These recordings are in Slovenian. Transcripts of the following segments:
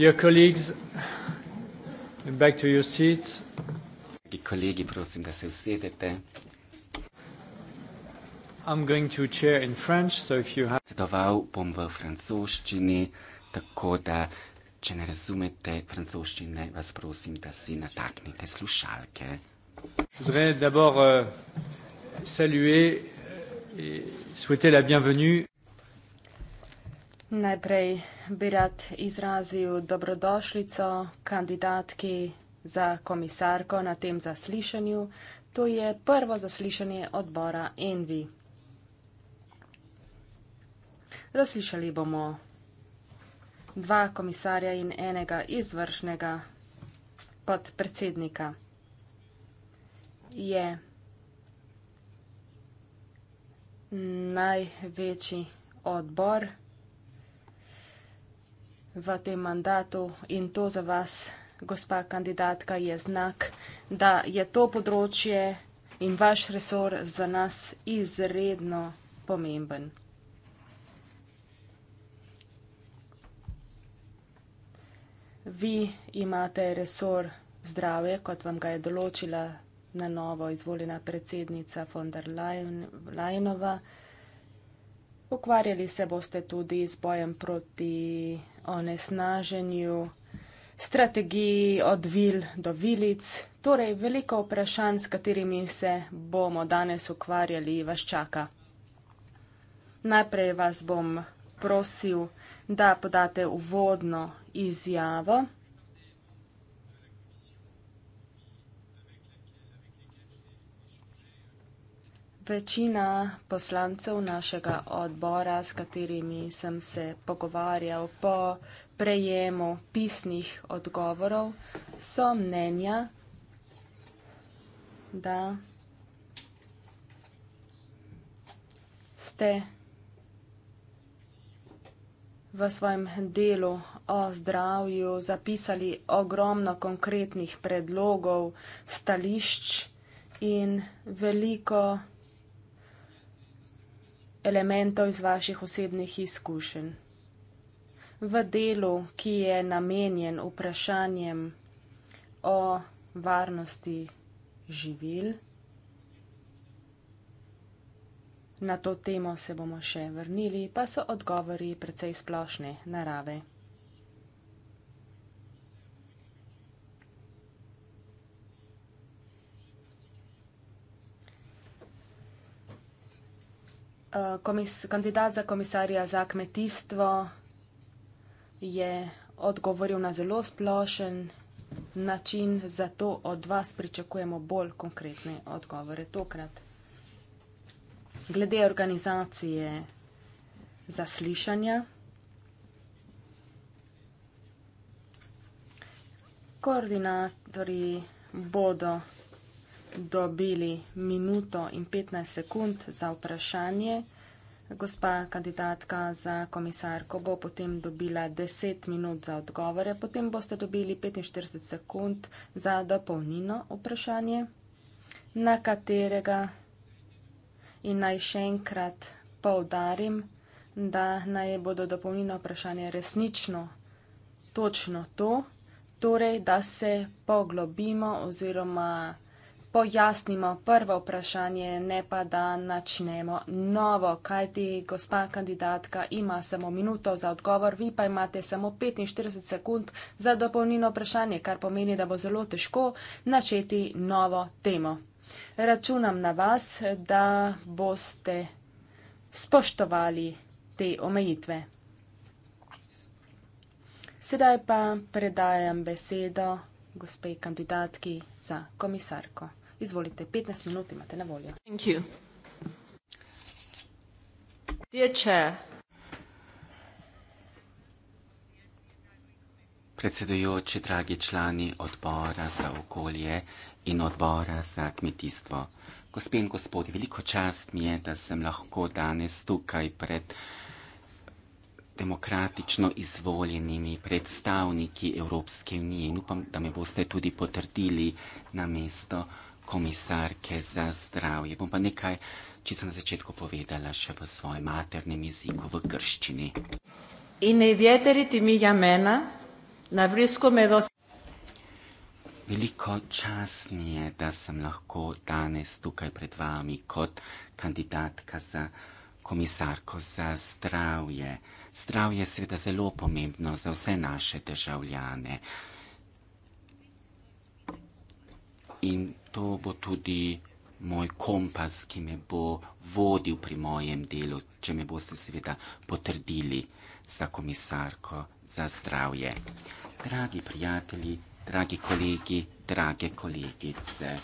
Dear colleagues, back to your seats. Dragi kolegi, prosim, da se usedete. I'm going to chair in French, so if you have... Sedoval bom v francoščini, tako da, če ne razumete francoščine, vas prosim, da si nataknite slušalke. Vzrej, d'abord, uh, saluer et souhaiter la bienvenue Najprej bi rad izrazil dobrodošljico kandidatki za komisarko na tem zaslišanju. To je prvo zaslišanje odbora Envi. Zaslišali bomo dva komisarja in enega izvršnega podpredsednika. Je največji odbor komisarja v tem mandatu in to za vas, gospa kandidatka, je znak, da je to področje in vaš resor za nas izredno pomemben. Vi imate resor zdravje, kot vam ga je določila na novo izvoljena predsednica von der Leyenova. Ukvarjali se boste tudi z bojem proti onesnaženju, strategiji od vil do vilic. Torej, veliko vprašanj, s katerimi se bomo danes ukvarjali, vas čaka. Najprej vas bom prosil, da podate uvodno izjavo. Večina poslancev našega odbora, s katerimi sem se pogovarjal po prejemu pisnih odgovorov, so mnenja, da ste v svojem delu o zdravju zapisali ogromno konkretnih predlogov, stališč in veliko elementov iz vaših osebnih izkušenj. V delu, ki je namenjen vprašanjem o varnosti živil, na to temo se bomo še vrnili, pa so odgovori precej splošne narave. Eh, kandidat za komisarja za kmetijstvo je odgovoril na zelo splošen način, zato od vas pričakujemo bolj konkretne odgovore tokrat. Glede organizacije zaslišanja, koordinatorji bodo dobili minuto in 15 sekund za vprašanje. Gospa kandidatka za komisarko bo potem dobila 10 minut za odgovore, potem boste dobili 45 sekund za dopolnino vprašanje, na katerega in naj še enkrat povdarim, da naj bodo dopolnino vprašanje resnično točno to, torej da se poglobimo oziroma pojasnimo prvo vprašanje, ne pa da načnemo novo, kajti gospa kandidatka ima samo minuto za odgovor, vi pa imate samo 45 sekund za dopolnino vprašanje, kar pomeni, da bo zelo težko načeti novo temo. Računam na vas, da boste spoštovali te omejitve. Sedaj pa predajam besedo gospej kandidatki za komisarko. Izvolite, 15 minut imate na voljo. Thank you. Dear chair. Predsedujoči, dragi člani odbora za okolje in odbora za kmetijstvo. Gospe in gospodi, veliko čast mi je, da sem lahko danes tukaj pred demokratično izvoljenimi predstavniki Evropske unije in upam, da me boste tudi potrdili na mesto komisarke za zdravje. Bom pa nekaj, če sem na začetku povedala, še v svojem maternem jeziku, v grščini. Veliko čas mi je, da sem lahko danes tukaj pred vami kot kandidatka za komisarko za zdravje. Zdravje je seveda zelo pomembno za vse naše državljane. In to bo tudi moj kompas, ki me bo vodil pri mojem delu, če me boste seveda potrdili za komisarko za zdravje. Dragi prijatelji, dragi kolegi, drage kolegice.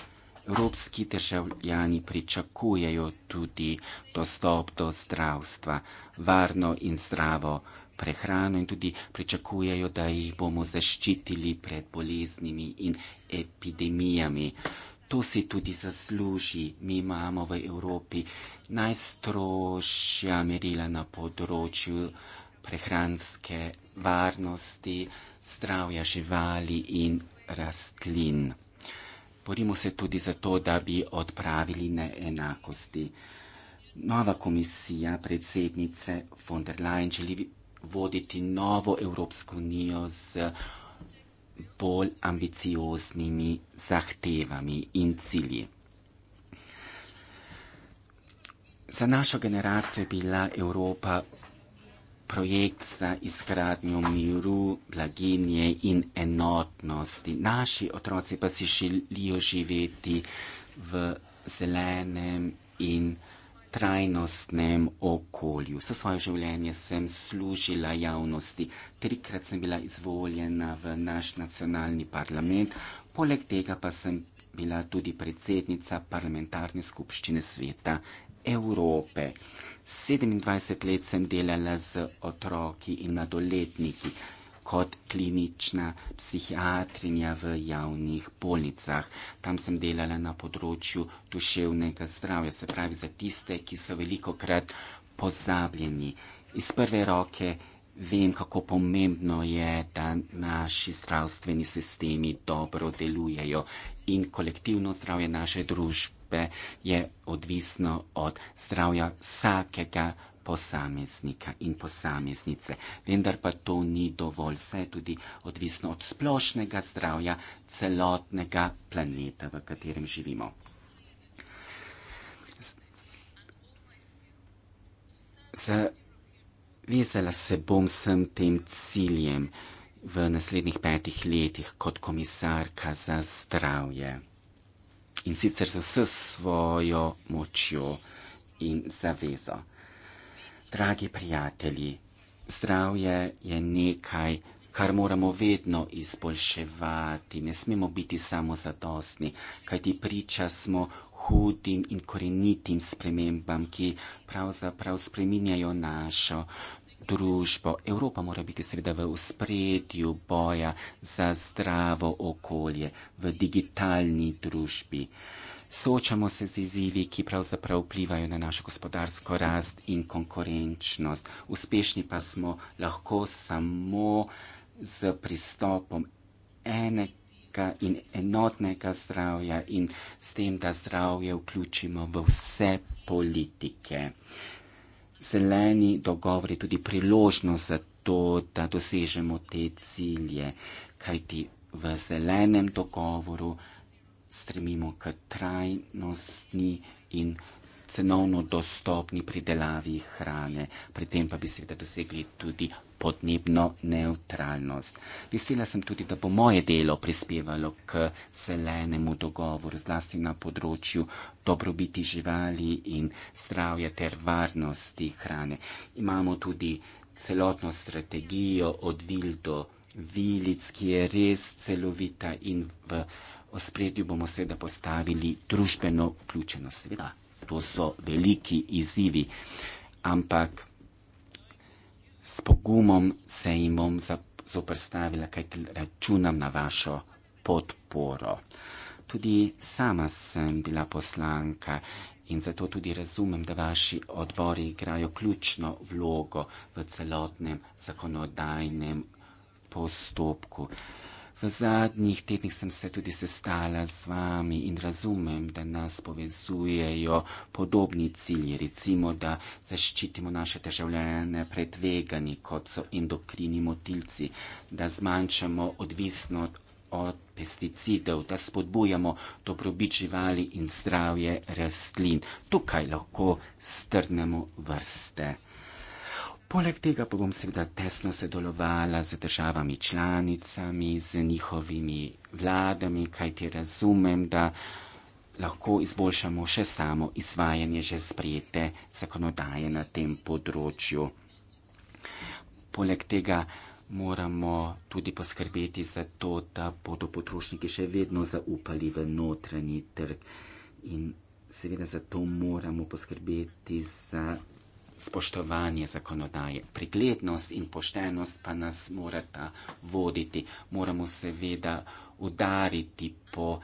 Evropski državljani pričakujejo tudi dostop do zdravstva, varno in zdravo prehrano in tudi pričakujejo, da jih bomo zaščitili pred boleznimi in epidemijami to si tudi zasluži. Mi imamo v Evropi najstrožja merila na področju prehranske varnosti, zdravja živali in rastlin. Borimo se tudi za to, da bi odpravili neenakosti. Nova komisija predsednice von der Leyen želi voditi novo Evropsko unijo z bolj ambicioznimi zahtevami in cilji. Za našo generacijo je bila Evropa projekt za izgradnjo miru, blaginje in enotnosti. Naši otroci pa si želijo živeti v zelenem in trajnostnem okolju. Vse svoje življenje sem služila javnosti, trikrat sem bila izvoljena v naš nacionalni parlament, poleg tega pa sem bila tudi predsednica parlamentarne skupščine sveta Evrope. 27 let sem delala z otroki in nadoletniki kot klinična psihiatrinja v javnih bolnicah. Tam sem delala na področju duševnega zdravja, se pravi za tiste, ki so veliko krat pozabljeni. Iz prve roke vem, kako pomembno je, da naši zdravstveni sistemi dobro delujejo in kolektivno zdravje naše družbe je odvisno od zdravja vsakega posameznika in posameznice. Vendar pa to ni dovolj, saj je tudi odvisno od splošnega zdravja celotnega planeta, v katerem živimo. Zavezala se bom sem tem ciljem v naslednjih petih letih kot komisarka za zdravje in sicer z vso svojo močjo in zavezo. Dragi prijatelji, zdravje je nekaj, kar moramo vedno izboljševati, ne smemo biti samo zadostni, kajti priča smo hudim in korenitim spremembam, ki pravzaprav spreminjajo našo družbo. Evropa mora biti seveda v uspredju boja za zdravo okolje v digitalni družbi soočamo se z izzivi, ki pravzaprav vplivajo na našo gospodarsko rast in konkurenčnost. Uspešni pa smo lahko samo z pristopom enega in enotnega zdravja in s tem, da zdravje vključimo v vse politike. Zeleni dogovor je tudi priložnost za to, da dosežemo te cilje, kajti v zelenem dogovoru stremimo k trajnostni in cenovno dostopni pridelavi hrane, pri tem pa bi seveda dosegli tudi podnebno neutralnost. Vesela sem tudi, da bo moje delo prispevalo k zelenemu dogovoru, zlasti na področju dobrobiti živali in zdravja ter varnosti hrane. Imamo tudi celotno strategijo od vil do vilic, ki je res celovita in v ospredju bomo seveda postavili družbeno vključenost. Seveda, to so veliki izzivi, ampak s pogumom se jim bom zoprstavila, kaj računam na vašo podporo. Tudi sama sem bila poslanka in zato tudi razumem, da vaši odbori igrajo ključno vlogo v celotnem zakonodajnem postopku. V zadnjih tednih sem se tudi sestala z vami in razumem, da nas povezujejo podobni cilji, recimo, da zaščitimo naše državljane pred vegani, kot so endokrini motilci, da zmanjšamo odvisnost od pesticidov, da spodbujamo dobrobit živali in zdravje rastlin. Tukaj lahko strnemo vrste. Poleg tega pa bom seveda tesno sodelovala z državami članicami, z njihovimi vladami, kajti razumem, da lahko izboljšamo še samo izvajanje že sprejete zakonodaje na tem področju. Poleg tega moramo tudi poskrbeti za to, da bodo potrošniki še vedno zaupali v notranji trg in seveda zato moramo poskrbeti za spoštovanje zakonodaje. Preglednost in poštenost pa nas morata voditi. Moramo seveda udariti po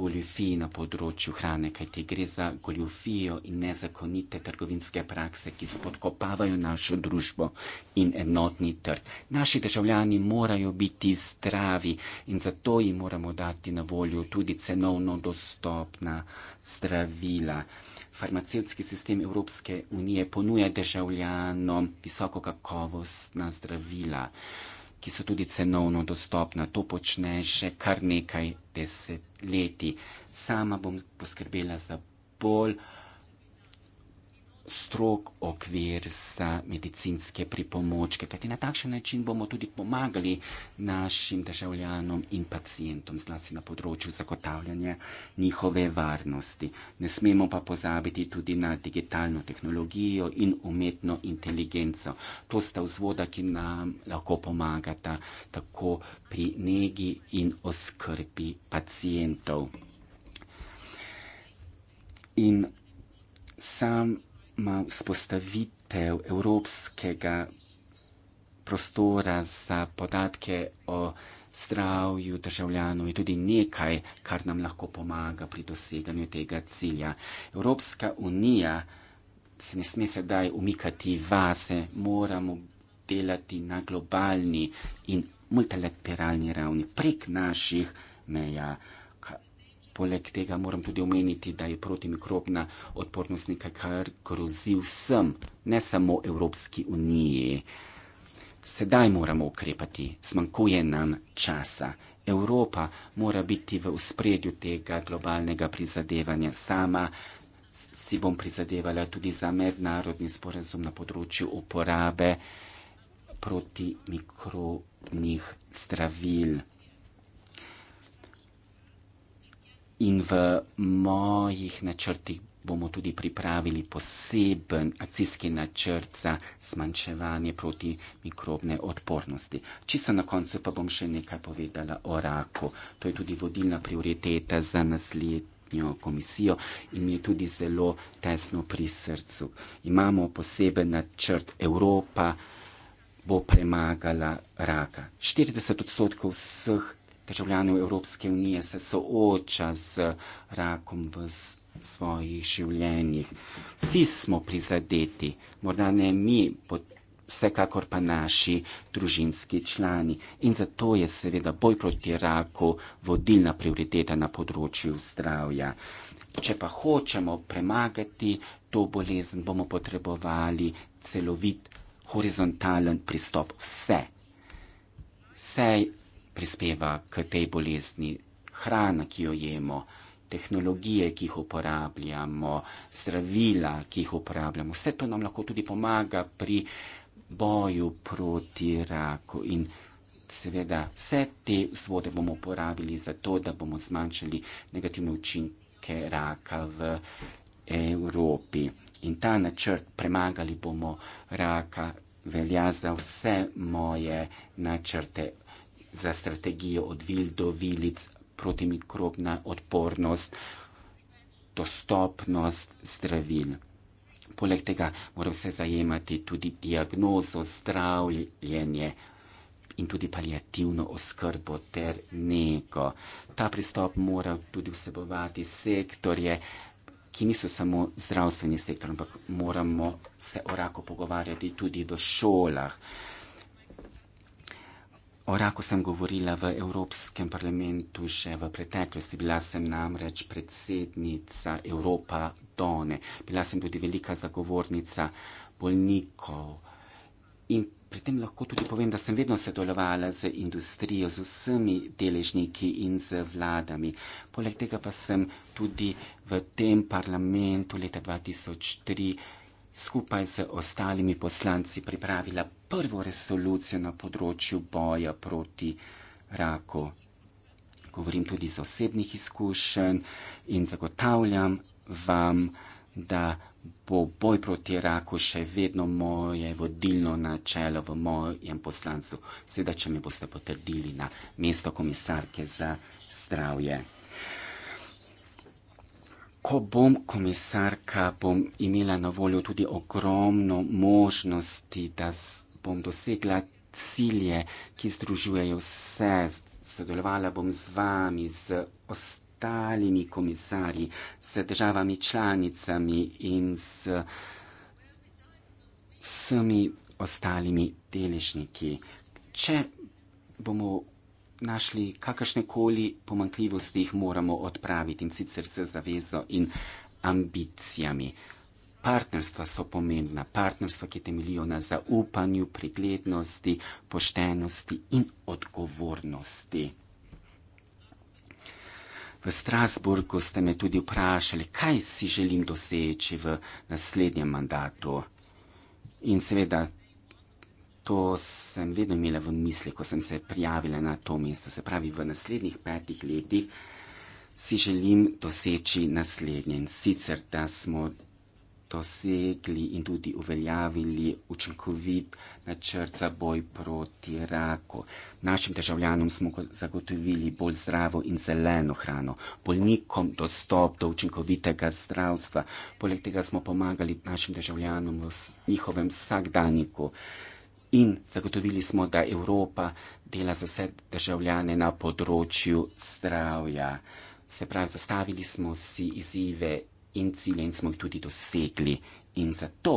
goljufiji na področju hrane, kajti gre za goljufijo in nezakonite trgovinske prakse, ki spodkopavajo našo družbo in enotni trg. Naši državljani morajo biti zdravi in zato jim moramo dati na voljo tudi cenovno dostopna zdravila farmacijski sistem Evropske unije ponuja državljanom visoko kakovostna zdravila, ki so tudi cenovno dostopna. To počne že kar nekaj desetletij. Sama bom poskrbela za bolj strok okvir za medicinske pripomočke, kajti na takšen način bomo tudi pomagali našim državljanom in pacijentom, zlasti na področju zagotavljanja njihove varnosti. Ne smemo pa pozabiti tudi na digitalno tehnologijo in umetno inteligenco. To sta vzvoda, ki nam lahko pomagata tako pri negi in oskrbi pacijentov. In sam ima vzpostavitev evropskega prostora za podatke o zdravju državljanov je tudi nekaj, kar nam lahko pomaga pri doseganju tega cilja. Evropska unija se ne sme sedaj umikati vase, moramo delati na globalni in multilateralni ravni prek naših meja. Poleg tega moram tudi omeniti, da je protimikrobna odpornost nekaj, kar grozi vsem, ne samo Evropski uniji. Sedaj moramo ukrepati, zmanjkuje nam časa. Evropa mora biti v spredju tega globalnega prizadevanja sama. Si bom prizadevala tudi za mednarodni sporazum na področju uporabe protimikrobnih zdravil. in v mojih načrtih bomo tudi pripravili poseben akcijski načrt za zmanjševanje proti mikrobne odpornosti. Čisto na koncu pa bom še nekaj povedala o raku. To je tudi vodilna prioriteta za naslednjo komisijo in mi je tudi zelo tesno pri srcu. Imamo poseben načrt Evropa bo premagala raka. 40 odstotkov vseh državljanov Evropske unije se sooča z rakom v svojih življenjih. Vsi smo prizadeti, morda ne mi, vsekakor pa naši družinski člani. In zato je seveda boj proti raku vodilna prioriteta na področju zdravja. Če pa hočemo premagati to bolezen, bomo potrebovali celovit, horizontalen pristop. Vse. Vse prispeva k tej bolezni. Hrana, ki jo jemo, tehnologije, ki jih uporabljamo, zdravila, ki jih uporabljamo, vse to nam lahko tudi pomaga pri boju proti raku. In seveda vse te vzvode bomo uporabili za to, da bomo zmanjšali negativne učinke raka v Evropi. In ta načrt premagali bomo raka velja za vse moje načrte za strategijo od vil do vilic, protimikrobna odpornost, dostopnost zdravil. Poleg tega mora vse zajemati tudi diagnozo, zdravljenje in tudi palijativno oskrbo ter nego. Ta pristop mora tudi vsebovati sektorje, ki niso samo zdravstveni sektor, ampak moramo se o raku pogovarjati tudi v šolah. O raku sem govorila v Evropskem parlamentu že v preteklosti. Bila sem namreč predsednica Evropa Done. Bila sem tudi velika zagovornica bolnikov. In pri tem lahko tudi povem, da sem vedno sodelovala z industrijo, z vsemi deležniki in z vladami. Poleg tega pa sem tudi v tem parlamentu leta 2003 skupaj z ostalimi poslanci pripravila prvo resolucijo na področju boja proti raku. Govorim tudi iz osebnih izkušenj in zagotavljam vam, da bo boj proti raku še vedno moje vodilno načelo v mojem poslancu, sedaj, če mi boste potrdili na mesto komisarke za zdravje ko bom komisarka, bom imela na voljo tudi ogromno možnosti, da bom dosegla cilje, ki združujejo vse. Sodelovala bom z vami, z ostalimi komisarji, z državami članicami in z vsemi ostalimi deležniki. Če bomo našli kakršne koli pomankljivosti, jih moramo odpraviti in sicer se zavezo in ambicijami. Partnerstva so pomembna, partnerstva, ki temeljijo na zaupanju, preglednosti, poštenosti in odgovornosti. V Strasburgu ste me tudi vprašali, kaj si želim doseči v naslednjem mandatu. In seveda to sem vedno imela v misli, ko sem se prijavila na to mesto. Se pravi, v naslednjih petih letih si želim doseči naslednje in sicer, da smo dosegli in tudi uveljavili učinkovit načrt za boj proti raku. Našim državljanom smo zagotovili bolj zdravo in zeleno hrano, bolnikom dostop do učinkovitega zdravstva. Poleg tega smo pomagali našim državljanom v njihovem vsakdaniku in zagotovili smo, da Evropa dela za vse državljane na področju zdravja. Se pravi, zastavili smo si izzive in cilje in smo jih tudi dosegli. In zato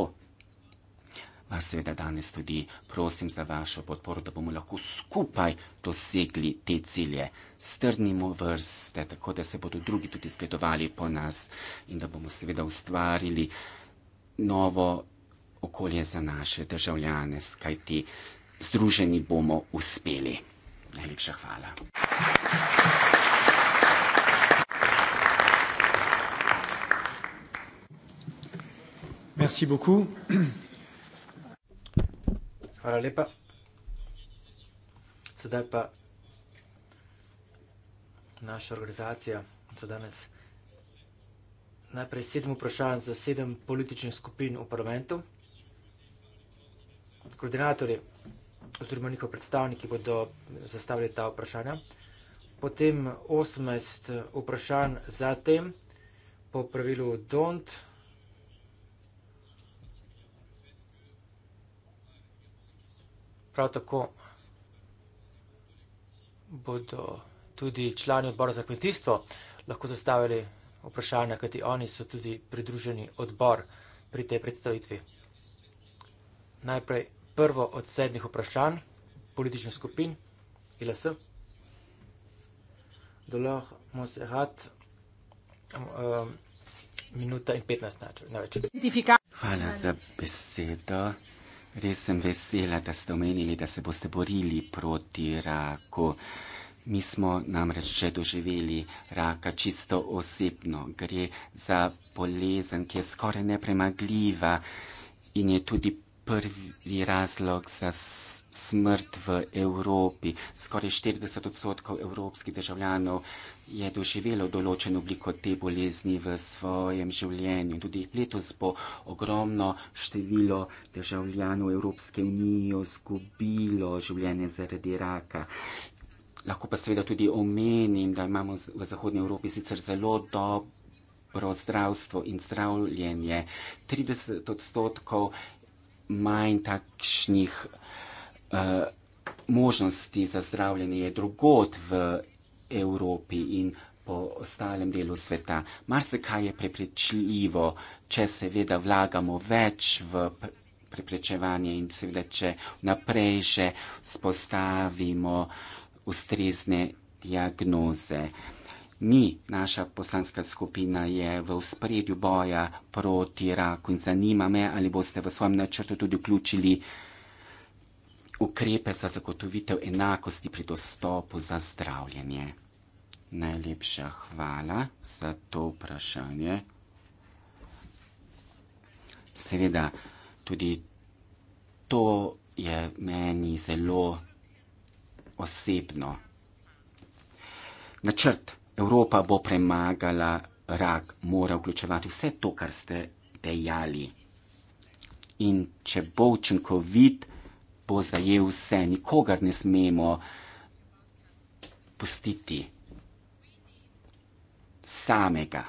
vas seveda danes tudi prosim za vašo podporo, da bomo lahko skupaj dosegli te cilje. Strnimo vrste, tako da se bodo drugi tudi zgledovali po nas in da bomo seveda ustvarili novo okolje za naše državljane, skajti združeni bomo uspeli. Najlepša hvala. Hvala lepa. Sedaj pa naša organizacija za danes. Najprej sedem vprašanj za sedem političnih skupin v parlamentu koordinatorji, oziroma njihov predstavniki, bodo zastavili ta vprašanja. Potem 18 vprašanj za tem, po pravilu don't. Prav tako bodo tudi člani odbora za kmetijstvo lahko zastavili vprašanja, kajti oni so tudi pridruženi odbor pri tej predstavitvi najprej prvo od sedmih vprašanj političnih skupin, ILS. Dolah Mosehat, um, um, minuta in 15 največ. Hvala za besedo. Res sem vesela, da ste omenili, da se boste borili proti raku. Mi smo namreč že doživeli raka čisto osebno. Gre za bolezen, ki je skoraj nepremagljiva in je tudi prvi razlog za smrt v Evropi. Skoraj 40 odstotkov evropskih državljanov je doživelo določen obliko te bolezni v svojem življenju. Tudi letos bo ogromno število državljanov Evropske unije zgubilo življenje zaradi raka. Lahko pa seveda tudi omenim, da imamo v Zahodnji Evropi sicer zelo dobro zdravstvo in zdravljenje. 30 odstotkov manj takšnih uh, možnosti za zdravljenje, je drugot v Evropi in po ostalem delu sveta. Mar se kaj je preprečljivo, če seveda vlagamo več v preprečevanje in seveda, če naprej že spostavimo ustrezne diagnoze mi, naša poslanska skupina je v spredju boja proti raku in zanima me, ali boste v svojem načrtu tudi vključili ukrepe za zagotovitev enakosti pri dostopu za zdravljenje. Najlepša hvala za to vprašanje. Seveda, tudi to je meni zelo osebno. Načrt Evropa bo premagala rak, mora vključevati vse to, kar ste dejali. In če bo učinkovit, bo zajel vse, nikogar ne smemo pustiti samega.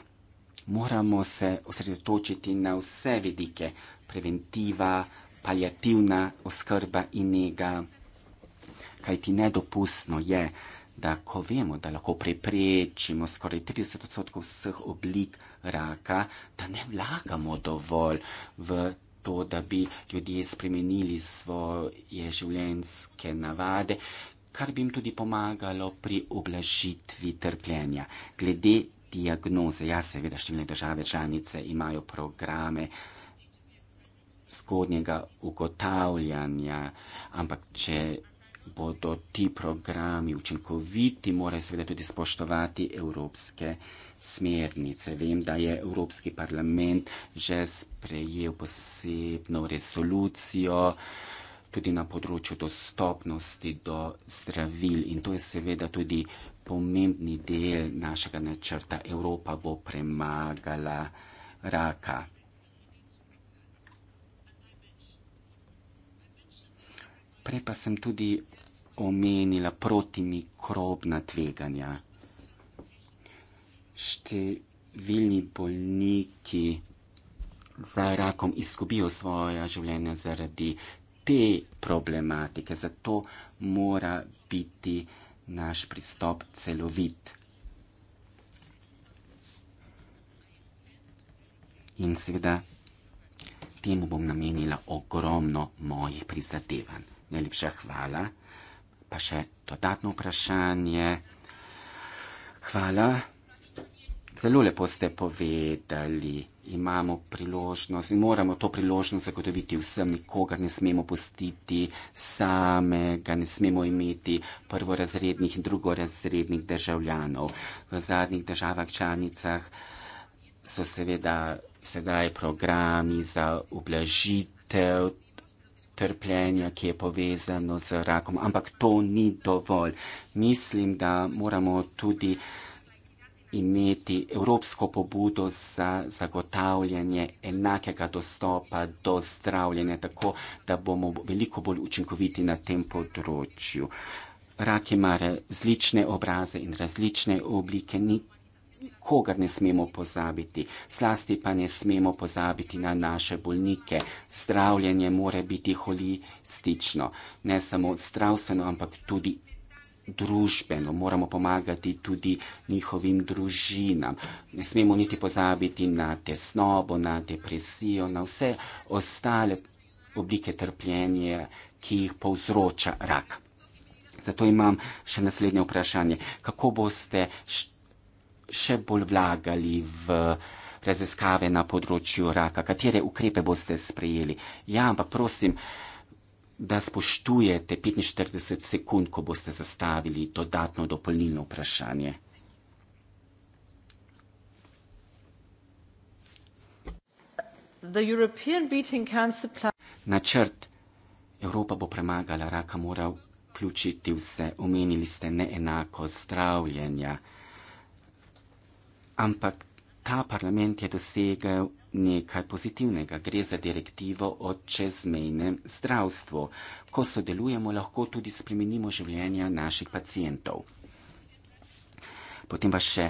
Moramo se osredotočiti na vse vidike, preventiva, palijativna oskrba in njega, kajti nedopustno je, da ko vemo, da lahko preprečimo skoraj 30 odstotkov vseh oblik raka, da ne vlagamo dovolj v to, da bi ljudje spremenili svoje življenjske navade, kar bi jim tudi pomagalo pri oblažitvi trpljenja. Glede diagnoze, ja seveda številne države članice imajo programe zgodnjega ugotavljanja, ampak če bodo ti programi učinkoviti, morajo seveda tudi spoštovati evropske smernice. Vem, da je Evropski parlament že sprejel posebno resolucijo tudi na področju dostopnosti do zdravil in to je seveda tudi pomembni del našega načrta. Evropa bo premagala raka. Prej pa sem tudi omenila protimikrobna tveganja. Številni bolniki za rakom izgubijo svoje življenje zaradi te problematike, zato mora biti naš pristop celovit. In seveda temu bom namenila ogromno mojih prizadevanj. Najlepša hvala. Pa še dodatno vprašanje. Hvala. Zelo lepo ste povedali. Imamo priložnost in moramo to priložnost zagotoviti vsem, nikogar ne smemo pustiti samega, ne smemo imeti prvorazrednih in drugorazrednih državljanov. V zadnjih državah članicah so seveda sedaj programi za oblažitev trpljenja, ki je povezano z rakom. Ampak to ni dovolj. Mislim, da moramo tudi imeti evropsko pobudo za zagotavljanje enakega dostopa do zdravljenja, tako da bomo veliko bolj učinkoviti na tem področju. Rak ima različne obraze in različne oblike, ni nikogar ne smemo pozabiti, slasti pa ne smemo pozabiti na naše bolnike. Zdravljenje more biti holistično, ne samo zdravstveno, ampak tudi družbeno. Moramo pomagati tudi njihovim družinam. Ne smemo niti pozabiti na tesnobo, na depresijo, na vse ostale oblike trpljenja, ki jih povzroča rak. Zato imam še naslednje vprašanje. Kako boste še bolj vlagali v raziskave na področju raka, katere ukrepe boste sprejeli. Ja, ampak prosim, da spoštujete 45 sekund, ko boste zastavili dodatno dopolnilno vprašanje. Načrt Evropa bo premagala raka mora vključiti vse. Omenili ste neenako zdravljenja ampak ta parlament je dosegel nekaj pozitivnega. Gre za direktivo o čezmejnem zdravstvu. Ko sodelujemo, lahko tudi spremenimo življenja naših pacijentov. Potem pa še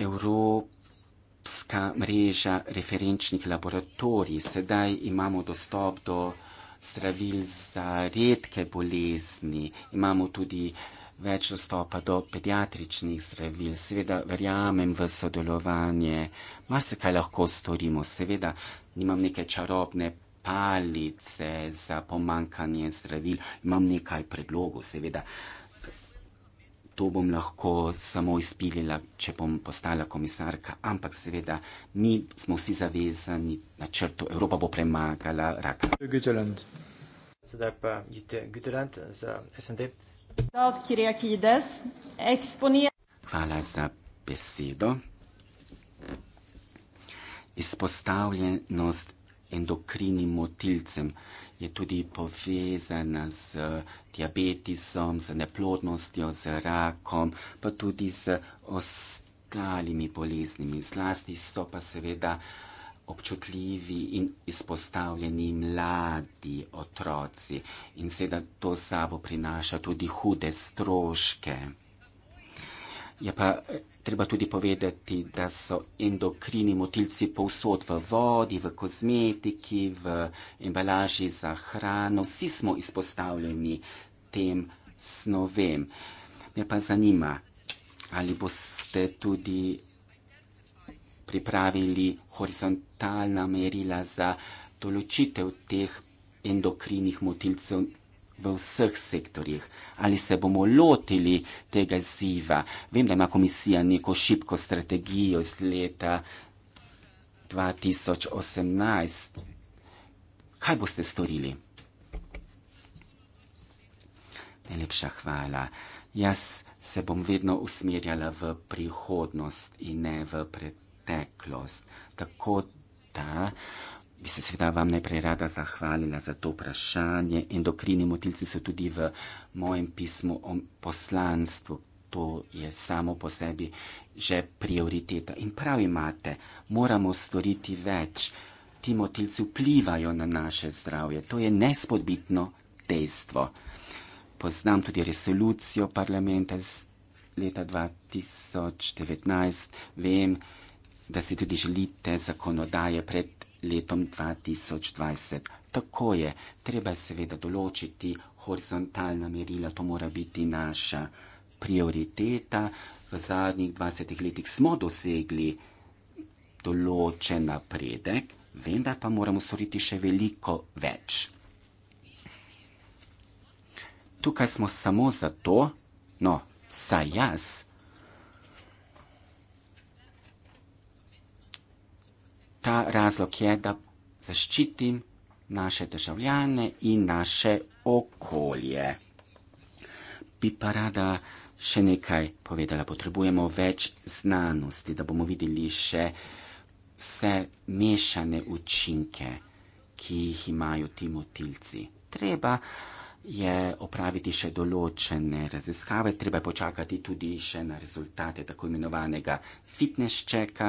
Evropska mreža referenčnih laboratorij. Sedaj imamo dostop do zdravil za redke bolezni. Imamo tudi uh, več dostopa do pediatričnih zdravil. Seveda verjamem v sodelovanje, mar se kaj lahko storimo. Seveda nimam neke čarobne palice za pomankanje zdravil, imam nekaj predlogov, seveda. To bom lahko samo izpilila, če bom postala komisarka, ampak seveda mi smo vsi zavezani na črtu. Evropa bo premagala raka. Zdaj pa, Gitte Güterland za SND. Hvala za besedo. Izpostavljenost endokrinim motilcem je tudi povezana z eh, diabetisom, z neplodnostjo, z rakom, pa tudi z ostalimi boleznimi. Zlasti so pa seveda občutljivi in izpostavljeni mladi otroci in seveda to sabo prinaša tudi hude stroške. Je pa eh, treba tudi povedati, da so endokrini motilci povsod v vodi, v kozmetiki, v embalaži za hrano. Vsi smo izpostavljeni tem snovem. Me pa zanima, ali boste tudi pripravili horizontalna merila za določitev teh endokrinih motilcev v vseh sektorjih. Ali se bomo lotili tega ziva? Vem, da ima komisija neko šibko strategijo iz leta 2018. Kaj boste storili? Najlepša hvala. Jaz se bom vedno usmerjala v prihodnost in ne v preteklost preteklost. Tako da bi se seveda vam najprej rada zahvalila za to vprašanje. Endokrini motilci so tudi v mojem pismu o poslanstvu. To je samo po sebi že prioriteta. In prav imate, moramo storiti več. Ti motilci vplivajo na naše zdravje. To je nespodbitno dejstvo. Poznam tudi resolucijo parlamenta iz leta 2019, vem, da si tudi želite zakonodaje pred letom 2020. Tako je, treba je seveda določiti horizontalna merila, to mora biti naša prioriteta. V zadnjih 20 letih smo dosegli določen napredek, vendar pa moramo storiti še veliko več. Tukaj smo samo zato, no, saj jaz ta razlog je, da zaščitim naše državljane in naše okolje. Bi pa rada še nekaj povedala, potrebujemo več znanosti, da bomo videli še vse mešane učinke, ki jih imajo ti motilci. Treba je opraviti še določene raziskave, treba je počakati tudi še na rezultate tako imenovanega fitness čeka.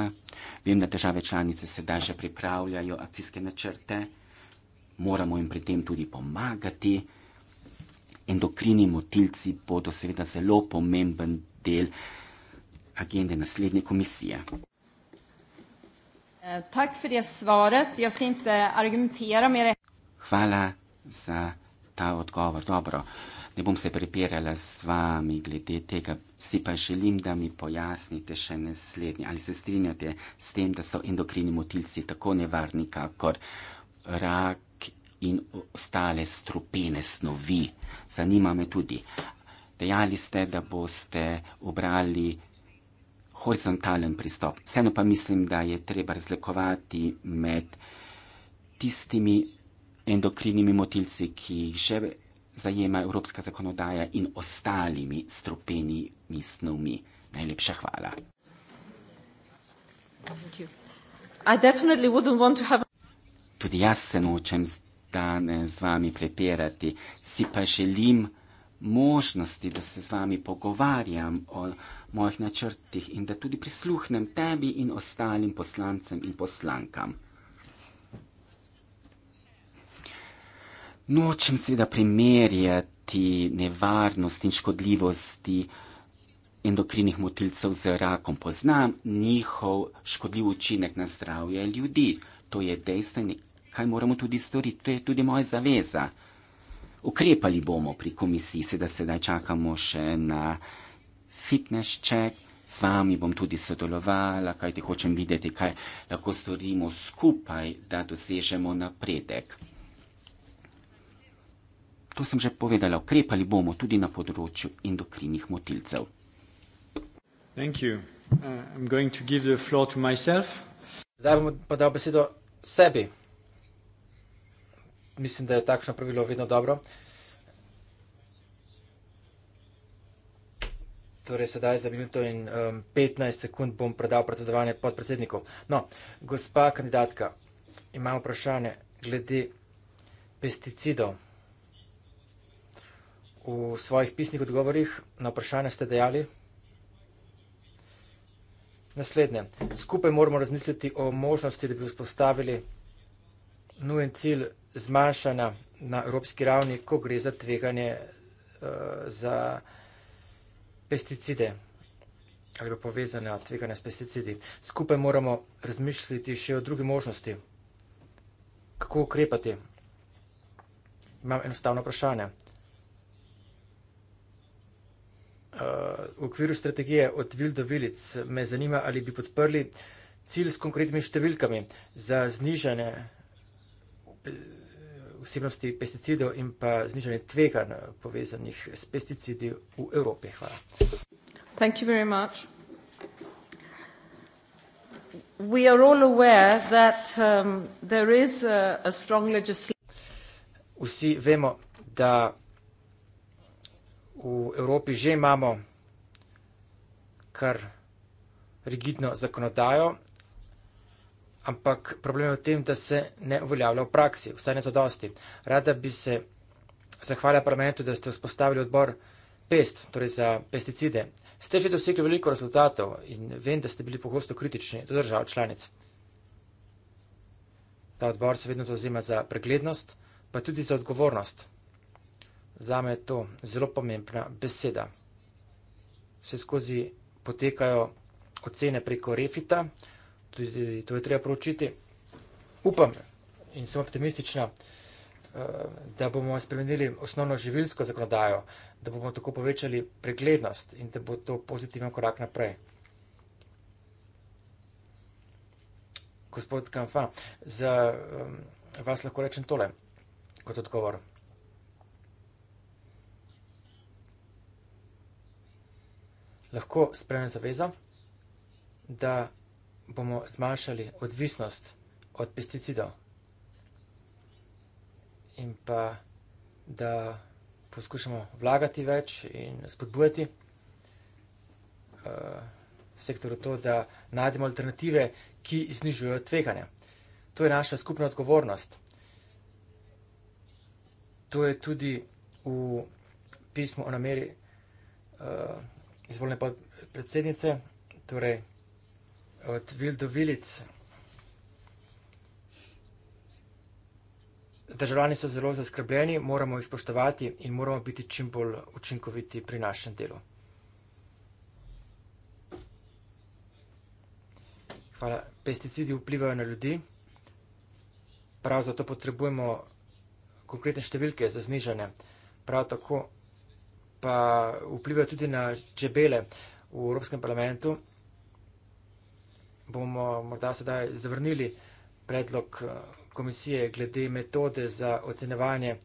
Vem, da države članice sedaj že pripravljajo akcijske načrte, moramo jim pri tem tudi pomagati. Endokrini motilci bodo seveda zelo pomemben del agende naslednje komisije. Eh, Hvala za ta odgovor. Dobro, ne bom se prepirala z vami glede tega, si pa želim, da mi pojasnite še naslednje. Ali se strinjate s tem, da so endokrini motilci tako nevarni, kakor rak in ostale strupene snovi? Zanima me tudi. Dejali ste, da boste obrali horizontalen pristop. Vseeno pa mislim, da je treba razlikovati med tistimi endokrinimi motilci, ki jih že zajema evropska zakonodaja in ostalimi strupenimi snovmi. Najlepša hvala. Tudi jaz se nočem danes z vami prepirati, si pa želim možnosti, da se z vami pogovarjam o mojih načrtih in da tudi prisluhnem tebi in ostalim poslancem in poslankam. Nočem seveda primerjati nevarnost in škodljivosti endokrinih motilcev z rakom. Poznam njihov škodljiv učinek na zdravje ljudi. To je dejstvo in kaj moramo tudi storiti. To je tudi moja zaveza. Ukrepali bomo pri komisiji, sedaj, sedaj čakamo še na fitness check. S vami bom tudi sodelovala, kajti hočem videti, kaj lahko storimo skupaj, da dosežemo napredek. To sem že povedala, ukrepali bomo tudi na področju endokrinih motilcev. Uh, Zdaj bom podal besedo sebi. Mislim, da je takšno pravilo vedno dobro. Torej, sedaj za minuto in um, 15 sekund bom predal predsedovanje podpredsedniku. No, gospa kandidatka, imam vprašanje glede pesticidov v svojih pisnih odgovorih na vprašanje ste dejali naslednje. Skupaj moramo razmisliti o možnosti, da bi vzpostavili nujen cilj zmanjšanja na evropski ravni, ko gre za tveganje uh, za pesticide ali pa povezane tveganja s pesticidi. Skupaj moramo razmišljati še o drugi možnosti, kako ukrepati. Imam enostavno vprašanje. Eh, v okviru strategije od vil do vilic me zanima, ali bi podprli cilj s konkretnimi številkami za znižanje vsebnosti pesticidov in pa znižanje tvegan povezanih s pesticidi v Evropi. Hvala. Thank you very much. We are all aware that um, there is a, a strong legislation. Vsi vemo, da v Evropi že imamo kar rigidno zakonodajo, ampak problem je v tem, da se ne uveljavlja v praksi, vsaj ne zadosti. Rada bi se zahvala parlamentu, da ste vzpostavili odbor pest, torej za pesticide. Ste že dosegli veliko rezultatov in vem, da ste bili pogosto kritični do držav članic. Ta odbor se vedno zauzema za preglednost, pa tudi za odgovornost. Zame je to zelo pomembna beseda. Vse skozi potekajo ocene preko Refita, tudi to je treba proučiti. Upam in sem optimistična, eh, da bomo spremenili osnovno živilsko zakonodajo, da bomo tako povečali preglednost in da bo to pozitiven korak naprej. Gospod Kanfa, za eh, vas lahko rečem tole kot odgovor. lahko sprejmem zavezo, da bomo zmanjšali odvisnost od pesticidov in pa da poskušamo vlagati več in spodbujati uh, eh, sektor v to, da najdemo alternative, ki znižujejo tveganja. To je naša skupna odgovornost. To je tudi v pismu o nameri. Uh, izvoljene predsednice, torej od Vildo Vilic. Državljani so zelo zaskrbljeni, moramo jih spoštovati in moramo biti čim bolj učinkoviti pri našem delu. Hvala. Pesticidi vplivajo na ljudi. Prav zato potrebujemo konkretne številke za znižanje. Prav tako pa vpliva tudi na čebele v Evropskem parlamentu, bomo morda sedaj zavrnili predlog eh, komisije glede metode za ocenevanje eh,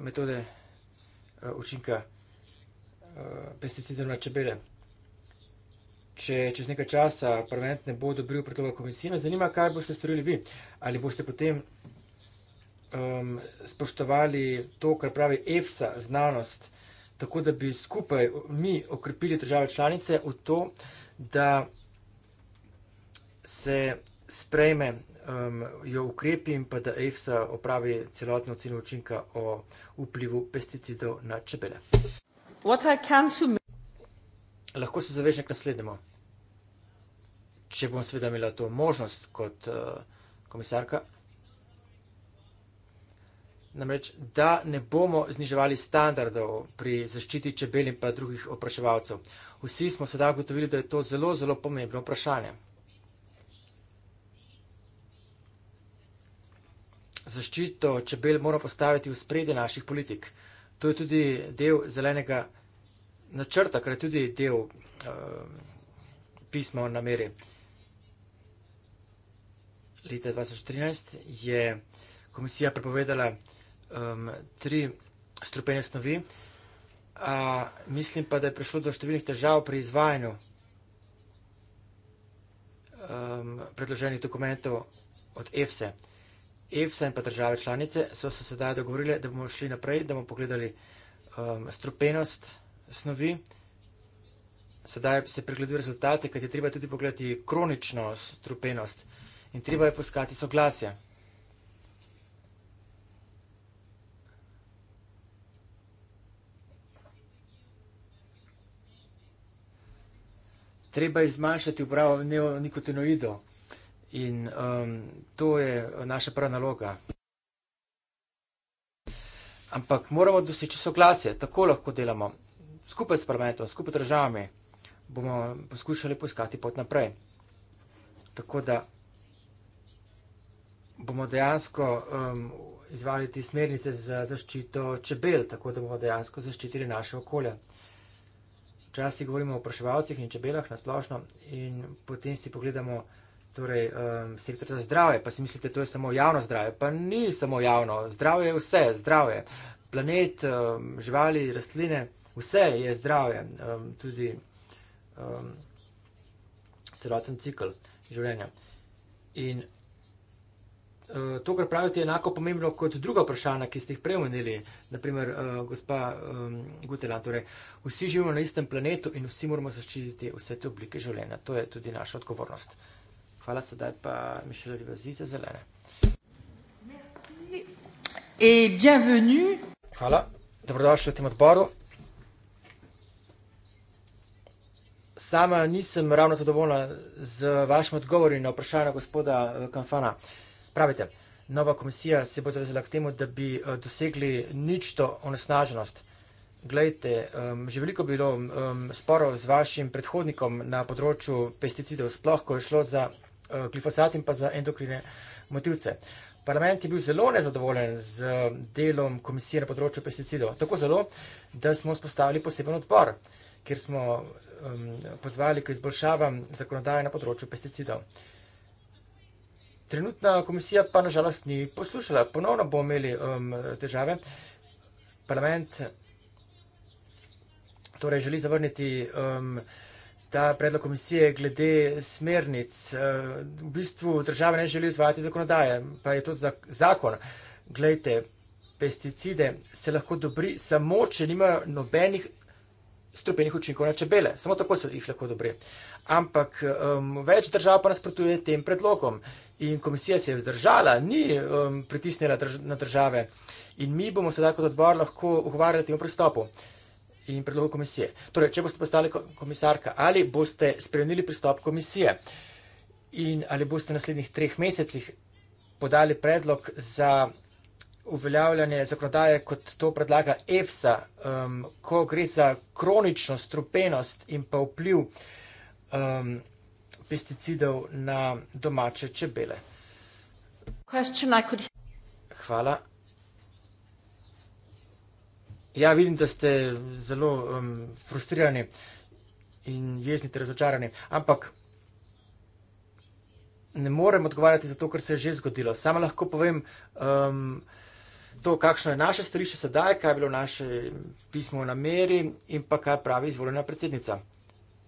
metode eh, učinka pesticidov na čebele. Če čez nekaj časa parlament ne bo dobil predloga komisije, me zanima, kaj boste storili vi. Ali boste potem um, spoštovali to, kar pravi EFSA, znanost, tako da bi skupaj mi okrepili države članice v to, da se sprejme um, jo ukrepi in pa da EFSA opravi celotno oceno učinka o vplivu pesticidov na čebele. Lahko se zavežem k naslednjemu. Če bom seveda imela to možnost kot uh, komisarka. Namreč, da ne bomo zniževali standardov pri zaščiti čebel in pa drugih opraševalcev. Vsi smo sedaj ugotovili, da je to zelo, zelo pomembno vprašanje. Zaščito čebel mora postaviti v spredje naših politik. To je tudi del zelenega načrta, kar je tudi del uh, pisma o nameri. Leta 2013 je komisija prepovedala um, tri strupene snovi. Uh, mislim pa, da je prišlo do številnih težav pri izvajanju um, predloženih dokumentov od EFSE. EFSE in pa države članice so se sedaj dogovorili, da bomo šli naprej, da bomo pogledali um, strupenost snovi. Sedaj se pregledujejo rezultate, kajti je treba tudi pogledati kronično strupenost in treba je poskati soglasje. treba izmanjšati upravo neonikotinoidov. In um, to je naša prava naloga. Ampak moramo doseči soglasje, tako lahko delamo. Skupaj s parlamentom, skupaj državami bomo poskušali poiskati pot naprej. Tako da bomo dejansko um, izvali te smernice za zaščito čebel, tako da bomo dejansko zaščitili naše okolje. Včasih govorimo o vpraševalcih in čebelah na splošno, in potem si pogledamo torej, um, sektor za zdravje. Pa si mislite, da je to samo javno zdravje. Pa ni samo javno, zdravje je vse, zdravje. Planet, um, živali, rastline, vse je zdravje, um, tudi um, celoten cikl življenja. In Eh, to, kar pravite, je enako pomembno kot druga vprašanja, ki ste jih prej omenili, naprimer, uh, eh, gospa um, Gutela. Torej, vsi živimo na istem planetu in vsi moramo zaščititi vse te oblike življenja. To je tudi naša odgovornost. Hvala sedaj pa Mišel Rivazi za zelene. Hvala, dobrodošli v tem odboru. Sama nisem ravno zadovoljna z vašim odgovorom na vprašanje gospoda eh, Kanfana. Uh, Pravite, nova komisija se bo zavezala k temu, da bi eh, dosegli ničto onesnaženost. Glejte, um, že veliko bilo um, sporov z vašim predhodnikom na področju pesticidov, sploh ko je šlo za uh, glifosat in pa za endokrine motivce. Parlament je bil zelo nezadovoljen z delom komisije na področju pesticidov. Tako zelo, da smo spostavili poseben odpor, kjer smo um, pozvali k izboljšavam zakonodaje na področju pesticidov. Uh, Trenutna komisija pa nažalost ni poslušala. Ponovno bomo imeli um, težave. Parlament torej želi zavrniti um, ta predlog komisije glede smernic. Um, v bistvu države ne želijo izvajati zakonodaje, pa je to zakon. Glejte, pesticide se lahko dobri samo, če nimajo nobenih stopenih učinkov na čebele. Samo tako so jih lahko dobri. Uh, ampak um, več držav pa nasprotuje tem predlogom. In komisija se je vzdržala, ni um, pritisnila drž na države. In mi bomo sedaj kot odbor lahko uhvarjali temu pristopu in predlogu komisije. Torej, če boste postali komisarka, ali boste spremenili pristop komisije in ali boste v naslednjih treh mesecih podali predlog za uveljavljanje zakonodaje, kot to predlaga EFSA, um, ko gre za kronično strupenost in pa vpliv um, pesticidov na domače čebele. Hvala. Ja, vidim, da ste zelo um, frustrirani in jezni ter razočarani, ampak ne morem odgovarjati za to, kar se je že zgodilo. Sama lahko povem um, to, kakšno je naše stališče sedaj, kaj je bilo naše pismo o nameri in pa kaj pravi izvoljena predsednica.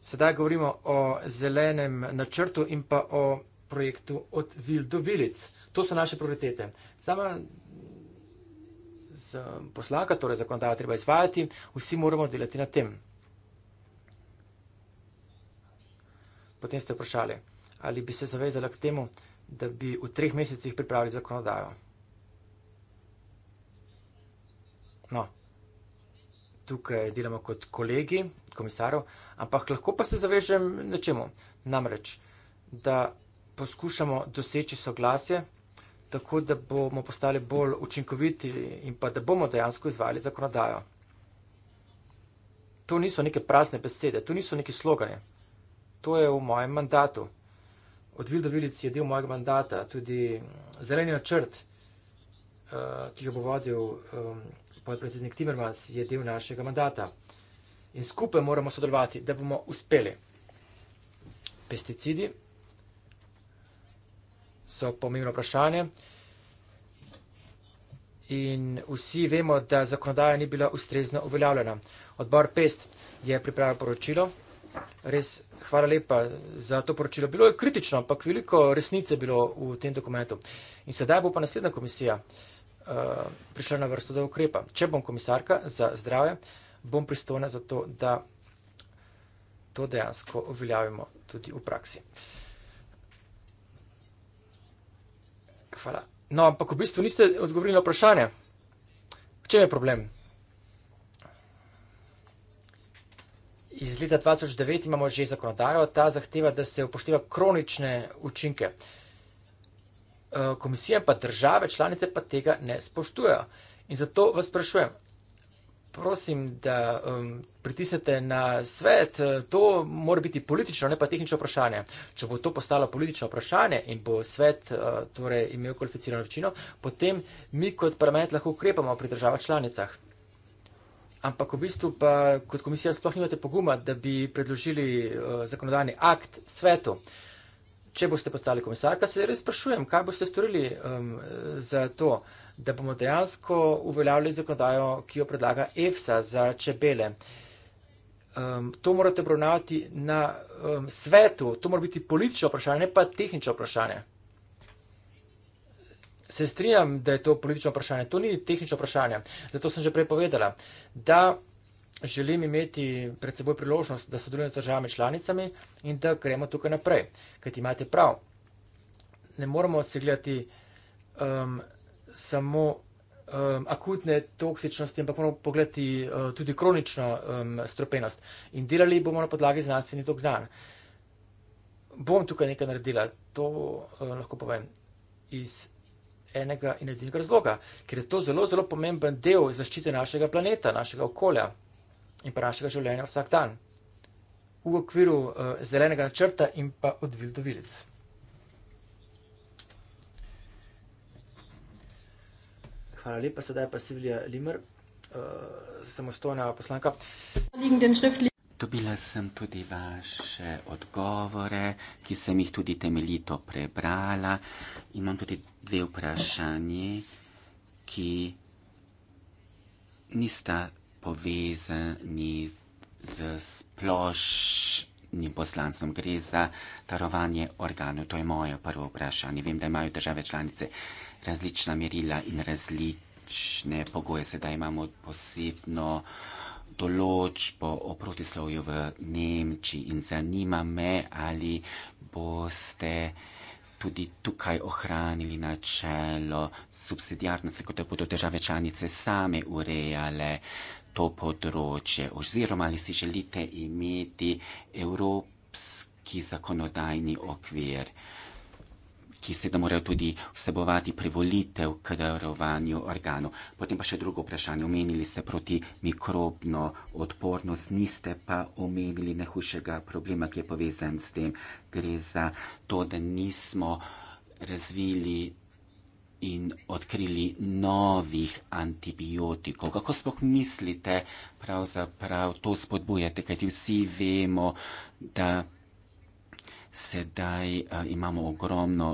Sedaj govorimo o zelenem načrtu in pa o projektu Od vil do vilic. To so naše prioritete. Sama poslanka, torej zakonodaja, treba izvajati, vsi moramo delati na tem. Potem ste vprašali, ali bi se zavezala k temu, da bi v treh mesecih pripravili zakonodajo. No, tukaj delamo kot kolegi, komisarov, ampak lahko pa se zavežem nečemu. Namreč, da poskušamo doseči soglasje, tako da bomo postali bolj učinkoviti in pa da bomo dejansko izvali zakonodajo. To niso neke prazne besede, to niso neki slogani. To je v mojem mandatu. Od Vilda Vilic je del mojega mandata, tudi zeleni načrt, eh, ki ga bo vodil eh, podpredsednik Timmermans, je del našega mandata in skupaj moramo sodelovati, da bomo uspeli. Pesticidi so pomembno vprašanje in vsi vemo, da zakonodaja ni bila ustrezno uveljavljena. Odbor PEST je pripravil poročilo. Res hvala lepa za to poročilo. Bilo je kritično, ampak veliko resnice je bilo v tem dokumentu. In sedaj bo pa naslednja komisija uh, prišla na vrsto, da ukrepa. Če bom komisarka za zdravje, uh, bom pristojna za to, da to dejansko uveljavimo tudi v praksi. Hvala. No, ampak v bistvu niste odgovorili na vprašanje. Če je problem? Iz leta 2009 imamo že zakonodajo, ta zahteva, da se upošteva kronične učinke. Eh, Komisije pa države članice pa tega ne spoštujejo. In zato vas sprašujem, prosim, da um, pritisnete na svet. Eh, to mora biti politično, ne pa tehnično vprašanje. Če bo to postalo politično vprašanje in bo svet uh, torej imel kvalificirano večino, potem mi kot parlament lahko ukrepamo pri državah članicah. Ampak v bistvu pa kot komisija sploh nimate poguma, da bi predložili uh, zakonodajni akt svetu. Če boste postali komisarka, se res sprašujem, kaj boste storili um, za to. Uh, da bomo dejansko uveljavili zakonodajo, ki jo predlaga EFSA za čebele. Um, to morate obravnavati na um, svetu, to mora biti politično vprašanje, ne pa tehnično vprašanje. Se strinjam, da je to politično vprašanje, to ni tehnično vprašanje. Zato sem že prej povedala, da želim imeti pred seboj priložnost, da sodelujem z državami članicami in da gremo tukaj naprej. Kajti imate prav, ne moramo se gledati um, samo um, akutne toksičnosti, ampak moramo pogledati uh, tudi kronično um, stropenost. In delali bomo na podlagi znanstvenih dognan. Bom tukaj nekaj naredila, to uh, lahko povem iz enega in edinega razloga, ker je to zelo, zelo pomemben del zaščite našega planeta, našega okolja in pa našega življenja vsak dan v okviru uh, zelenega načrta in pa od vil do vilic. Hvala lepa, sedaj pa Sivlja Limer, uh, samostojna poslanka. Dobila sem tudi vaše odgovore, ki sem jih tudi temeljito prebrala. Imam tudi dve vprašanje, ki nista povezani z splošnim poslancem. Gre za darovanje organov. To je moje prvo vprašanje. Vem, da imajo države članice različna merila in različne pogoje. Sedaj imamo posebno določbo o protislovju v Nemčiji in zanima me, ali boste tudi tukaj ohranili načelo subsidijarnosti, kot da bodo države članice same urejale to področje, oziroma ali si želite imeti evropski zakonodajni okvir ki seveda morajo tudi vsebovati privolitev k darovanju organov. Potem pa še drugo vprašanje. Omenili ste proti mikrobno odpornost, niste pa omenili najhujšega problema, ki je povezan s tem. Gre za to, da nismo razvili in odkrili novih antibiotikov. Kako spoh mislite, pravzaprav to spodbujate, kajti vsi vemo, da sedaj uh, imamo ogromno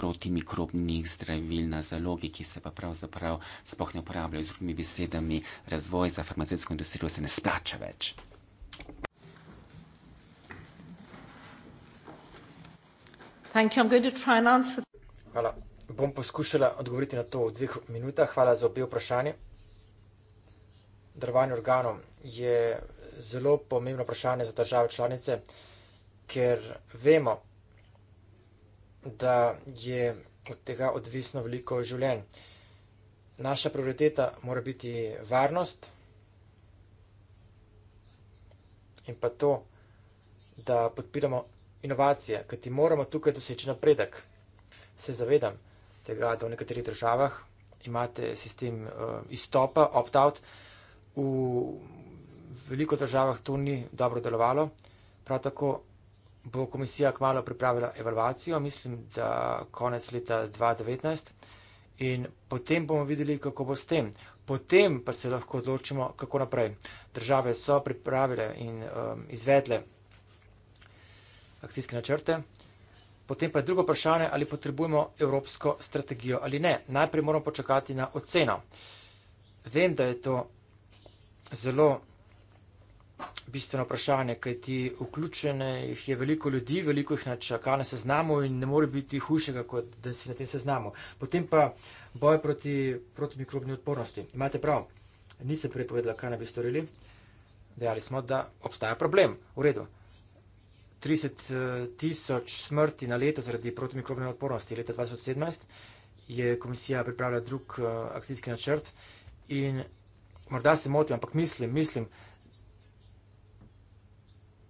protimikrobnih zdravil na zalogi, ki se pa pravzaprav sploh ne uporabljajo. Z drugimi besedami, razvoj za farmacijsko industrijo se ne splača več. Hvala. Bom poskušala odgovoriti na to v dveh minutah. Hvala za obe vprašanje. Darovanje organov je zelo pomembno vprašanje za države članice, ker vemo, da je od tega odvisno veliko življenj. Naša prioriteta mora biti varnost in pa to, da podpiramo inovacije, kajti moramo tukaj doseči napredek. Se zavedam tega, da v nekaterih državah imate sistem eh, izstopa, opt-out. V veliko državah to ni dobro delovalo, prav tako bo komisija kmalo pripravila evalvacijo, mislim, da konec leta 2019. In potem bomo videli, kako bo s tem. Potem pa se lahko odločimo, kako naprej. Države so pripravile in um, izvedle akcijske načrte. Potem pa je drugo vprašanje, ali potrebujemo evropsko strategijo ali ne. Najprej moramo počakati na oceno. Vem, da je to zelo bistveno vprašanje, kaj ti vključene, jih je veliko ljudi, veliko jih načaka na seznamu in ne more biti hujšega, kot da si na tem seznamu. Potem pa boj proti protimikrobni odpornosti. Imate prav, nisem prepovedala, kaj ne bi storili. Dejali smo, da obstaja problem. V redu. 30 eh, tisoč smrti na leto zaradi protimikrobne odpornosti leta 2017 je komisija pripravila drug eh, akcijski načrt in morda se motim, ampak mislim, mislim,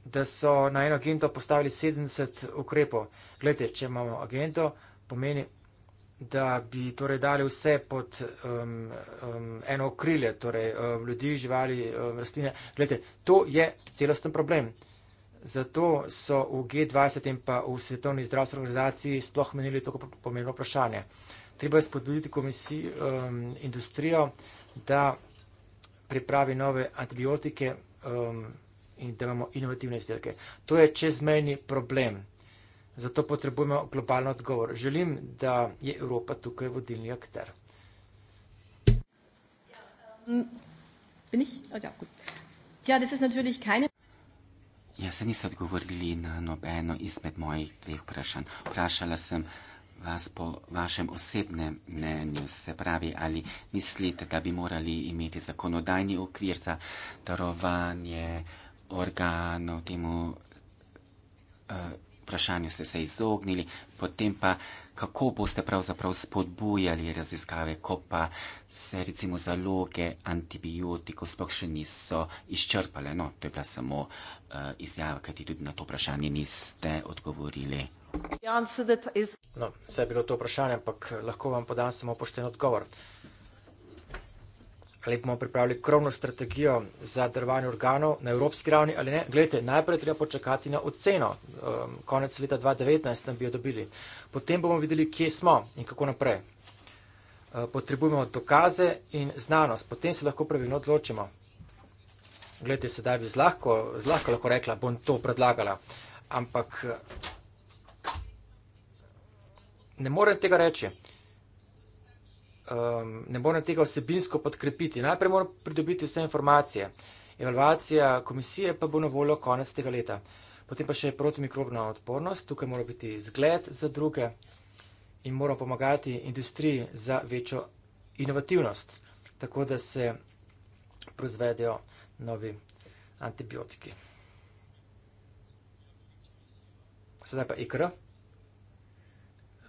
da so na eno agento postavili 70 ukrepov. Glede, če imamo agento, pomeni, da bi torej dali vse pod um, um, eno okrilje, torej um, ljudi, živali, um, rastline. Glede, to je celosten problem. Zato so v G20 in pa v Svetovni zdravstveni organizaciji sploh menili tako pomembno vprašanje. Treba je spodbuditi komisijo, um, industrijo, da pripravi nove antibiotike. Um, in da imamo inovativne izdelke. To je čezmejni problem. Zato potrebujemo globalen odgovor. Želim, da je Evropa tukaj vodilni akter. Ja, oh, ja, ja se ja, niste odgovorili na nobeno izmed mojih dveh vprašanj. Vprašala sem vas po vašem osebnem mnenju, se pravi, ali mislite, da bi morali imeti zakonodajni okvir za darovanje organov, temu uh, vprašanju ste se izognili, potem pa kako boste pravzaprav spodbujali raziskave, ko pa se recimo zaloge antibiotikov sploh še niso izčrpale. No, to je bila samo uh, izjava, kajti tudi na to vprašanje niste odgovorili. No, vse je bilo to vprašanje, ampak lahko vam podam samo pošten odgovor. Uh, ali bomo pripravili krovno strategijo za darovanje organov na evropski ravni ali ne. Glejte, najprej treba počakati na oceno. Ehm, konec leta 2019 nam bi jo dobili. Potem bomo videli, kje smo in kako naprej. Eh, potrebujemo dokaze in znanost. Potem se lahko pravilno odločimo. Glejte, sedaj bi zlahko, zlahko lahko rekla, bom to predlagala. Ampak eh, ne morem tega reči um, ne morem tega vsebinsko podkrepiti. Najprej moram pridobiti vse informacije. Evalvacija komisije pa bo na voljo konec tega leta. Potem pa še protimikrobna odpornost. Tukaj mora biti zgled za druge in moramo pomagati industriji za večjo inovativnost, tako da se proizvedejo novi antibiotiki. Sedaj pa ikra.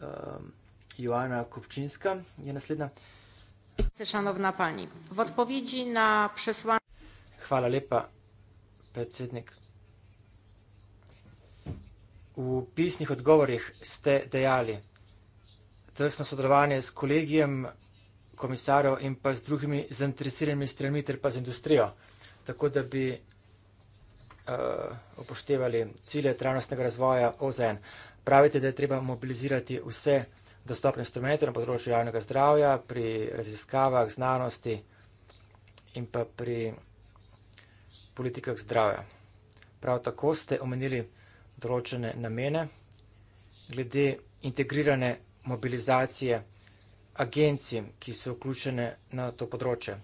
Um, Joanna Kupczyńska. Je naslednja. Szanowna Pani, w odpowiedzi na przesłanie... Hvala lepa, predsednik. V pisnih odgovorih ste dejali tesno sodelovanje s kolegijem komisarjev in pa z drugimi zainteresiranimi stranmi ter pa z industrijo, tako da bi uh, upoštevali cilje trajnostnega razvoja OZN. Pravite, da je treba mobilizirati vse uh, dostopni instrumenti na področju javnega zdravja, pri raziskavah, znanosti in pa pri politikah zdravja. Prav tako ste omenili določene namene glede integrirane mobilizacije agencij, ki so vključene na to področje.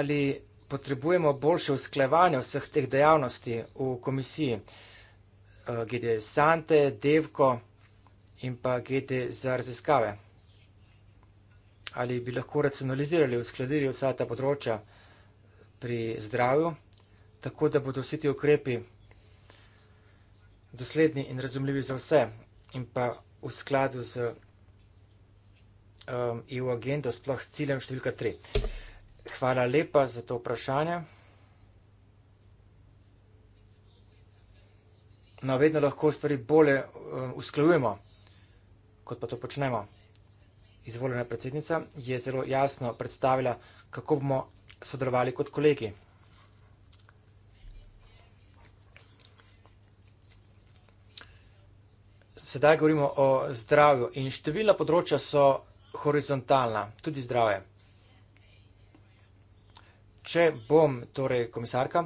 Ali potrebujemo boljše usklevanje vseh teh dejavnosti v komisiji, eh, glede Sante, Devko in in pa gete za raziskave. Ali bi lahko racionalizirali, uskladili vsa ta področja pri zdravju, tako da bodo vsi ti ukrepi dosledni in razumljivi za vse in pa v skladu z um, EU agendo, sploh s ciljem številka 3. Hvala lepa za to vprašanje. No, vedno lahko stvari bolje um, usklajujemo kot pa to počnemo. Izvoljena predsednica je zelo jasno predstavila, kako bomo sodelovali kot kolegi. Sedaj govorimo o zdravju in številna področja so horizontalna, tudi zdravje. Če bom, torej komisarka,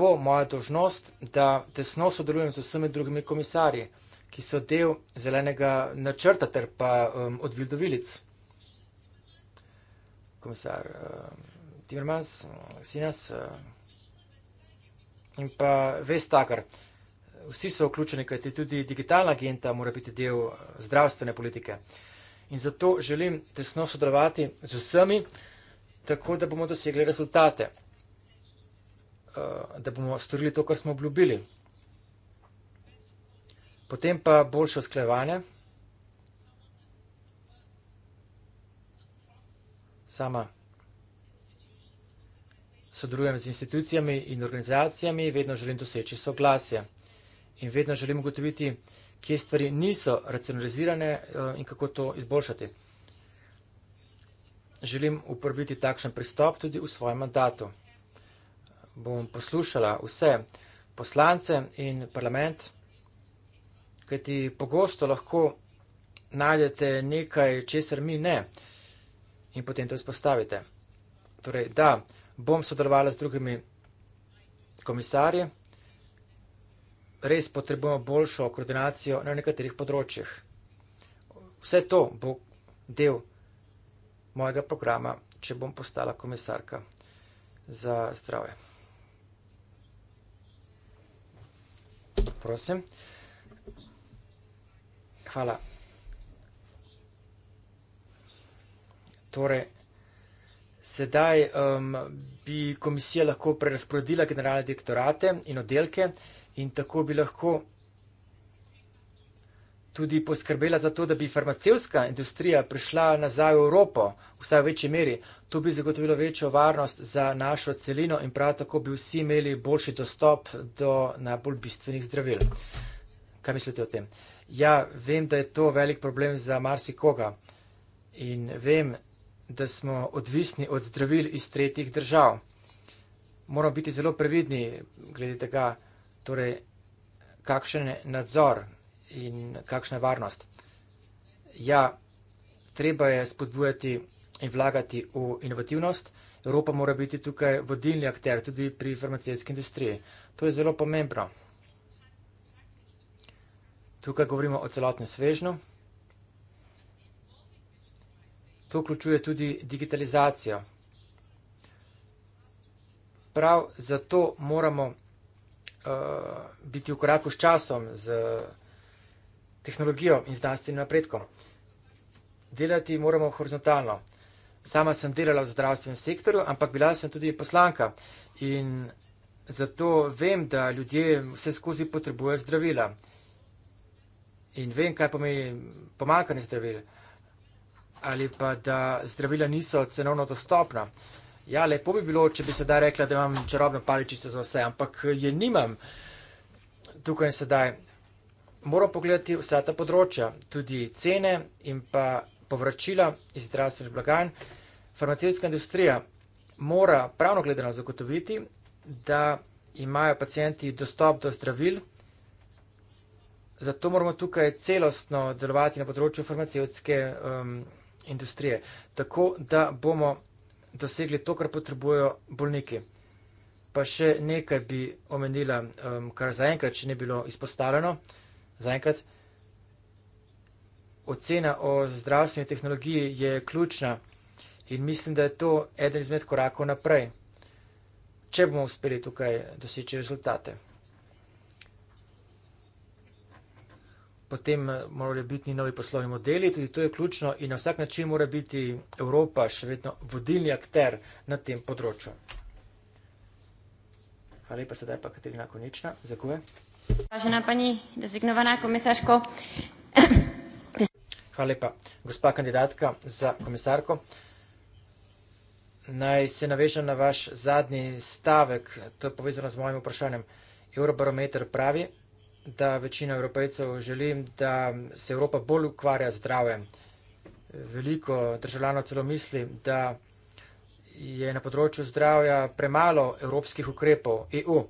bo moja dožnost, da tesno sodelujem z vsemi drugimi komisarji ki so del zelenega načrta ter pa um, od vildovilic. Komisar uh, Timmermans, Sinas uh, in pa Vestager. Vsi so vključeni, kajti tudi digitalna agenta mora biti del uh, zdravstvene politike. In zato želim tesno sodelovati z vsemi, tako da bomo dosegli rezultate, uh, da bomo storili to, kar smo obljubili. Potem pa boljše usklajevanje. Sama sodelujem z institucijami in organizacijami, vedno želim doseči soglasje in vedno želim ugotoviti, kje stvari niso racionalizirane eh, in kako to izboljšati. Želim uporabiti takšen pristop tudi v svojem mandatu. Bom poslušala vse poslance in parlament kajti pogosto lahko najdete nekaj, česar mi ne in potem to izpostavite. Torej, da, bom sodelovala z drugimi komisarji, res potrebujemo boljšo koordinacijo na nekaterih področjih. Vse to bo del mojega programa, če bom postala komisarka za zdrave. Prosim. Hvala. Torej, sedaj um, bi komisija lahko prerasporedila generalne direktorate in oddelke in tako bi lahko tudi poskrbela za to, da bi farmacevska industrija prišla nazaj v Evropo, vsaj v večji meri. To bi zagotovilo večjo varnost za našo celino in prav tako bi vsi imeli boljši dostop do najbolj bistvenih zdravil. Kaj mislite o tem? Uh, Ja, vem, da je to velik problem za marsikoga in vem, da smo odvisni od zdravil iz tretjih držav. Moramo biti zelo previdni glede tega, torej, kakšen je nadzor in kakšna varnost. Ja, treba je spodbujati in vlagati v inovativnost. Evropa mora biti tukaj vodilni akter tudi pri farmacijski industriji. To je zelo pomembno. Tukaj govorimo o celotnem svežnju. To vključuje tudi digitalizacijo. Prav zato moramo uh, biti v koraku s časom, z tehnologijo in znanstvenim napredkom. Delati moramo horizontalno. Sama sem delala v zdravstvenem sektorju, ampak bila sem tudi poslanka in zato vem, da ljudje vse skozi potrebujejo zdravila in vem, kaj pomeni pomankanje zdravil ali pa da zdravila niso cenovno dostopna. Ja, lepo bi bilo, če bi sedaj rekla, da imam čarobno paličico za vse, ampak je nimam tukaj in sedaj. Moram pogledati vsa ta področja, tudi cene in pa povračila iz zdravstvenih blagajn. Farmacijska industrija mora pravno gledano zagotoviti, da imajo pacijenti dostop do zdravil Zato moramo tukaj celostno delovati na področju farmacevtske um, industrije, tako da bomo dosegli to, kar potrebujejo bolniki. Pa še nekaj bi omenila, um, kar zaenkrat še ni bilo izpostavljeno. Zaenkrat. Ocena o zdravstveni tehnologiji je ključna in mislim, da je to eden izmed korakov naprej, če bomo uspeli tukaj doseči rezultate. potem eh, morajo biti novi poslovni modeli, tudi to je ključno in na vsak način mora biti Evropa še vedno vodilni akter na tem področju. Hvala lepa sedaj pa Katarina Konična, zakuje. Vážená pani dezignovaná komisárko. Hvala lepa, gospa kandidatka za komisarko. Naj se navežem na vaš zadnji stavek, to je povezano z mojim vprašanjem. Eurobarometer pravi, da večina evropejcev želi, da se Evropa bolj ukvarja z zdravjem. Veliko državljanov celo misli, da je na področju zdravja premalo evropskih ukrepov EU.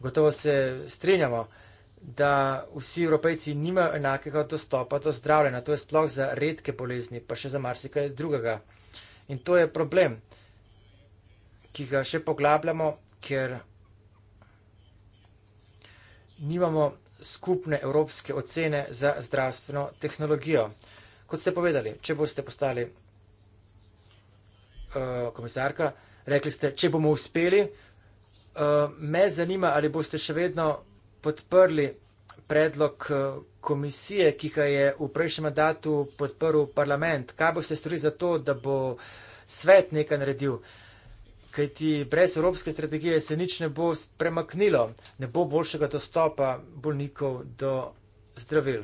Gotovo se strinjamo, da vsi evropejci nimajo enakega dostopa do zdravljena. To je sploh za redke bolezni, pa še za marsikaj drugega. In to je problem, ki ga še poglabljamo, ker nimamo skupne evropske ocene za zdravstveno tehnologijo. Kot ste povedali, če boste postali uh, komisarka, rekli ste, če bomo uspeli, uh, me zanima, ali boste še vedno podprli predlog uh, komisije, ki ga je v prejšnjem mandatu podprl parlament. Kaj boste storili za to, da bo svet nekaj naredil? Uh, kajti brez evropske strategije se nič ne bo premaknilo, ne bo boljšega dostopa bolnikov do zdravil.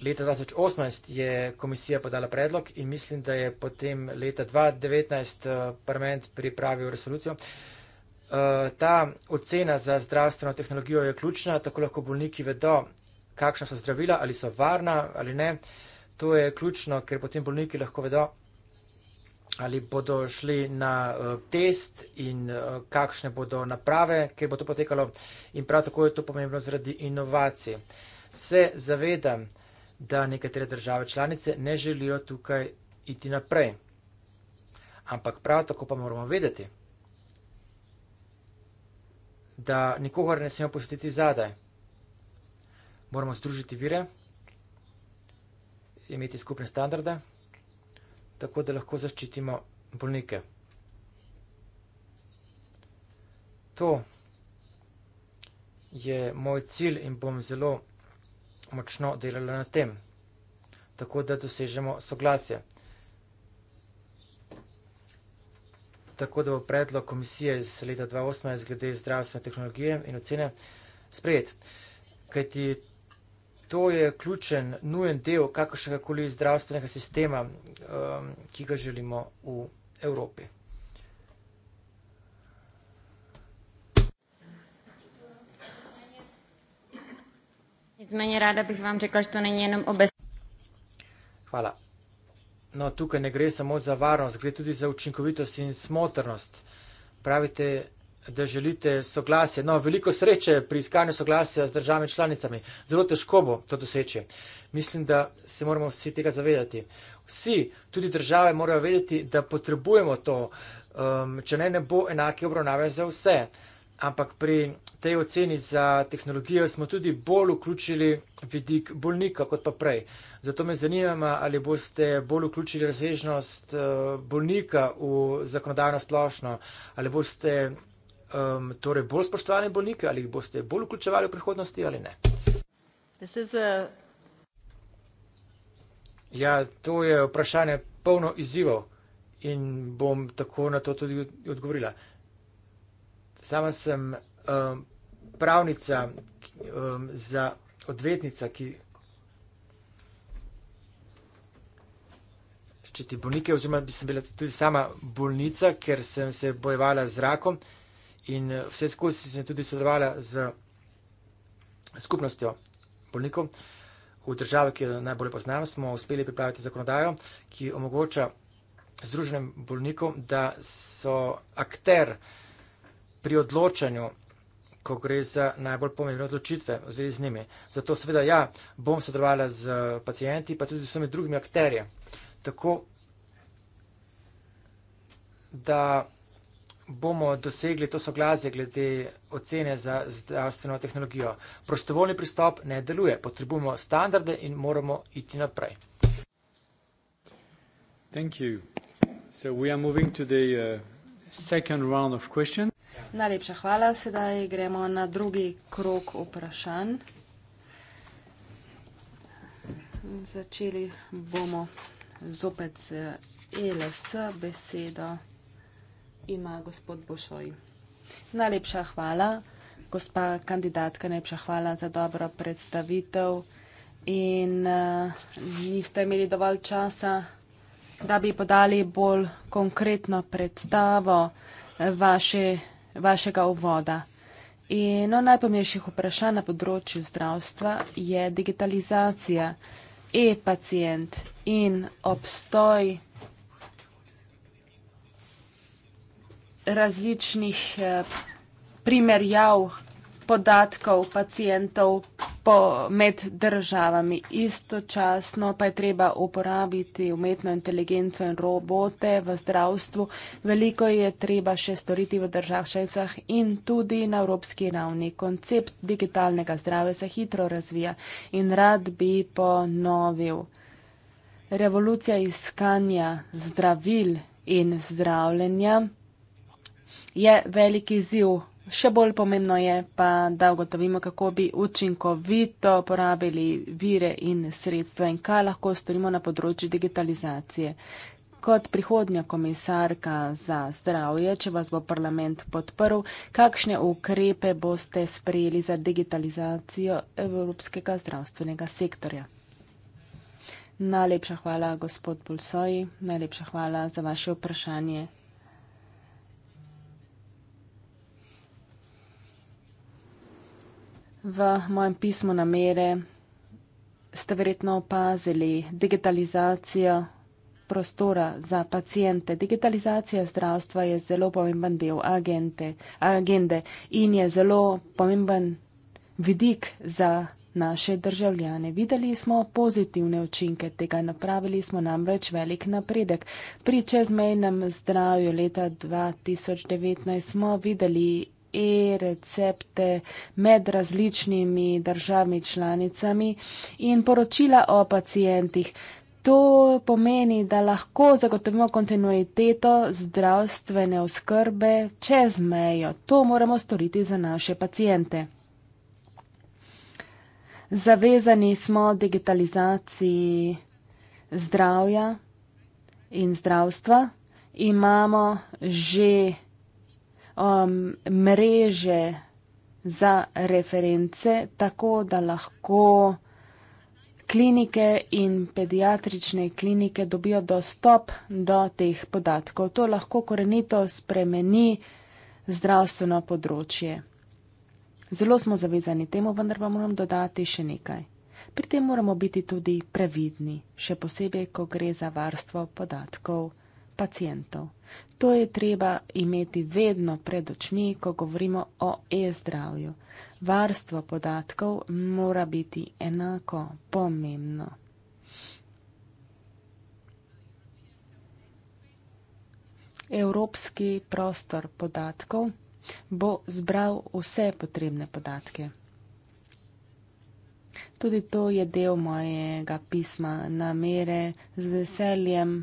Leta 2018 je komisija podala predlog in mislim, da je potem leta 2019 eh, parlament pripravil resolucijo. Eh, ta ocena za zdravstveno tehnologijo je ključna, tako lahko bolniki vedo, kakšna so zdravila, ali so varna ali ne. To je ključno, ker potem bolniki lahko vedo, ali bodo šli na eh, test in eh, kakšne bodo naprave, kjer bo to potekalo. In prav tako je to pomembno zaradi inovacij. Se zavedam, da nekatere države članice ne želijo tukaj iti naprej. Ampak prav tako pa moramo vedeti, da nikogar ne smemo pustiti zadaj. Moramo združiti vire, imeti skupne standarde tako da lahko zaščitimo bolnike. To je moj cilj in bom zelo močno delala na tem, tako da dosežemo soglasje. Tako da bo predlog komisije iz leta 2018 glede zdravstvene tehnologije in ocene sprejet. Kajti To je ključen, nujen del kakršnega koli zdravstvenega sistema, um, ki ga želimo v Evropi. Nicmenje rada bih vam rekla, da to ni njenem obesedovanju. Hvala. No, tukaj ne gre samo za varnost, gre tudi za učinkovitost in smotrnost. Pravite, da želite soglasje. No, veliko sreče pri iskanju soglasja z državami članicami. Zelo težko bo to doseči. Mislim, da se moramo vsi tega zavedati. Vsi, tudi države, morajo vedeti, da potrebujemo to, um, če ne, ne bo enake obravnave za vse. Ampak pri tej oceni za tehnologijo smo tudi bolj vključili vidik bolnika kot pa prej. Zato me zanima, ali boste bolj vključili razsežnost uh, bolnika v zakonodajno splošno, ali boste um, torej bolj spoštovali bolnike ali jih boste bolj vključevali v prihodnosti ali ne? A... Ja, to je vprašanje polno izzivov in bom tako na to tudi odgovorila. Sama sem um, pravnica um, za odvetnica, ki. Bolnike, oziroma, bi sem bila tudi sama bolnica, ker sem se bojevala z rakom. Uh, In eh, vse skozi sem tudi sodelovala z skupnostjo bolnikov v državi, ki jo najbolje poznam, smo uspeli pripraviti zakonodajo, ki omogoča združenim bolnikom, da so akter pri odločanju, ko gre za najbolj pomembne odločitve v zvezi z njimi. Zato seveda ja, bom sodelovala z pacijenti, pa tudi z vsemi drugimi akterji. Tako da bomo dosegli to soglasje glede ocene za zdravstveno tehnologijo. Prostovoljni pristop ne deluje, potrebujemo standarde in moramo iti naprej. Uh, Najlepša hvala. Sedaj gremo na drugi krok vprašanj. Začeli bomo zopet z e LS besedo ima gospod Bošoj. Najlepša hvala, gospa kandidatka, najlepša hvala za dobro predstavitev. In uh, niste imeli dovolj časa, da bi podali bolj konkretno predstavo eh, vaše, vašega uvoda. In najpomembnejših vprašanj na področju zdravstva je digitalizacija, e-pacijent in obstoj. različnih eh, primerjav podatkov pacijentov po, med državami. Istočasno pa je treba uporabiti umetno inteligenco in robote v zdravstvu. Veliko je treba še storiti v državšajcah in tudi na evropski ravni. Koncept digitalnega zdrave se hitro razvija in rad bi ponovil. Revolucija iskanja zdravil in zdravljenja je veliki ziv. Še bolj pomembno je pa, da ugotovimo, kako bi učinkovito porabili vire in sredstva in kaj lahko storimo na področju digitalizacije. Kot prihodnja komisarka za zdravje, če vas bo parlament podprl, kakšne ukrepe boste sprejeli za digitalizacijo evropskega zdravstvenega sektorja? Najlepša hvala, gospod Pulsoji, najlepša hvala za vaše vprašanje. V mojem pismu namere ste verjetno opazili digitalizacijo prostora za pacijente. Digitalizacija zdravstva je zelo pomemben del agente, agende in je zelo pomemben vidik za naše državljane. Videli smo pozitivne učinke tega, napravili smo namreč velik napredek. Pri čezmejnem zdravju leta 2019 smo videli e-recepte med različnimi državami članicami in poročila o pacijentih. To pomeni, da lahko zagotovimo kontinuiteto zdravstvene oskrbe čez mejo. To moramo storiti za naše pacijente. Zavezani smo digitalizaciji zdravja in zdravstva. Imamo že um, mreže za reference, tako da lahko klinike in pediatrične klinike dobijo dostop do teh podatkov. To lahko korenito spremeni zdravstveno področje. Zelo smo zavezani temu, vendar pa moram dodati še nekaj. Pri tem moramo biti tudi previdni, še posebej, ko gre za varstvo podatkov pacijentov. To je treba imeti vedno pred očmi, ko govorimo o e-zdravju. Varstvo podatkov mora biti enako pomembno. Evropski prostor podatkov bo zbral vse potrebne podatke. Tudi to je del mojega pisma namere z veseljem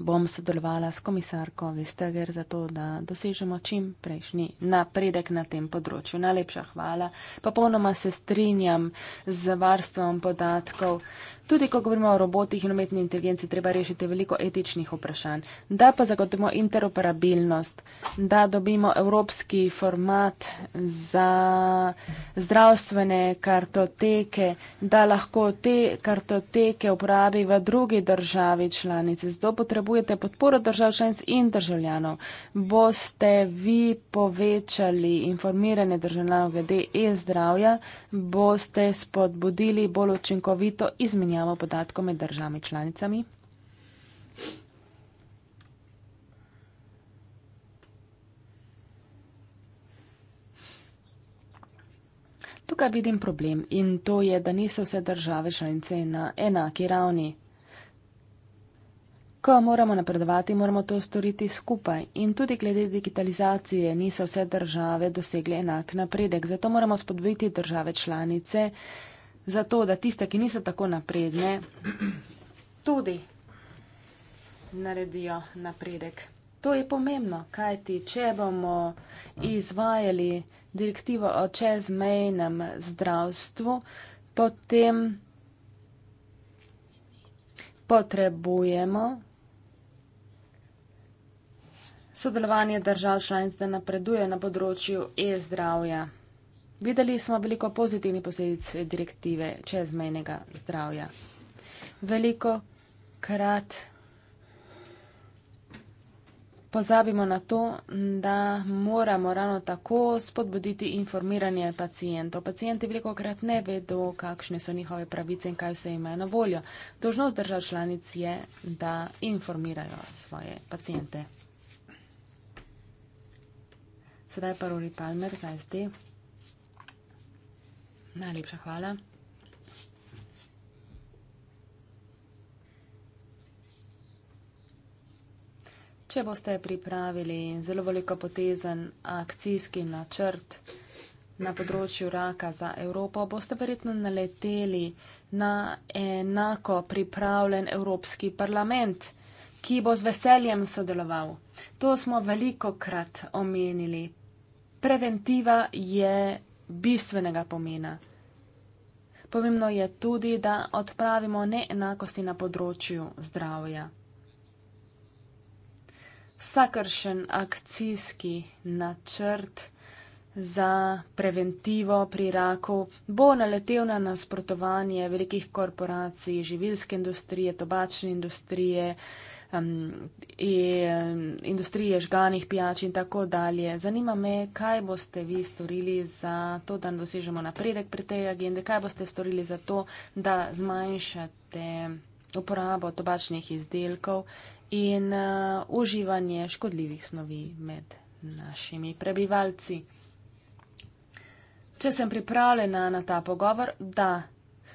bom sodelovala s komisarko Vestager za to, da dosežemo čim prejšnji napredek na tem področju. Najlepša hvala. Popolnoma se strinjam z varstvom podatkov. Tudi, ko govorimo o robotih in umetni inteligenci, treba rešiti veliko etičnih vprašanj. Da pa zagotovimo interoperabilnost, da dobimo evropski format za zdravstvene kartoteke, da lahko te kartoteke uporabi v drugi državi članici. Zato potrebujete podporo držav članic in državljanov. Boste vi povečali informiranje državljanov glede e-zdravja, boste spodbudili bolj učinkovito izmenjavo izmenjava podatkov med državami članicami? Tukaj vidim problem in to je, da niso vse države članice na enaki ravni. Ko moramo napredovati, moramo to storiti skupaj in tudi glede digitalizacije niso vse države dosegle enak napredek. Zato moramo spodbiti države članice, zato, da tiste, ki niso tako napredne, tudi naredijo napredek. To je pomembno, kajti če bomo izvajali direktivo o čezmejnem zdravstvu, potem potrebujemo sodelovanje držav članic, da napredujejo na področju e-zdravja. Videli smo veliko pozitivnih posledic direktive čezmejnega zdravja. Veliko krat pozabimo na to, da moramo ravno tako spodbuditi informiranje pacijentov. Pacijenti veliko krat ne vedo, kakšne so njihove pravice in kaj vse imajo na voljo. Dožnost držav članic je, da informirajo svoje pacijente. Sedaj pa Rory Palmer za SD. Najlepša hvala. Če boste pripravili zelo veliko potezen akcijski načrt na področju raka za Evropo, boste verjetno naleteli na enako pripravljen Evropski parlament, ki bo z veseljem sodeloval. To smo veliko krat omenili. Preventiva je bistvenega pomena. Pomembno je tudi, da odpravimo neenakosti na področju zdravja. Vsakršen akcijski načrt za preventivo pri raku bo naletel na nasprotovanje velikih korporacij, živilske industrije, tobačne industrije, uh, um, in, industrije žganih pijač in tako dalje. Zanima me, kaj boste vi storili za to, da dosežemo napredek pri tej agende, kaj boste storili za to, da zmanjšate uporabo tobačnih izdelkov in uh, uživanje škodljivih snovi med našimi prebivalci. Če sem pripravljena na ta pogovor, da.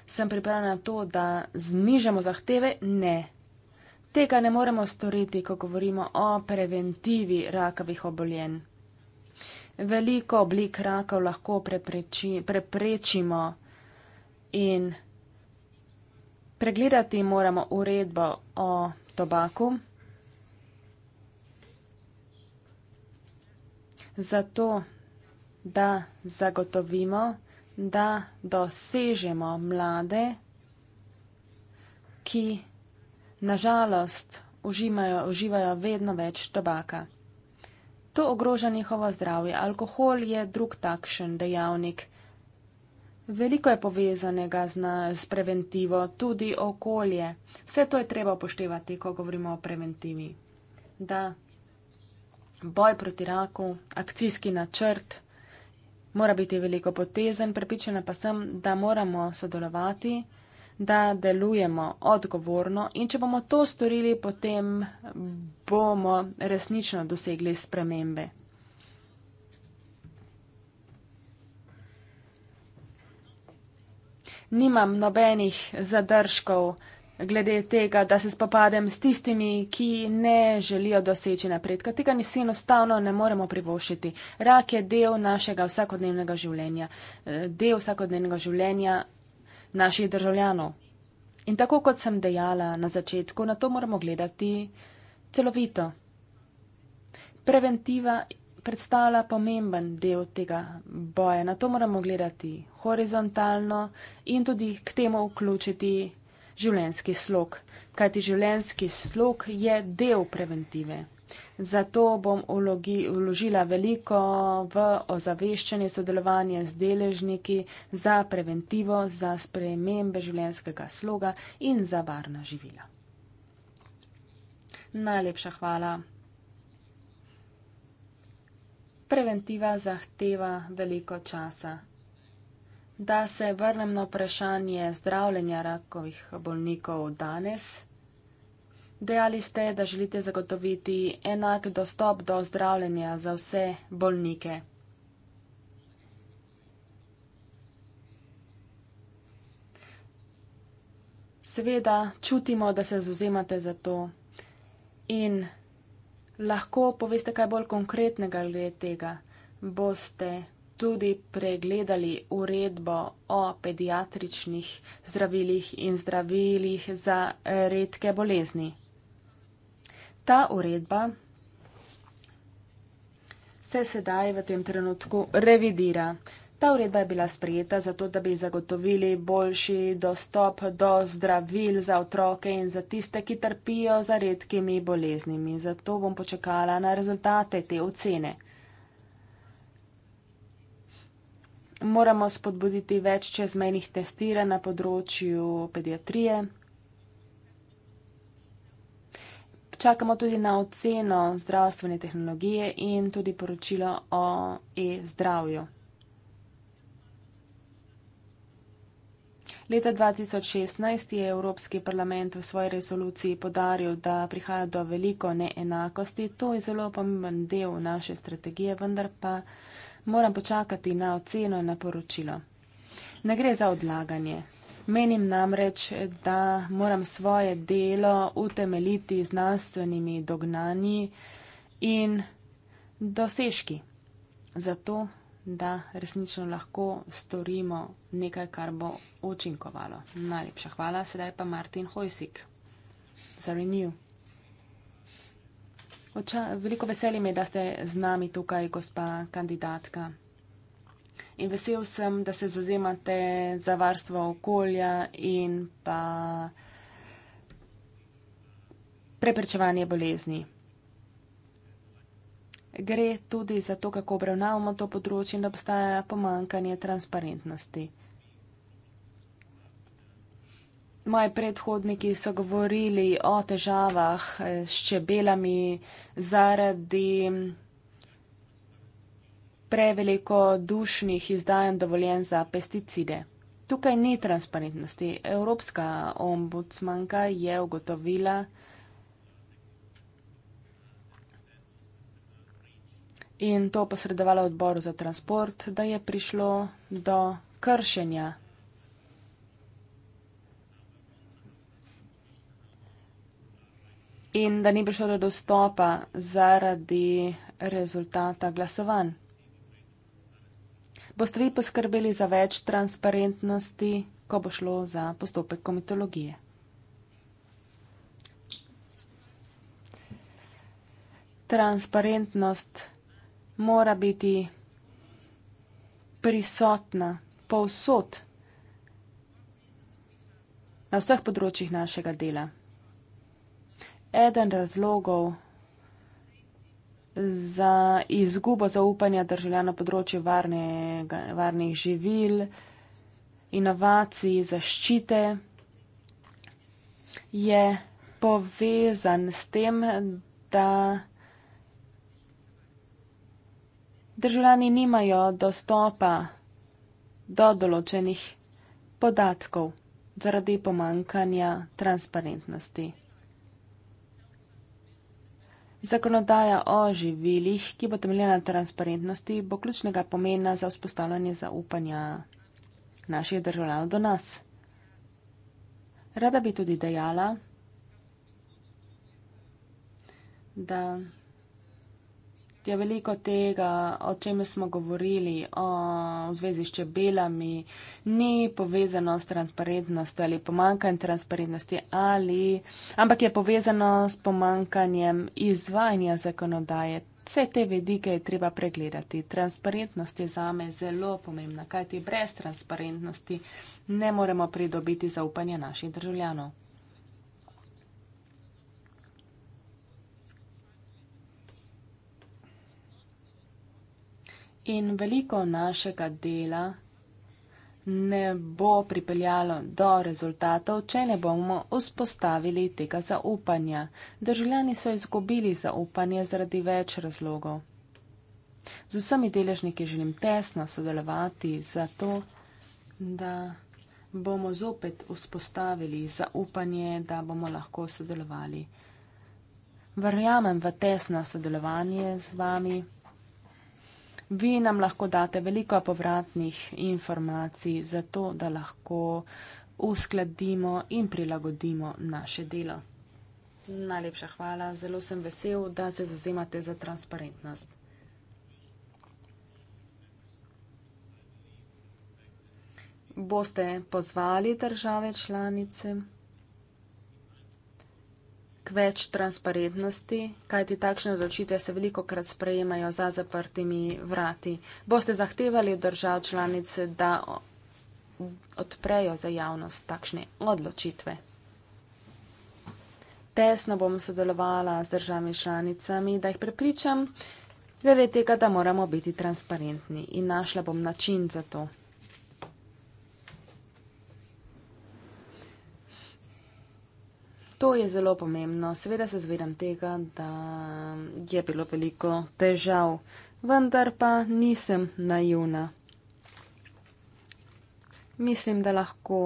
Sem pripravljena na to, da znižamo zahteve? Ne. Tega ne moremo storiti, ko govorimo o preventivi rakavih obolenj. Veliko oblik rakov lahko prepreči, preprečimo in pregledati moramo uredbo o tobaku. Zato, da zagotovimo, da dosežemo mlade, ki Nažalost, užimajo, uživajo vedno več tobaka. To ogroža njihovo zdravje. Alkohol je drug takšen dejavnik. Veliko je povezanega z, na, z preventivo, tudi okolje. Vse to je treba upoštevati, ko govorimo o preventivi. Da, boj proti raku, akcijski načrt, mora biti veliko potezen, prepričana pa sem, da moramo sodelovati da delujemo odgovorno in če bomo to storili, potem bomo resnično dosegli spremembe. Nimam nobenih zadržkov glede tega, da se spopadem s tistimi, ki ne želijo doseči napredka. Tega ni si enostavno ne moremo privošiti. Rak je del našega vsakodnevnega življenja. Eh, del vsakodnevnega življenja naših državljanov. In tako kot sem dejala na začetku, na to moramo gledati celovito. Preventiva predstavlja pomemben del tega boja. Na to moramo gledati horizontalno in tudi k temu vključiti življenski slog, kajti življenski slog je del preventive. Zato bom ulogi, uložila veliko v ozaveščanje sodelovanja z deležniki za preventivo, za spremembe življenjskega sloga in za varna živila. Najlepša hvala. Preventiva zahteva veliko časa. Da se vrnem na vprašanje zdravljenja rakovih bolnikov danes. Dejali ste, da želite zagotoviti enak dostop do zdravljenja za vse bolnike. Seveda čutimo, da se zauzemate za to in lahko poveste kaj bolj konkretnega glede tega. Boste tudi pregledali uredbo o pediatričnih zdravilih in zdravilih za redke bolezni. Ta uredba se sedaj v tem trenutku revidira. Ta uredba je bila sprejeta zato, da bi zagotovili boljši dostop do zdravil za otroke in za tiste, ki trpijo za redkimi boleznimi. Zato bom počakala na rezultate te ocene. Moramo spodbuditi več čezmejnih testiranj na področju pediatrije. Čakamo tudi na oceno zdravstvene tehnologije in tudi poročilo o e-zdravju. Leta 2016 je Evropski parlament v svoji resoluciji podaril, da prihaja do veliko neenakosti. To je zelo pomemben del naše strategije, vendar pa moram počakati na oceno in na poročilo. Ne gre za odlaganje. Menim namreč, da moram svoje delo utemeliti znanstvenimi dognanji in dosežki, zato da resnično lahko storimo nekaj, kar bo učinkovalo. Najlepša hvala, sedaj pa Martin Hojsik za Renew. Oča, veliko veselje mi je, da ste z nami tukaj, gospa kandidatka in vesel sem, da se zauzemate za varstvo okolja in pa preprečevanje bolezni. Gre tudi za to, kako obravnavamo to področje in da obstaja pomankanje transparentnosti. Moji predhodniki so govorili o težavah s čebelami zaradi preveliko dušnih izdajanj dovoljen za pesticide. Tukaj ni transparentnosti. Evropska ombudsmanka je ugotovila, In to posredovala odboru za transport, da je prišlo do kršenja. In da ni prišlo do dostopa zaradi rezultata glasovanj boste vi poskrbeli za več transparentnosti, ko bo šlo za postopek komitologije? Transparentnost mora biti prisotna povsod na vseh področjih našega dela. Eden razlogov, za izgubo zaupanja državljanov področju varnega, varnih živil, inovacij, zaščite, je povezan s tem, da državljani nimajo dostopa do določenih podatkov zaradi pomankanja transparentnosti. Zakonodaja o živilih, ki bo temeljena na transparentnosti, bo ključnega pomena za vzpostavljanje zaupanja naših državljanov do nas. Rada bi tudi dejala, da je veliko tega, o čem smo govorili, o, v zvezi s čebelami, ni povezano s transparentnostjo ali pomankanjem transparentnosti, ali, ampak je povezano s pomankanjem izvajanja zakonodaje. Vse te vedike je treba pregledati. Transparentnost je za me zelo pomembna, kajti brez transparentnosti ne moremo pridobiti zaupanja naših državljanov. in veliko našega dela ne bo pripeljalo do rezultatov, če ne bomo vzpostavili tega zaupanja. Državljani so izgubili zaupanje zaradi več razlogov. Z vsemi deležniki želim tesno sodelovati zato, da bomo zopet vzpostavili zaupanje, da bomo lahko sodelovali. Verjamem v tesno sodelovanje z vami vi nam lahko date veliko povratnih informacij, zato da lahko uskladimo in prilagodimo naše delo. Najlepša hvala, zelo sem vesel, da se zauzemate za transparentnost. Boste pozvali države članice? več transparentnosti, kajti takšne odločitve se veliko krat sprejemajo za zaprtimi vrati. Boste zahtevali od držav članice, da odprejo za javnost takšne odločitve. Tesno bom sodelovala z državami članicami, da jih prepričam glede tega, da moramo biti transparentni in našla bom način za to. To je zelo pomembno. Seveda se zavedam tega, da je bilo veliko težav, vendar pa nisem naivna. Mislim, da lahko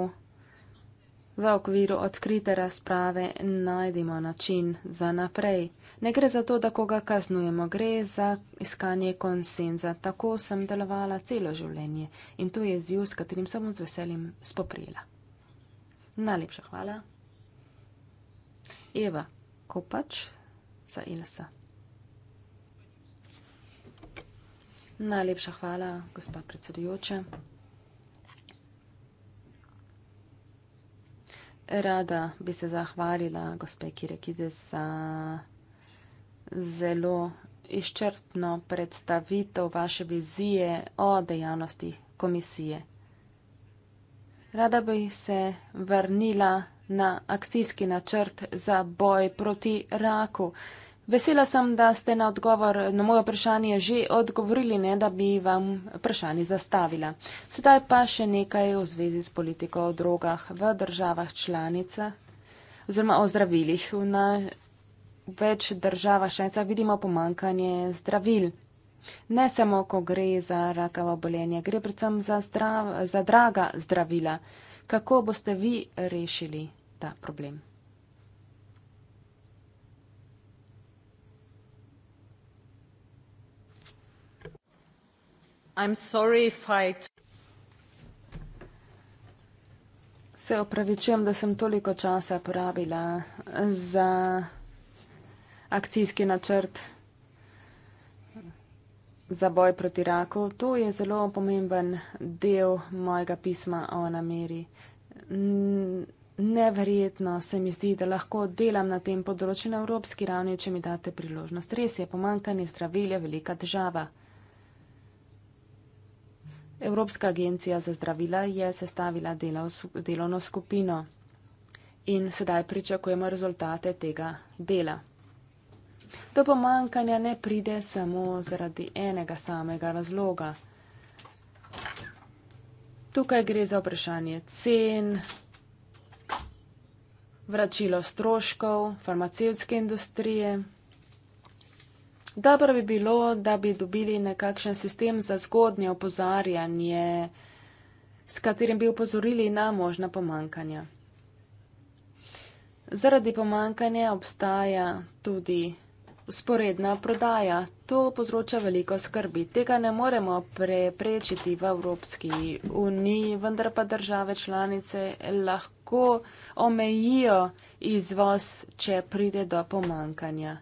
v okviru odkrite razprave najdemo način za naprej. Ne gre za to, da koga kaznujemo, gre za iskanje konsenza. Tako sem delovala celo življenje in to je ziv, s katerim sem z veseljem spoprijela. Najlepša hvala. Eva Kopač za Ilsa. Najlepša hvala, gospod predsedujoče. Rada bi se zahvalila gospe Kirekide za zelo izčrpno predstavitev vaše vizije o dejavnosti komisije. Rada bi se vrnila na akcijski načrt za boj proti raku. Vesela sem, da ste na odgovor na moje vprašanje že odgovorili, ne da bi vam vprašanje zastavila. Sedaj pa še nekaj v zvezi s politiko o drogah v državah članica oziroma o zdravilih. V več državah članicah vidimo pomankanje zdravil. Ne samo, ko gre za rakava obolenja, gre predvsem za, zdrav, za draga zdravila. Kako boste vi rešili ta problem? Se opravičujem, da sem toliko časa porabila za akcijski načrt za boj proti raku. To je zelo pomemben del mojega pisma o nameri. Neverjetno se mi zdi, da lahko delam na tem področju na evropski ravni, če mi date priložnost. Res je pomankanje zdravilja velika država. Evropska agencija za zdravila je sestavila delovno skupino in sedaj pričakujemo rezultate tega dela. Do pomankanja ne pride samo zaradi enega samega razloga. Tukaj gre za vprašanje cen, vračilo stroškov, farmacevtske industrije. Dobro bi bilo, da bi dobili nekakšen sistem za zgodnje opozarjanje, s katerim bi upozorili na možna pomankanja. Zaradi pomankanja obstaja tudi Sporedna prodaja. To povzroča veliko skrbi. Tega ne moremo preprečiti v Evropski uniji, vendar pa države članice lahko omejijo izvoz, če pride do pomankanja.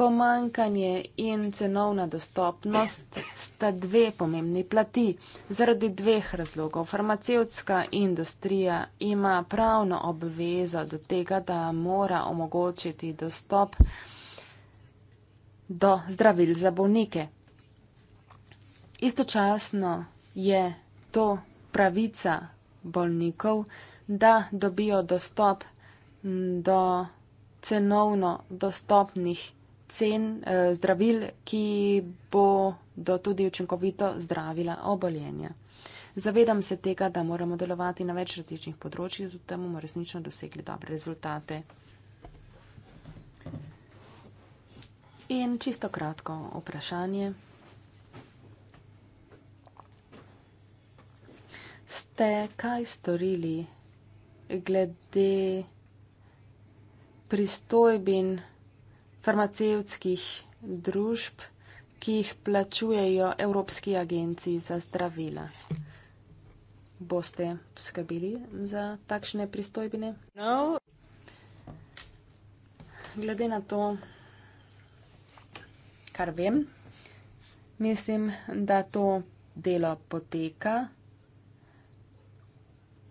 Pomankanje in cenovna dostopnost sta dve pomembni plati. Zaradi dveh razlogov. Farmacevtska industrija ima pravno obvezo do tega, da mora omogočiti dostop do zdravil za bolnike. Istočasno je to pravica bolnikov, da dobijo dostop do cenovno dostopnih cen eh, zdravil, ki bodo tudi učinkovito zdravila obolenja. Zavedam se tega, da moramo delovati na več različnih področjih, zato da bomo resnično dosegli dobre rezultate. In čisto kratko vprašanje. Ste kaj storili glede pristojbin farmacevtskih družb, ki jih plačujejo Evropski agenciji za zdravila. Boste skrbeli za takšne pristojbine? No. Glede na to, kar vem, mislim, da to delo poteka.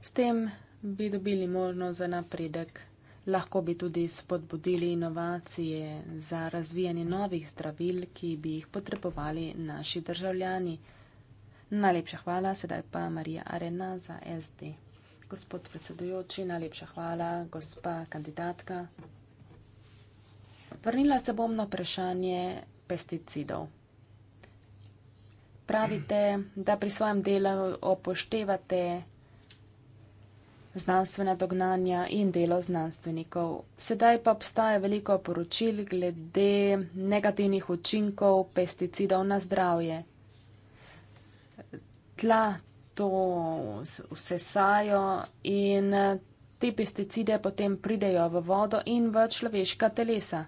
S tem bi dobili možnost za napredek lahko bi tudi spodbudili inovacije za razvijanje novih zdravil, ki bi jih potrebovali naši državljani. Najlepša hvala, sedaj pa Marija Arena za SD. Gospod predsedujoči, najlepša hvala, gospa kandidatka. Vrnila se bom na vprašanje pesticidov. Pravite, da pri svojem delu opoštevate znanstvene dognanja in delo znanstvenikov. Sedaj pa obstaja veliko poročil glede negativnih učinkov pesticidov na zdravje. Tla to vse sajo in te pesticide potem pridejo v vodo in v človeška telesa.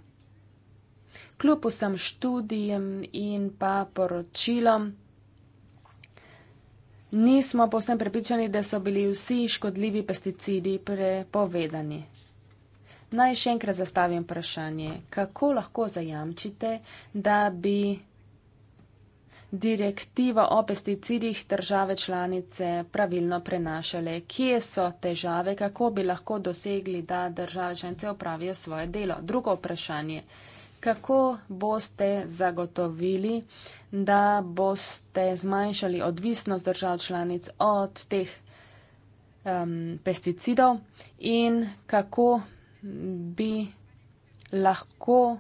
Kljub vsem študijem in pa poročilom, nismo povsem prepričani, da so bili vsi škodljivi pesticidi prepovedani. Naj še enkrat zastavim vprašanje, kako lahko zajamčite, da bi direktiva o pesticidih države članice pravilno prenašale? Kje so težave, kako bi lahko dosegli, da države članice opravijo svoje delo? Drugo vprašanje kako boste zagotovili, da boste zmanjšali odvisnost držav članic od teh um, pesticidov in kako bi lahko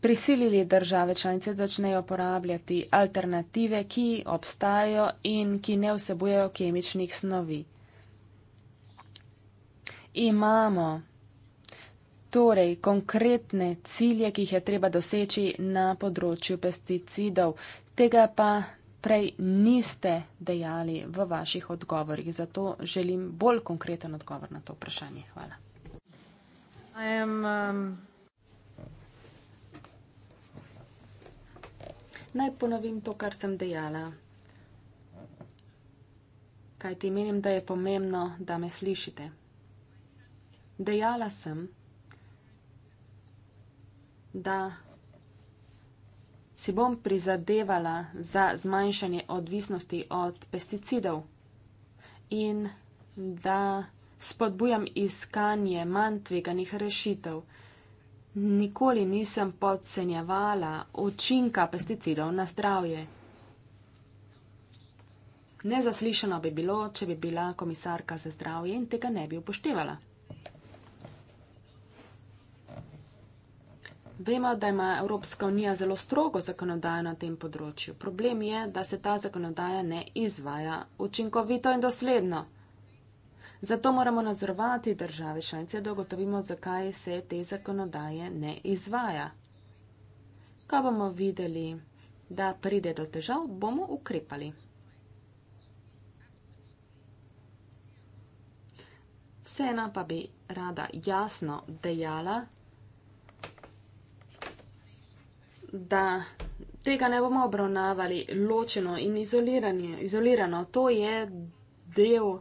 prisilili države članice, da začnejo uporabljati alternative, ki obstajajo in ki ne vsebujejo kemičnih snovi. Imamo torej konkretne cilje, ki jih je treba doseči na področju pesticidov. Tega pa prej niste dejali v vaših odgovorih, zato želim bolj konkreten odgovor na to vprašanje. Hvala. Am, um... Naj ponovim to, kar sem dejala. Kaj ti menim, da je pomembno, da me slišite? Dejala sem, da si bom prizadevala za zmanjšanje odvisnosti od pesticidov in da spodbujam iskanje manj tveganih rešitev. Nikoli nisem podcenjevala učinka pesticidov na zdravje. Nezaslišano bi bilo, če bi bila komisarka za zdravje in tega ne bi upoštevala. Vemo, da ima Evropska unija zelo strogo zakonodajo na tem področju. Problem je, da se ta zakonodaja ne izvaja učinkovito in dosledno. Zato moramo nadzorovati države članice, da ugotovimo, zakaj se te zakonodaje ne izvaja. Ko bomo videli, da pride do težav, bomo ukrepali. Vseeno pa bi rada jasno dejala, da tega ne bomo obravnavali ločeno in izolirano. To je del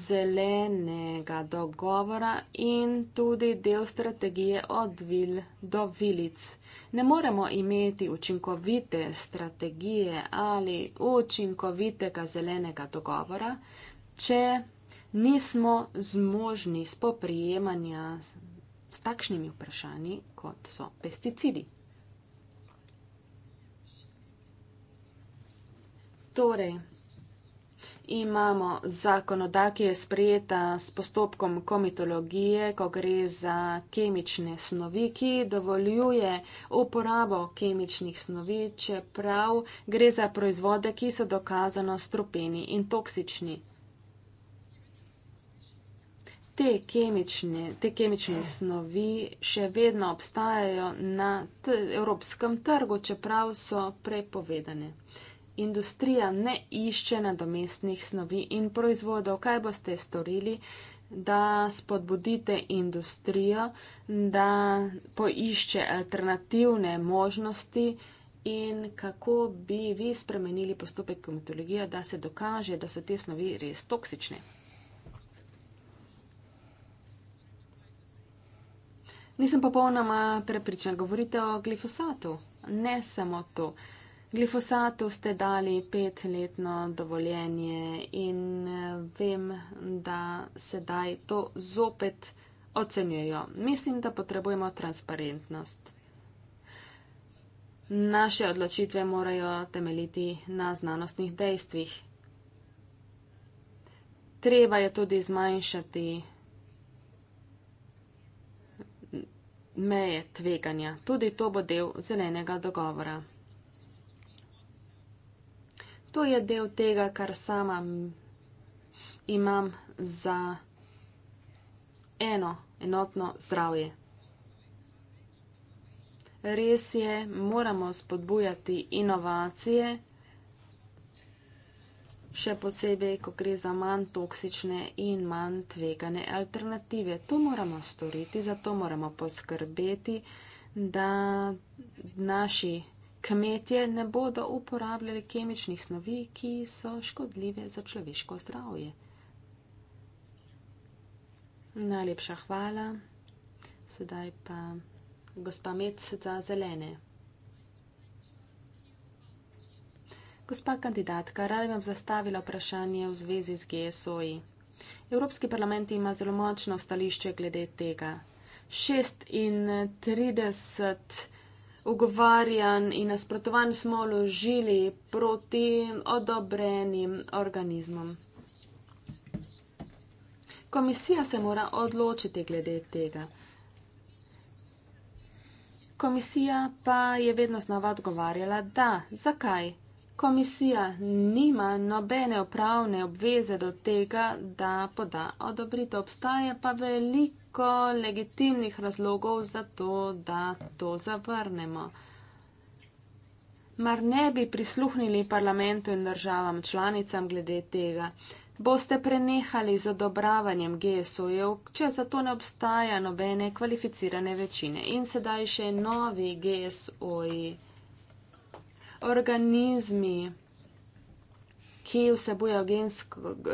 zelenega dogovora in tudi del strategije od vil do vilic. Ne moremo imeti učinkovite strategije ali učinkovitega zelenega dogovora, če nismo zmožni spoprijemanja s takšnimi vprašanji, kot so pesticidi. Torej, imamo zakonoda, ki je sprejeta s postopkom komitologije, ko gre za kemične snovi, ki dovoljuje uporabo kemičnih snovi, čeprav gre za proizvode, ki so dokazano strupeni in toksični. Te kemične, te kemične snovi še vedno obstajajo na evropskem trgu, čeprav so prepovedane industrija ne išče nadomestnih snovi in proizvodov, kaj boste storili, da spodbudite industrijo, da poišče alternativne možnosti in kako bi vi spremenili postopek komitologije, da se dokaže, da so te snovi res toksične. Nisem popolnoma prepričan, govorite o glifosatu, ne samo to. Uh, Glifosatu ste dali petletno dovoljenje in eh, vem, da sedaj to zopet ocenjujo. Mislim, da potrebujemo transparentnost. Naše odločitve morajo temeljiti na znanostnih dejstvih. Treba je tudi zmanjšati meje tveganja. Tudi to bo del zelenega dogovora. To je del tega, kar sama imam za eno enotno zdravje. Res je, moramo spodbujati inovacije, še posebej, ko gre za manj toksične in manj tvegane alternative. To moramo storiti, zato moramo poskrbeti, da naši kmetje ne bodo uporabljali kemičnih snovi, ki so škodljive za človeško zdravje. Najlepša hvala. Sedaj pa gospa Met za zelene. Gospa kandidatka, rada bi vam zastavila vprašanje v zvezi z GSO-ji. Evropski parlament ima zelo močno stališče glede tega. 36 ogovarjan in nasprotovan smo ložili proti odobrenim organizmom. Komisija se mora odločiti glede tega. Komisija pa je vedno znova odgovarjala, da zakaj? Komisija nima nobene upravne obveze do tega, da poda odobritev. Obstaja pa veliko veliko legitimnih razlogov za to, da to zavrnemo. Mar ne bi prisluhnili parlamentu in državam članicam glede tega? Boste prenehali z odobravanjem GSO-jev, če za to ne obstaja nobene kvalificirane večine. In sedaj še novi GSO-ji. Organizmi, ki vsebujejo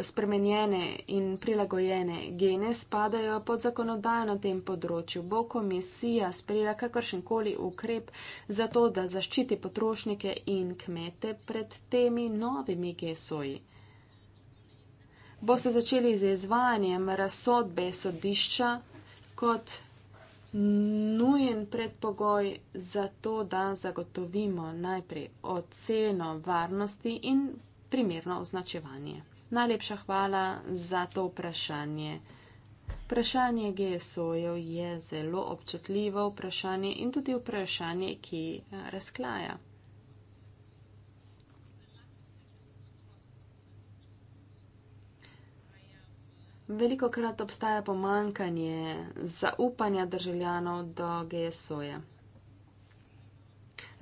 spremenjene in prilagojene gene, spadajo pod zakonodajo na tem področju. Bo komisija sprejela kakršen koli ukrep za to, da zaščiti potrošnike in kmete pred temi novimi gesoji? Boste začeli z izvajanjem razsodbe sodišča kot nujen predpogoj za to, da zagotovimo najprej oceno varnosti in primerno označevanje. Najlepša hvala za to vprašanje. Vprašanje GSO-jev je zelo občutljivo vprašanje in tudi vprašanje, ki eh, razklaja. Veliko krat obstaja pomankanje zaupanja državljanov do GSO-ja.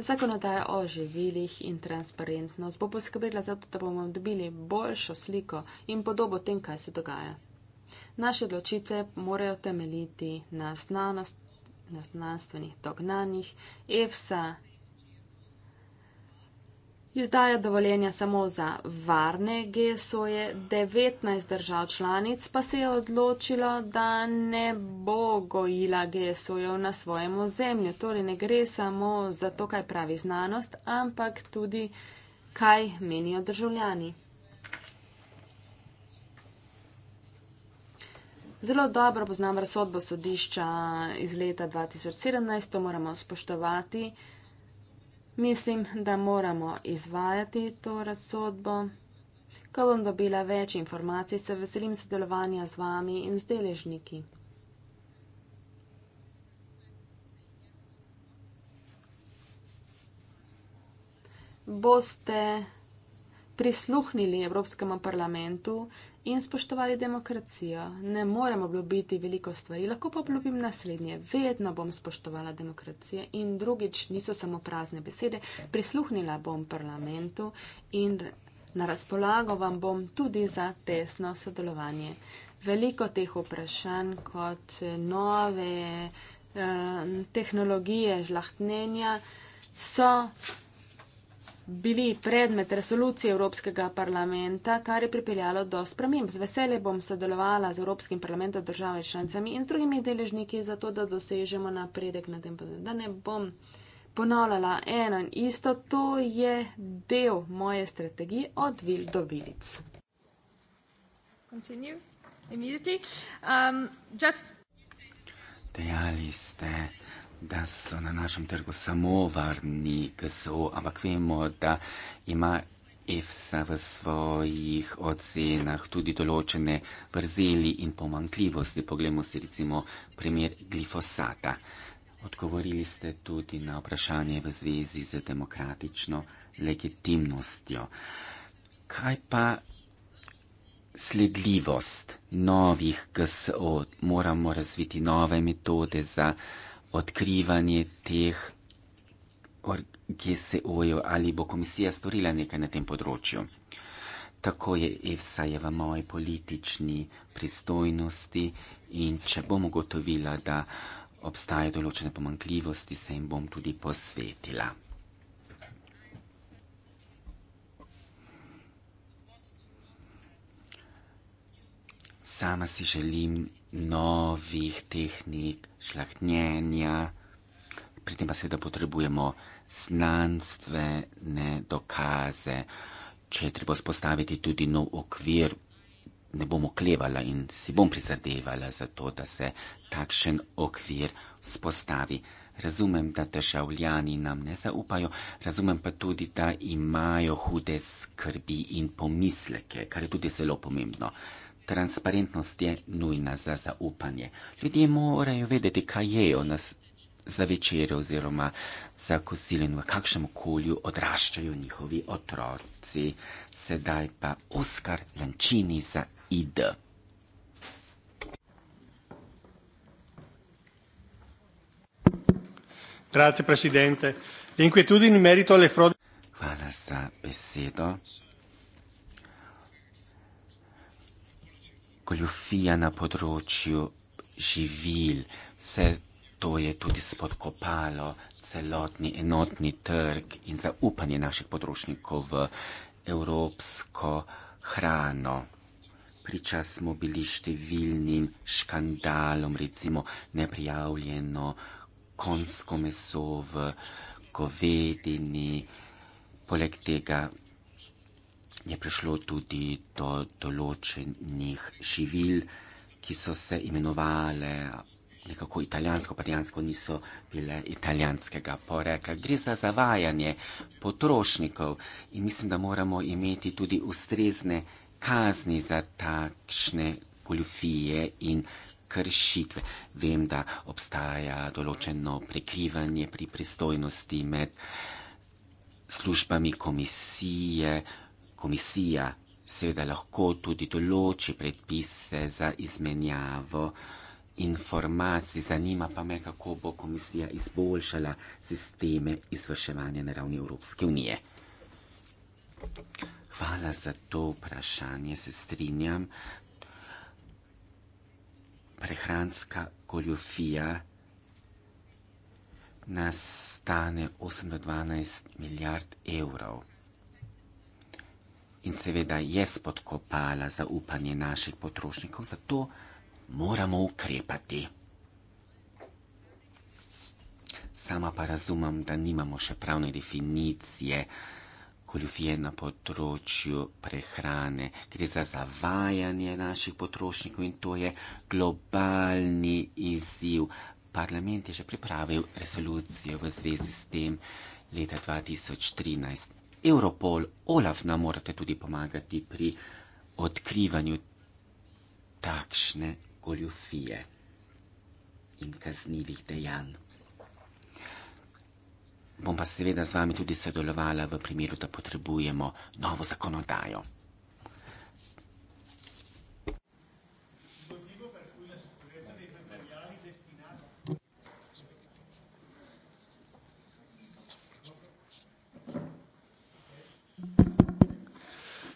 Zakonodaja o živilih in transparentnost bo poskrbela za to, da bomo dobili boljšo sliko in podobo tem, kaj se dogaja. Naše odločitve morajo temeljiti na, znanost, na znanstvenih dognanjih EFSA, Izdaja dovoljenja samo za varne GSO-je, 19 držav članic pa se je odločilo, da ne bo gojila GSO-jev na svojem ozemlju. Torej ne gre samo za to, kaj pravi znanost, ampak tudi, kaj menijo državljani. Zelo dobro poznam razsodbo sodišča iz leta 2017, to moramo spoštovati. Mislim, da moramo izvajati to razsodbo. Ko bom dobila več informacij, se veselim sodelovanja z vami in z deležniki. Boste prisluhnili Evropskemu parlamentu in spoštovali demokracijo. Ne morem obljubiti veliko stvari, lahko pa obljubim naslednje. Vedno bom spoštovala demokracijo in drugič niso samo prazne besede. Prisluhnila bom parlamentu in na razpolago vam bom tudi za tesno sodelovanje. Veliko teh vprašanj kot nove eh, tehnologije žlahtnenja so bili predmet resolucije Evropskega parlamenta, kar je pripeljalo do sprememb. Z veselje bom sodelovala z Evropskim parlamentom, državami članicami in drugimi deležniki za to, da dosežemo napredek na tem področju. Da ne bom ponavljala eno in isto, to je del moje strategije od vil do vilic. Um, just... Dejali ste da so na našem trgu samo varni GSO, ampak vemo, da ima EFSA v svojih ocenah tudi določene vrzeli in pomankljivosti. Poglejmo si recimo primer glifosata. Odgovorili ste tudi na vprašanje v zvezi z demokratično legitimnostjo. Kaj pa sledljivost novih GSO? Moramo razviti nove metode za odkrivanje teh GSO-jev ali bo komisija storila nekaj na tem področju. Tako je EFSA je v moji politični pristojnosti in če bom ugotovila, da obstaje določene pomankljivosti, se jim bom tudi posvetila. Sama si želim novih tehnik šlahnjenja. Pri tem pa seveda potrebujemo znanstvene dokaze, če je treba spostaviti tudi nov okvir, ne bom oklevala in si bom prizadevala za to, da se takšen okvir spostavi. Razumem, da državljani nam ne zaupajo, razumem pa tudi, da imajo hude skrbi in pomisleke, kar je tudi zelo pomembno transparentnost je nujna za zaupanje. Ljudje morajo vedeti, kaj jejo nas za večer oziroma za kosilo in v kakšnem okolju odraščajo njihovi otroci. Sedaj pa Oskar Lančini za ID. Grazie, Presidente. L'inquietudine in merito alle frodi. Hvala za besedo. goljufija na področju živil, vse to je tudi spodkopalo celotni enotni trg in zaupanje naših potrošnikov v evropsko hrano. Priča smo bili številnim škandalom, recimo neprijavljeno konsko meso v govedini, poleg tega je prišlo tudi do določenih živil, ki so se imenovale nekako italijansko, pa dejansko niso bile italijanskega porekla. Gre za zavajanje potrošnikov in mislim, da moramo imeti tudi ustrezne kazni za takšne goljufije in kršitve. Vem, da obstaja določeno prekrivanje pri pristojnosti med službami komisije, komisija seveda lahko tudi določi predpise za izmenjavo informacij, zanima pa me, kako bo komisija izboljšala sisteme izvrševanja na ravni Evropske unije. Hvala za to vprašanje, se strinjam. Prehranska goljofija nastane 8 do 12 milijard evrov in seveda je spodkopala zaupanje naših potrošnikov, zato moramo ukrepati. Sama pa razumem, da nimamo še pravne definicije goljufije na področju prehrane. Gre za zavajanje naših potrošnikov in to je globalni izziv. Parlament je že pripravil resolucijo v zvezi s tem leta 2013. Europol, Olaf nam morate tudi pomagati pri odkrivanju takšne goljufije in kaznivih dejanj. Bom pa seveda z vami tudi sodelovala v primeru, da potrebujemo novo zakonodajo.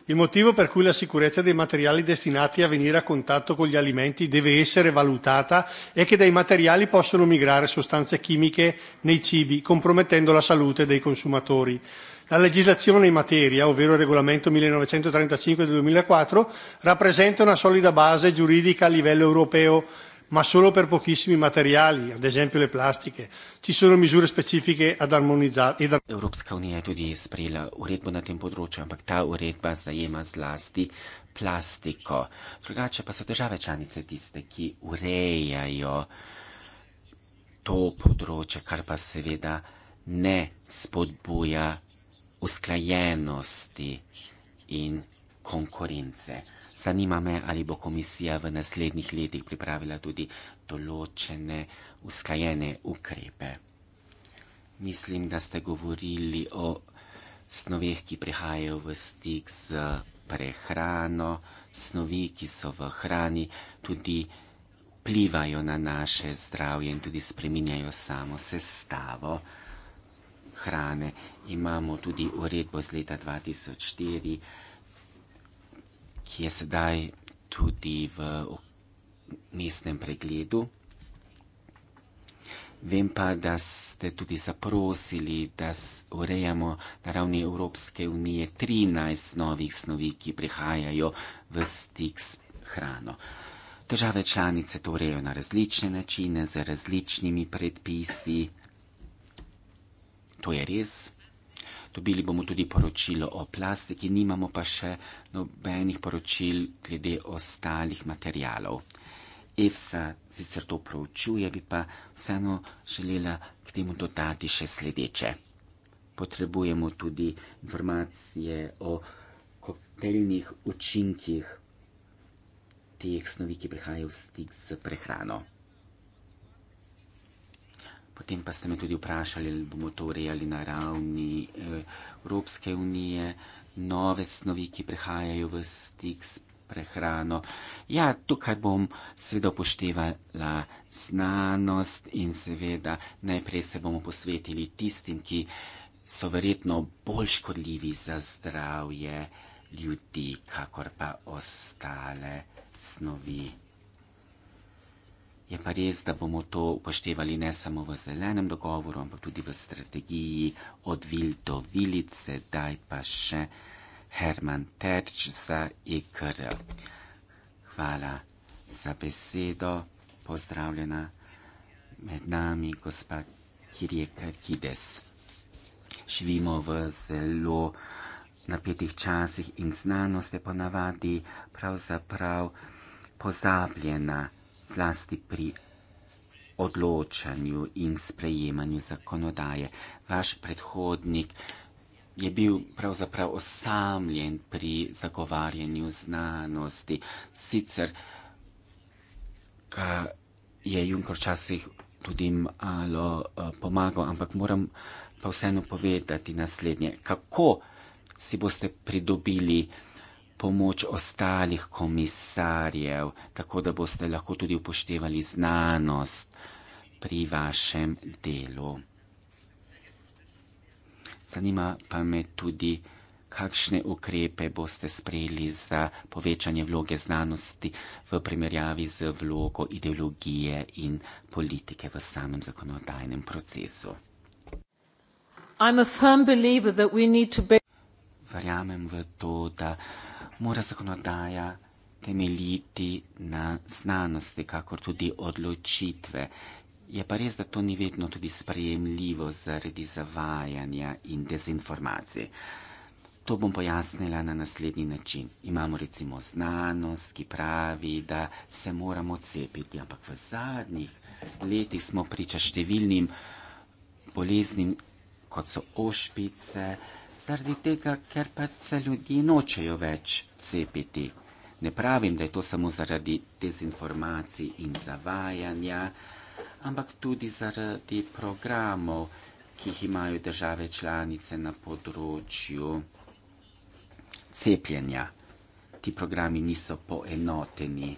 Il motivo per cui la sicurezza dei materiali destinati a venire a contatto con gli alimenti deve essere valutata è che dai materiali possono migrare sostanze chimiche nei cibi, compromettendo la salute dei consumatori. La legislazione in materia, ovvero il regolamento 1935 del 2004, rappresenta una solida base giuridica a livello europeo ma solo per pochissimi materiali, ad esempio le plastiche. Ci sono misure specifiche ad armonizzare. Ed... Evropska unija je tudi sprejela uredbo na tem področju, ampak ta uredba zajema zlasti plastiko. Drugače pa so države članice tiste, ki urejajo to področje, kar pa seveda ne spodbuja usklajenosti in konkurence. Zanima me, ali bo komisija v naslednjih letih pripravila tudi določene uskajene ukrepe. Mislim, da ste govorili o snoveh, ki prihajajo v stik z prehrano, snovi, ki so v hrani, tudi vplivajo na naše zdravje in tudi spreminjajo samo sestavo hrane. Imamo tudi uredbo z leta 2004 ki je sedaj tudi v mestnem pregledu. Vem pa, da ste tudi zaprosili, da urejamo na ravni Evropske unije 13 novih snovi, ki prihajajo v stik s hrano. Države članice to urejo na različne načine, z različnimi predpisi. To je res dobili bomo tudi poročilo o plastiki, nimamo pa še nobenih poročil glede ostalih materijalov. EFSA sicer to proučuje, bi pa vseeno želela k temu dodati še sledeče. Potrebujemo tudi informacije o koktejlnih učinkih teh snovi, ki prihajajo v stik z prehrano. Potem pa ste me tudi vprašali, ali bomo to urejali na ravni eh, Evropske unije, nove snovi, ki prehajajo v stik s prehrano. Ja, tukaj bom seveda upoštevala znanost in seveda najprej se bomo posvetili tistim, ki so verjetno bolj škodljivi za zdravje ljudi, kakor pa ostale snovi. Je pa res, da bomo to upoštevali ne samo v zelenem dogovoru, ampak tudi v strategiji od vil do vilice, daj pa še Herman Terč za IKR. E Hvala za besedo, pozdravljena med nami gospa Kirjeka Kides. Živimo v zelo napetih časih in znanost je ponavadi pravzaprav pozabljena zlasti pri odločanju in sprejemanju zakonodaje. Vaš predhodnik je bil pravzaprav osamljen pri zagovarjanju znanosti. Sicer ga je Junker včasih tudi malo eh, pomagal, ampak moram pa vseeno povedati naslednje. Kako si boste pridobili pomoč ostalih komisarjev, tako da boste lahko tudi upoštevali znanost pri vašem delu. Zanima pa me tudi, kakšne ukrepe boste sprejeli za povečanje vloge znanosti v primerjavi z vlogo ideologije in politike v samem zakonodajnem procesu. Verjamem v to, da mora zakonodaja temeljiti na znanosti, kakor tudi odločitve. Je pa res, da to ni vedno tudi sprejemljivo zaradi zavajanja in dezinformacij. To bom pojasnila na naslednji način. Imamo recimo znanost, ki pravi, da se moramo cepiti, ampak v zadnjih letih smo priča številnim boleznim, kot so ošpice, uh, zaradi tega, ker pa se ljudje nočejo več cepiti. Ne pravim, da je to samo zaradi dezinformacij in zavajanja, ampak tudi zaradi programov, ki jih imajo države članice na področju cepljenja. Ti programi niso poenoteni.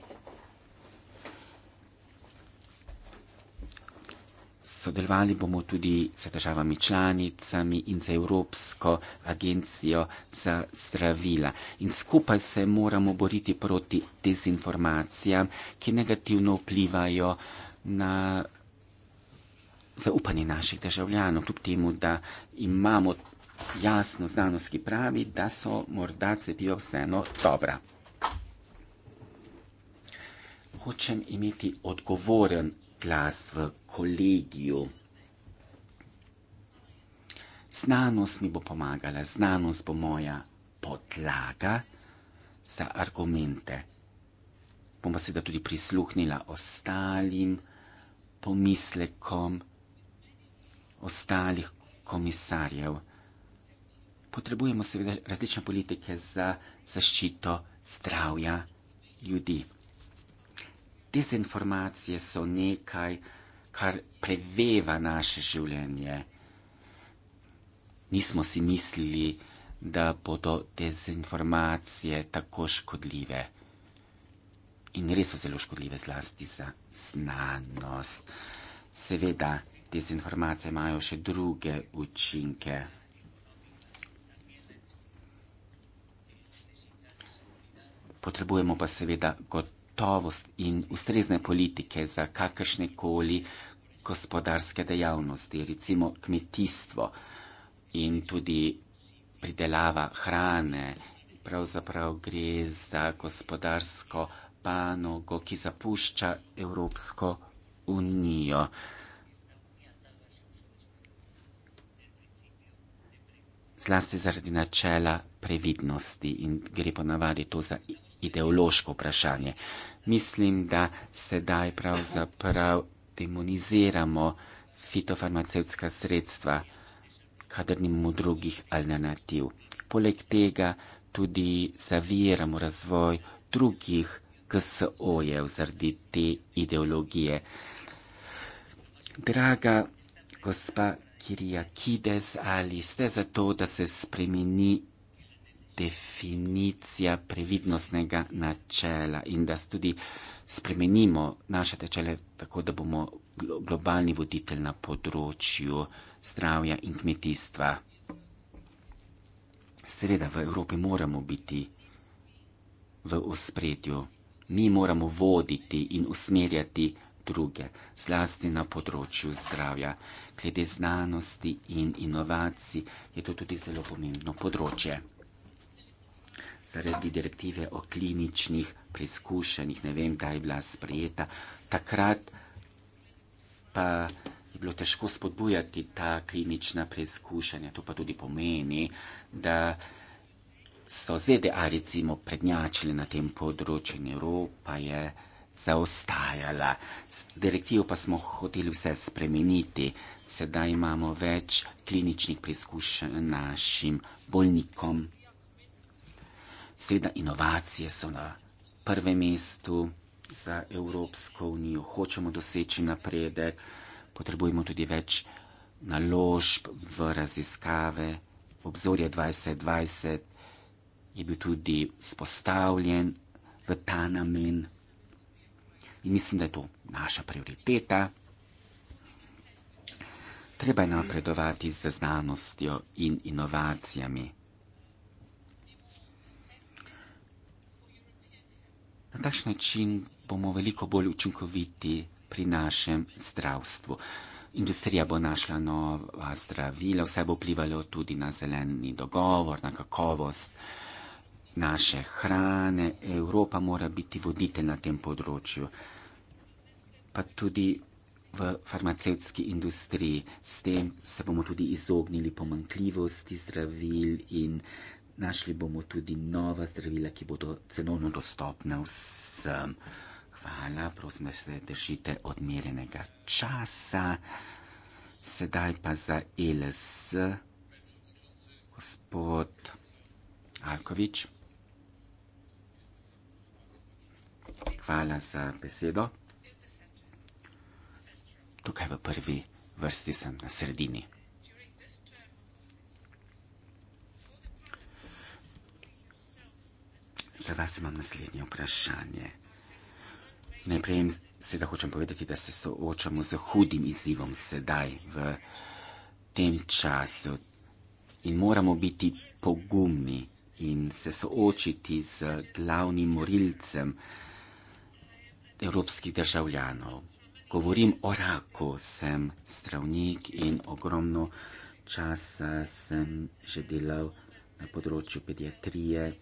Sodelovali bomo tudi z državami članicami in z Evropsko agencijo za zdravila. In skupaj se moramo boriti proti dezinformacijam, ki negativno vplivajo na zaupanje naših državljanov, kljub temu, da imamo jasno znanost, ki pravi, da so morda cepiva vseeno dobra. Hočem imeti odgovoren glas v kolegiju. Znanost mi bo pomagala, znanost bo moja podlaga za argumente. Bom pa seveda tudi prisluhnila ostalim pomislekom ostalih komisarjev. Potrebujemo seveda različne politike za zaščito zdravja ljudi dezinformacije so nekaj, kar preveva naše življenje. Nismo si mislili, da bodo dezinformacije tako škodljive. In res so zelo škodljive, zlasti za znanost. Seveda, dezinformacije imajo še druge učinke. Potrebujemo pa seveda gotovo gotovost in ustrezne politike za kakršne koli gospodarske dejavnosti, recimo kmetijstvo in tudi pridelava hrane. Pravzaprav gre za gospodarsko panogo, ki zapušča Evropsko unijo. Zlasti zaradi načela previdnosti in gre ponavadi to za ideološko vprašanje. Mislim, da sedaj pravzaprav demoniziramo fitofarmacevtska sredstva, kadar nimamo drugih alternativ. Poleg tega tudi zaviramo razvoj drugih KSO-jev zaradi te ideologije. Draga gospa Kirija Kides, ali ste za to, da se spremeni definicija previdnostnega načela in da tudi spremenimo naše tečele tako, da bomo globalni voditelj na področju zdravja in kmetijstva. Seveda v Evropi moramo biti v ospredju, mi moramo voditi in usmerjati druge, zlasti na področju zdravja. Glede znanosti in inovacij je to tudi zelo pomembno področje zaradi direktive o kliničnih preizkušanjih, ne vem, da je bila sprejeta. Takrat pa je bilo težko spodbujati ta klinična preizkušanja, to pa tudi pomeni, da so ZDA recimo prednjačili na tem področju in Evropa je zaostajala. S direktivo pa smo hoteli vse spremeniti. Sedaj imamo več kliničnih preizkušenj našim bolnikom. Seveda, inovacije so na prvem mestu za Evropsko unijo, hočemo doseči napredek, potrebujemo tudi več naložb v raziskave. Obzorje 2020 je bil tudi spostavljen v ta namen. In mislim, da je to naša prioriteta. Treba je napredovati z znanostjo in inovacijami. Na takšen način bomo veliko bolj učinkoviti pri našem zdravstvu. Industrija bo našla nova zdravila, vse bo vplivalo tudi na zeleni dogovor, na kakovost naše hrane. Evropa mora biti voditelj na tem področju, pa tudi v farmacevtski industriji. S tem se bomo tudi izognili pomankljivosti zdravil in zdravil našli bomo tudi nova zdravila, ki bodo cenovno dostopna vsem. Hvala, prosim, da se držite odmerenega časa. Sedaj pa za e LS, gospod Alkovič. Hvala za besedo. Tukaj v prvi vrsti sem na sredini. za vas imam naslednje vprašanje. Najprej seveda hočem povedati, da se soočamo z hudim izzivom sedaj v tem času in moramo biti pogumni in se soočiti z glavnim morilcem evropskih državljanov. Govorim o raku, sem zdravnik in ogromno časa sem že delal na področju pediatrije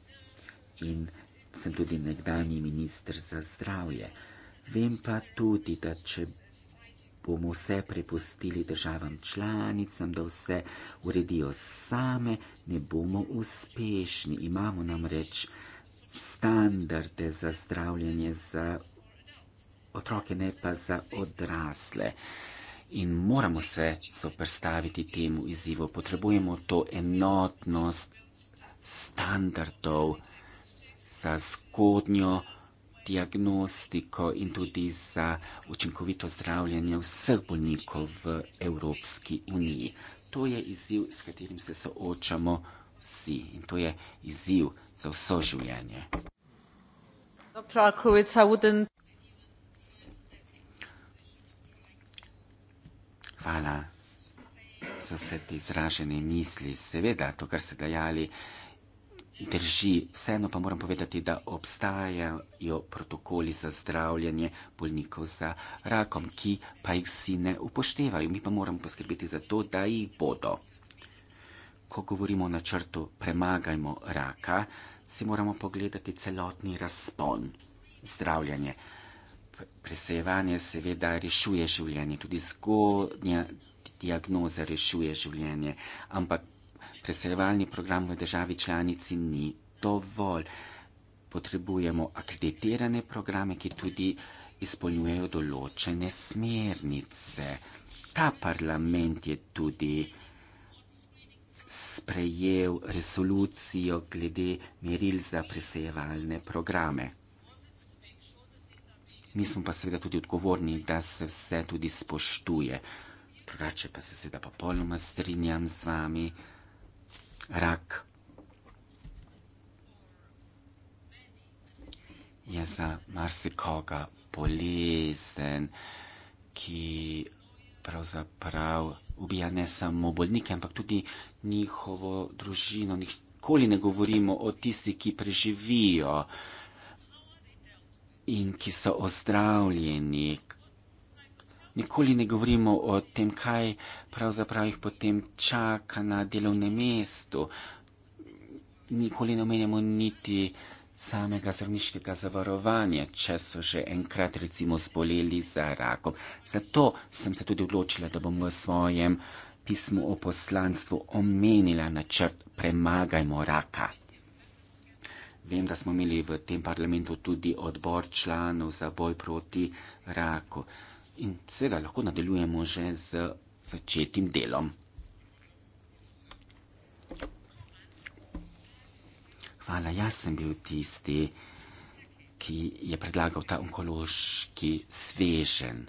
in sem tudi nekdani ministr za zdravje. Vem pa tudi, da če bomo vse prepustili državam članicam, da vse uredijo same, ne bomo uspešni. Imamo namreč standarde za zdravljanje za otroke, ne pa za odrasle. In moramo se soprstaviti temu izzivu. Potrebujemo to enotnost standardov za zgodnjo diagnostiko in tudi za učinkovito zdravljanje vseh bolnikov v Evropski uniji. To je izziv, s katerim se soočamo vsi in to je izziv za vso življenje. Hvala za vse te izražene misli. Seveda, to, kar ste dajali, Drži, vseeno pa moram povedati, da obstajajo protokoli za zdravljanje bolnikov za rakom, ki pa jih vsi ne upoštevajo. Mi pa moramo poskrbeti za to, da jih bodo. Ko govorimo o načrtu premagajmo raka, si moramo pogledati celotni razpon zdravljanja. Presejevanje seveda rešuje življenje, tudi zgodnja diagnoza rešuje življenje, ampak preseljevalni program v državi članici ni dovolj. Potrebujemo akreditirane programe, ki tudi izpolnjujejo določene smernice. Ta parlament je tudi sprejel resolucijo glede meril za presejevalne programe. Mi smo pa seveda tudi odgovorni, da se vse tudi spoštuje. Drugače pa se seveda popolnoma strinjam z vami rak. Je za marsikoga bolezen, ki pravzaprav ubija ne samo bolnike, ampak tudi njihovo družino. Nikoli ne govorimo o tistih, ki preživijo in ki so ozdravljeni, Nikoli ne govorimo o tem, kaj pravzaprav jih potem čaka na delovnem mestu. Nikoli ne omenjamo niti samega zdravniškega zavarovanja, če so že enkrat recimo zboleli za rakom. Zato sem se tudi odločila, da bom v svojem pismu o poslanstvu omenila načrt Premagajmo raka. Vem, da smo imeli v tem parlamentu tudi odbor članov za boj proti raku. In seveda lahko nadaljujemo že z začetim delom. Hvala, jaz sem bil tisti, ki je predlagal ta onkološki svežen.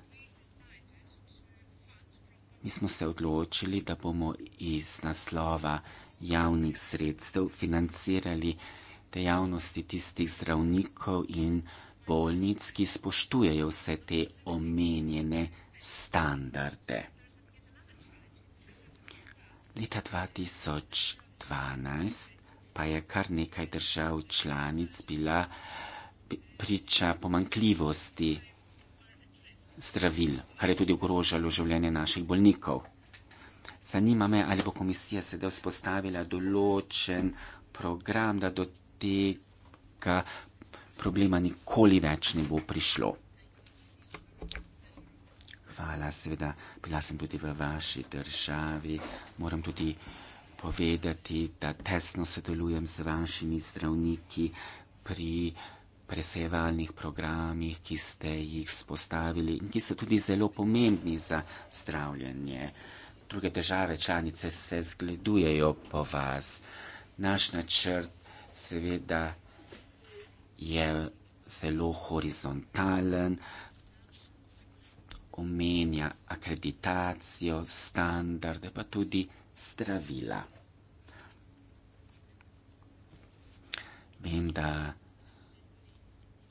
Mi smo se odločili, da bomo iz naslova javnih sredstev financirali dejavnosti tistih zdravnikov in zdravnikov, bolnic, ki spoštujejo vse te omenjene standarde. Leta 2012 pa je kar nekaj držav članic bila priča pomankljivosti zdravil, kar je tudi ogrožalo življenje naših bolnikov. Zanima me, ali bo komisija sedaj vzpostavila določen program, da do tega problema nikoli več ne bo prišlo. Hvala, seveda, bila sem tudi v vaši državi. Moram tudi povedati, da tesno sodelujem z vašimi zdravniki pri presejevalnih programih, ki ste jih spostavili in ki so tudi zelo pomembni za zdravljenje. Druge države članice se zgledujejo po vas. Naš načrt seveda je zelo horizontalen, omenja akreditacijo, standarde, pa tudi zdravila. Vem, da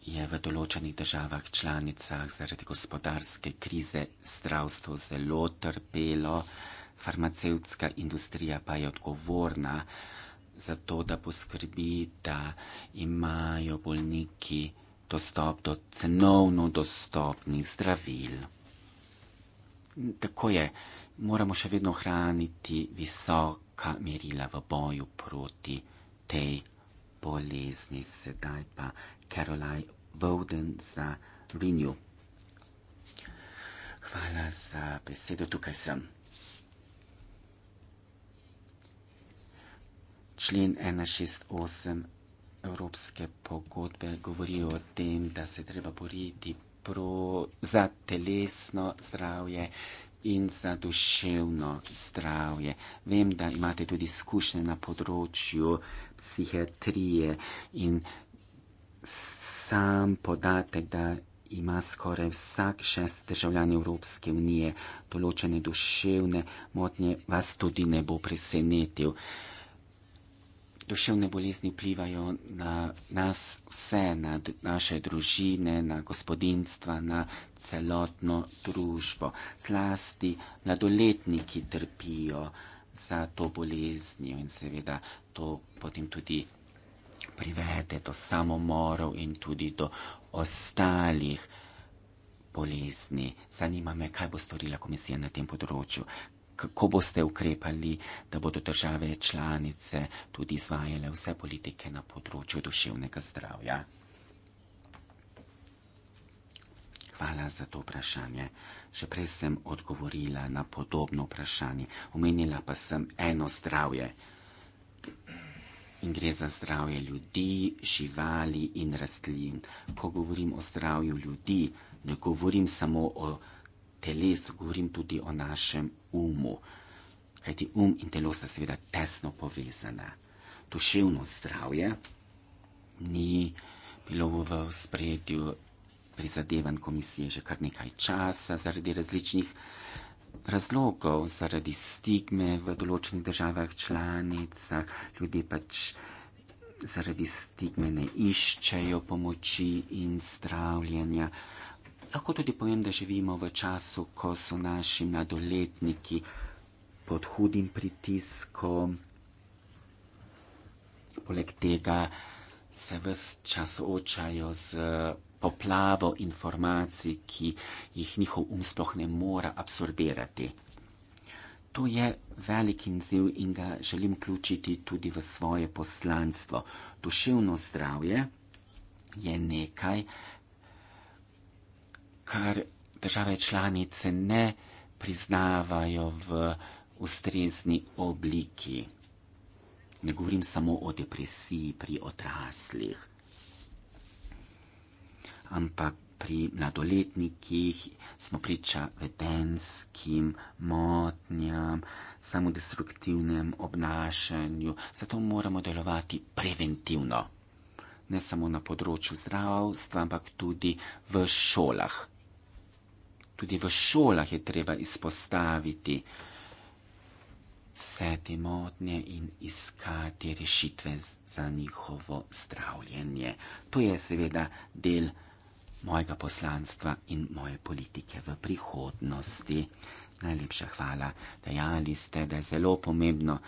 je v določenih državah članicah zaradi gospodarske krize zdravstvo zelo trpelo, farmacevtska industrija pa je odgovorna, zato, da poskrbi, da imajo bolniki dostop do cenovno dostopnih zdravil. Tako je, moramo še vedno hraniti visoka merila v boju proti tej bolezni. Sedaj pa Karolaj Voden za Renew. Hvala za besedo, tukaj sem. člen 168 Evropske pogodbe govori o tem, da se treba boriti pro, za telesno zdravje in za duševno zdravje. Vem, da imate tudi izkušnje na področju psihiatrije in sam podatek, da ima skoraj vsak šest državljan Evropske unije določene duševne motnje, vas tudi ne bo presenetil duševne bolezni vplivajo na nas vse, na naše družine, na gospodinstva, na celotno družbo. Zlasti mladoletniki trpijo za to boleznijo in seveda to potem tudi privede do samomorov in tudi do ostalih bolezni. Zanima me, kaj bo storila komisija na tem področju, kako boste ukrepali, da bodo države članice tudi izvajale vse politike na področju duševnega zdravja? Hvala za to vprašanje. Že prej sem odgovorila na podobno vprašanje, omenila pa sem eno zdravje. In gre za zdravje ljudi, živali in rastlin. Ko govorim o zdravju ljudi, ne govorim samo o zdravju telesu, govorim tudi o našem umu. Kajti um in telo sta seveda tesno povezana. Duševno zdravje ni bilo v spredju prizadevanj komisije že kar nekaj časa zaradi različnih razlogov, zaradi stigme v določenih državah članica, ljudje pač zaradi stigme ne iščejo pomoči in zdravljenja lahko tudi povem, da živimo v času, ko so naši mladoletniki pod hudim pritiskom. Poleg tega se vse čas soočajo z eh, poplavo informacij, ki jih njihov um sploh ne more absorbirati. To je velik izziv in ga želim vključiti tudi v svoje poslanstvo. Duševno zdravje je nekaj, kar kar države članice ne priznavajo v ustrezni obliki. Ne govorim samo o depresiji pri odraslih, ampak pri mladoletnikih smo priča vedenskim motnjam, samodestruktivnem obnašanju. Zato moramo delovati preventivno, ne samo na področju zdravstva, ampak tudi v šolah tudi v šolah je treba izpostaviti vse te motnje in iskati rešitve za njihovo zdravljenje. To je seveda del mojega poslanstva in moje politike v prihodnosti. Najlepša hvala, dejali ste, da je zelo pomembno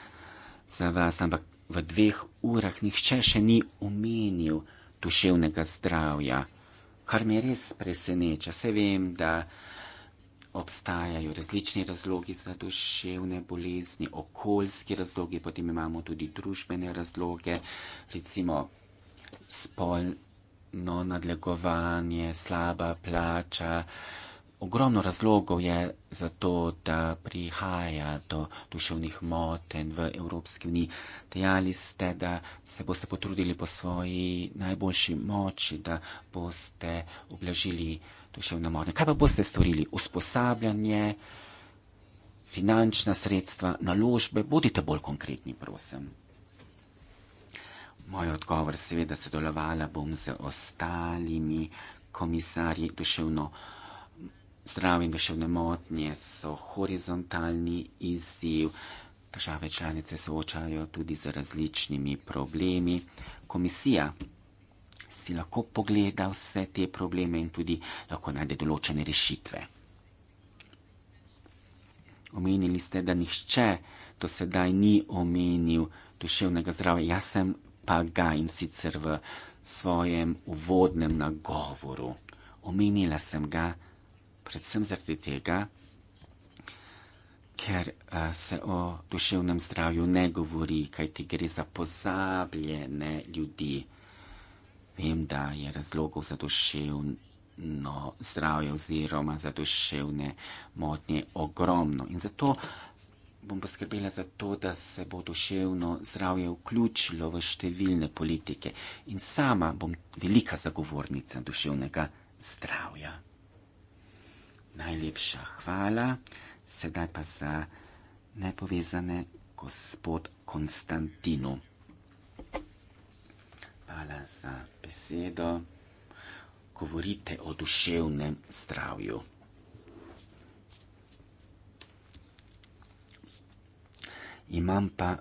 za vas, ampak v dveh urah nihče še ni omenil duševnega zdravja kar me res preseneča. Se vem, da obstajajo različni razlogi za duševne bolezni, okoljski razlogi, potem imamo tudi družbene razloge, recimo spolno nadlegovanje, slaba plača. Ogromno razlogov je za to, da prihaja do duševnih moten v Evropski uniji. Dejali ste, da se boste potrudili po svoji najboljši moči, da boste oblažili duševne moten. Kaj pa boste storili? Usposabljanje, finančna sredstva, naložbe. Bodite bolj konkretni, prosim. Moj odgovor, seveda, sodelovala bom z ostalimi komisarji duševno moten zdravje in duševne motnje so horizontalni izziv. Države članice se soočajo tudi z različnimi problemi. Komisija si lahko pogleda vse te probleme in tudi lahko najde določene rešitve. Omenili ste, da nihče do sedaj ni omenil duševnega zdravja. Jaz sem pa ga in sicer v svojem uvodnem nagovoru. Omenila sem ga, predvsem zaradi tega, ker uh, se o duševnem zdravju ne govori, kajti gre za pozabljene ljudi. Vem, da je razlogov za duševno zdravje oziroma za duševne motnje ogromno. In zato bom poskrbela za to, da se bo duševno zdravje vključilo v številne politike. In sama bom velika zagovornica duševnega zdravja najlepša hvala, sedaj pa za nepovezane gospod Konstantinu. Hvala za besedo. Govorite o duševnem zdravju. Imam pa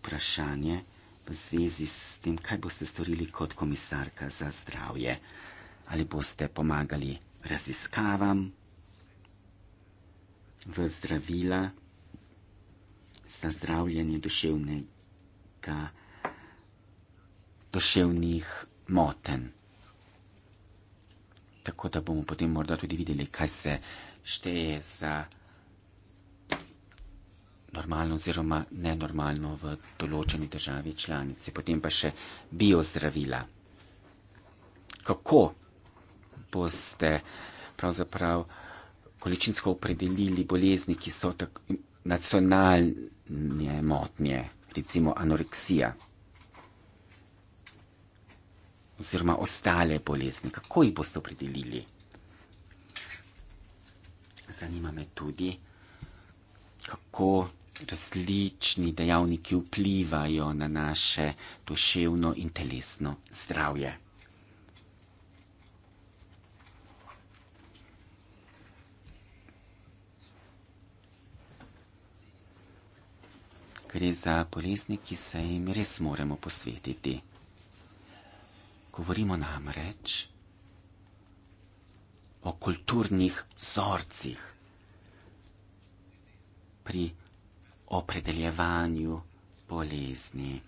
vprašanje v zvezi s tem, kaj boste storili kot komisarka za zdravje. Ali boste pomagali raziskavam, v zdravila za zdravljenje duševnega, duševnih moten. Tako da bomo potem morda tudi videli, kaj se šteje za normalno oziroma nenormalno v določeni državi članici. Potem pa še biozdravila. Kako boste pravzaprav količinsko opredelili bolezni, ki so tako nacionalne motnje, recimo anoreksija. Oziroma ostale bolezni, kako jih boste opredelili? Zanima me tudi, kako različni dejavniki vplivajo na naše duševno in telesno zdravje. gre za bolezni, ki se jim res moramo posvetiti. Govorimo namreč o kulturnih vzorcih pri opredeljevanju bolezni.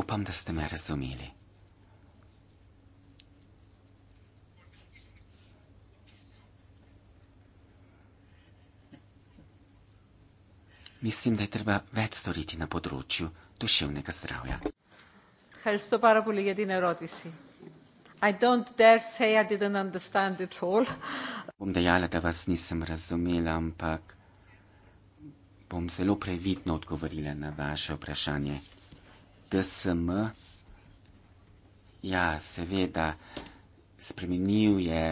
Upam, da ste me razumeli. Mislim, da je treba več storiti na področju duševnega zdravja. Bom dejala, da vas nisem razumela, ampak bom zelo previdno odgovorila na vaše vprašanje. DSM, ja, seveda, spremenil je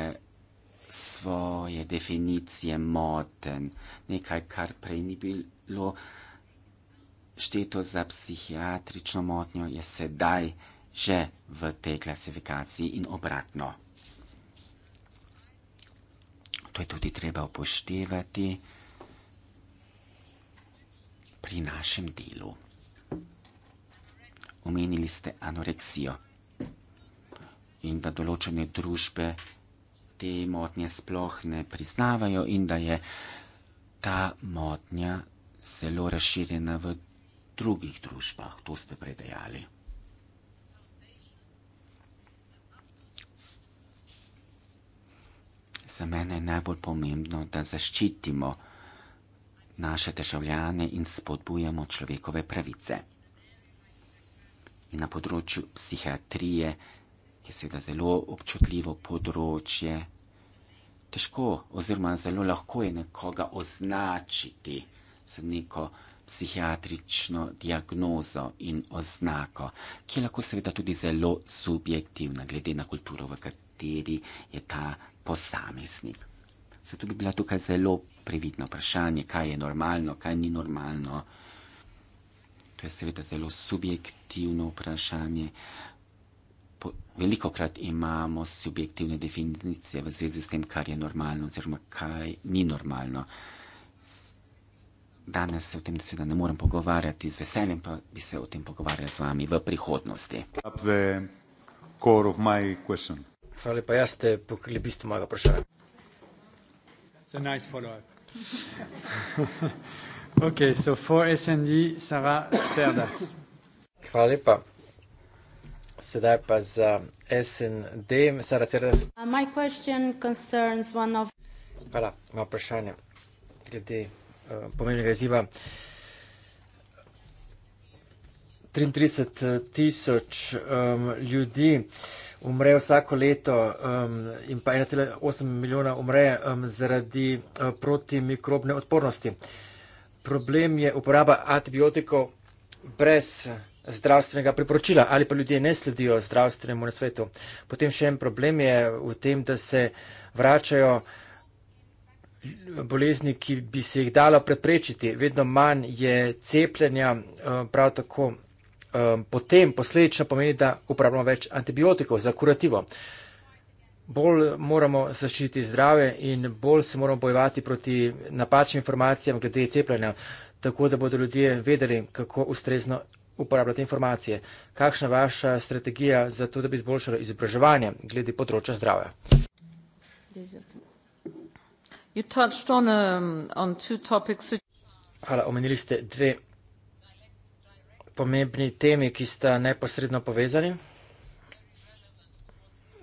svoje definicije moten, nekaj, kar prej ni bilo bilo šteto za psihiatrično motnjo, je sedaj že v tej klasifikaciji in obratno. To je tudi treba upoštevati pri našem delu. Omenili ste anoreksijo in da določene družbe te motnje sploh ne priznavajo in da je ta motnja zelo razširjena v drugih družbah, to ste predejali. Za mene je najbolj pomembno, da zaščitimo naše državljane in spodbujamo človekove pravice. In na področju psihiatrije, ki je seveda zelo občutljivo področje, težko oziroma zelo lahko je nekoga označiti z neko psihiatrično diagnozo in oznako, ki je lahko seveda tudi zelo subjektivna, glede na kulturo, v kateri je ta posameznik. Zato bi bila tukaj zelo previdna vprašanje, kaj je normalno, kaj ni normalno. To je seveda zelo subjektivno vprašanje. Po, veliko krat imamo subjektivne definicije v zvezi s tem, kar je normalno oziroma kaj ni normalno danes se o tem seveda ne morem pogovarjati z veseljem, pa bi se o tem pogovarjal z vami v prihodnosti. Hvala lepa, jaz ste pokrili bistvo mojega vprašanja. Hvala lepa. Sedaj pa za SND, Sara Cerdas. Hvala, moje vprašanje glede Eh, pomembnega izziva. 33 eh, tisoč um, ljudi umre vsako leto um, in pa 1,8 milijona umre um, zaradi um, protimikrobne odpornosti. Problem je uporaba antibiotikov brez zdravstvenega priporočila ali pa ljudje ne sledijo zdravstvenemu nasvetu. Potem še en problem je v tem, da se vračajo bolezni, ki bi se jih dalo preprečiti. Vedno manj je cepljenja, eh, prav tako eh, potem posledično pomeni, da uporabljamo več antibiotikov za kurativo. Bolj moramo zaščititi zdrave in bolj se moramo bojevati proti napačnim informacijam glede cepljenja, tako da bodo ljudje vedeli, kako ustrezno uporabljati informacije. Kakšna je vaša strategija za to, da bi izboljšali izobraževanje glede področja zdravja? Desert. You touched on, um, on two topics. Hvala, omenili ste dve pomembni temi, ki sta neposredno povezani,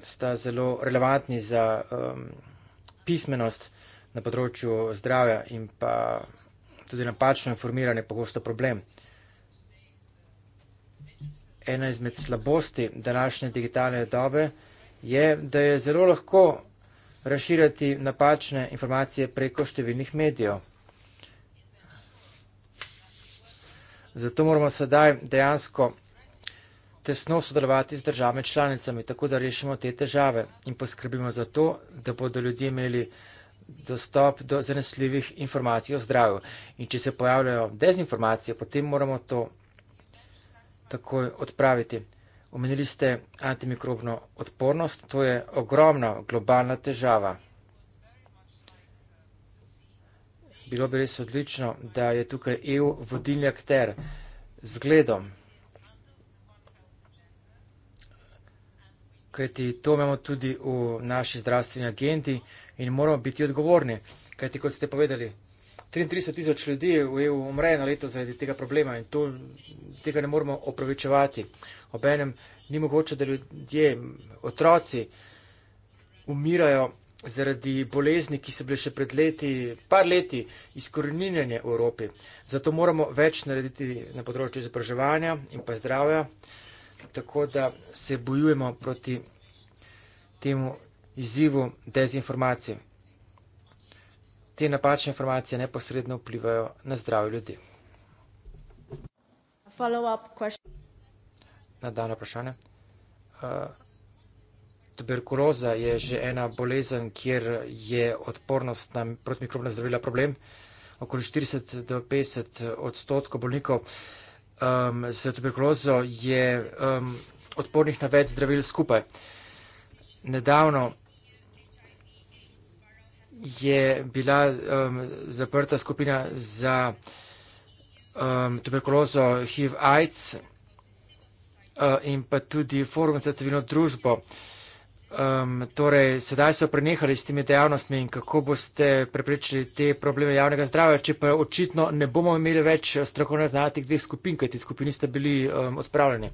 sta zelo relevantni za um, pismenost na področju zdravja in pa tudi napačno informiranje pogosto problem. Ena izmed slabosti današnje digitalne dobe je, da je zelo lahko razširjati napačne informacije preko številnih medijev. Zato moramo sedaj dejansko tesno sodelovati z državami članicami, tako da rešimo te težave in poskrbimo za to, da bodo ljudje imeli dostop do zanesljivih informacij o zdravju. In če se pojavljajo dezinformacije, potem moramo to takoj odpraviti. Omenili ste antimikrobno odpornost, to je ogromna globalna težava. Bilo bi res odlično, da je tukaj EU vodilni akter z gledom. Kajti to imamo tudi v naši zdravstveni agenti in moramo biti odgovorni. Kajti kot ste povedali, 33 tisoč ljudi v EU umre na leto zaradi tega problema in to, tega ne moramo opravičevati. Obenem ni mogoče, da ljudje, otroci umirajo zaradi bolezni, ki so bile še pred leti, par leti izkoreninjene v Evropi. Zato moramo več narediti na področju izobraževanja in pa zdravja, tako da se bojujemo proti temu izzivu dezinformacije. Te napačne informacije neposredno vplivajo na zdravje ljudi na dano vprašanje. Uh, tuberkuloza je že ena bolezen, kjer je odpornost na protimikrobna zdravila problem. Okoli 40 do 50 odstotkov bolnikov um, z tuberkulozo je um, odpornih na več zdravil skupaj. Nedavno je bila um, zaprta skupina za um, tuberkulozo HIV-AIDS. Eh, in pa tudi forum za civilno družbo. Um, torej, sedaj so prenehali s temi dejavnostmi in kako boste preprečili te probleme javnega zdravja, če pa očitno ne bomo imeli več strokovne znanja teh dveh skupin, kaj ti skupini sta bili um, odpravljeni.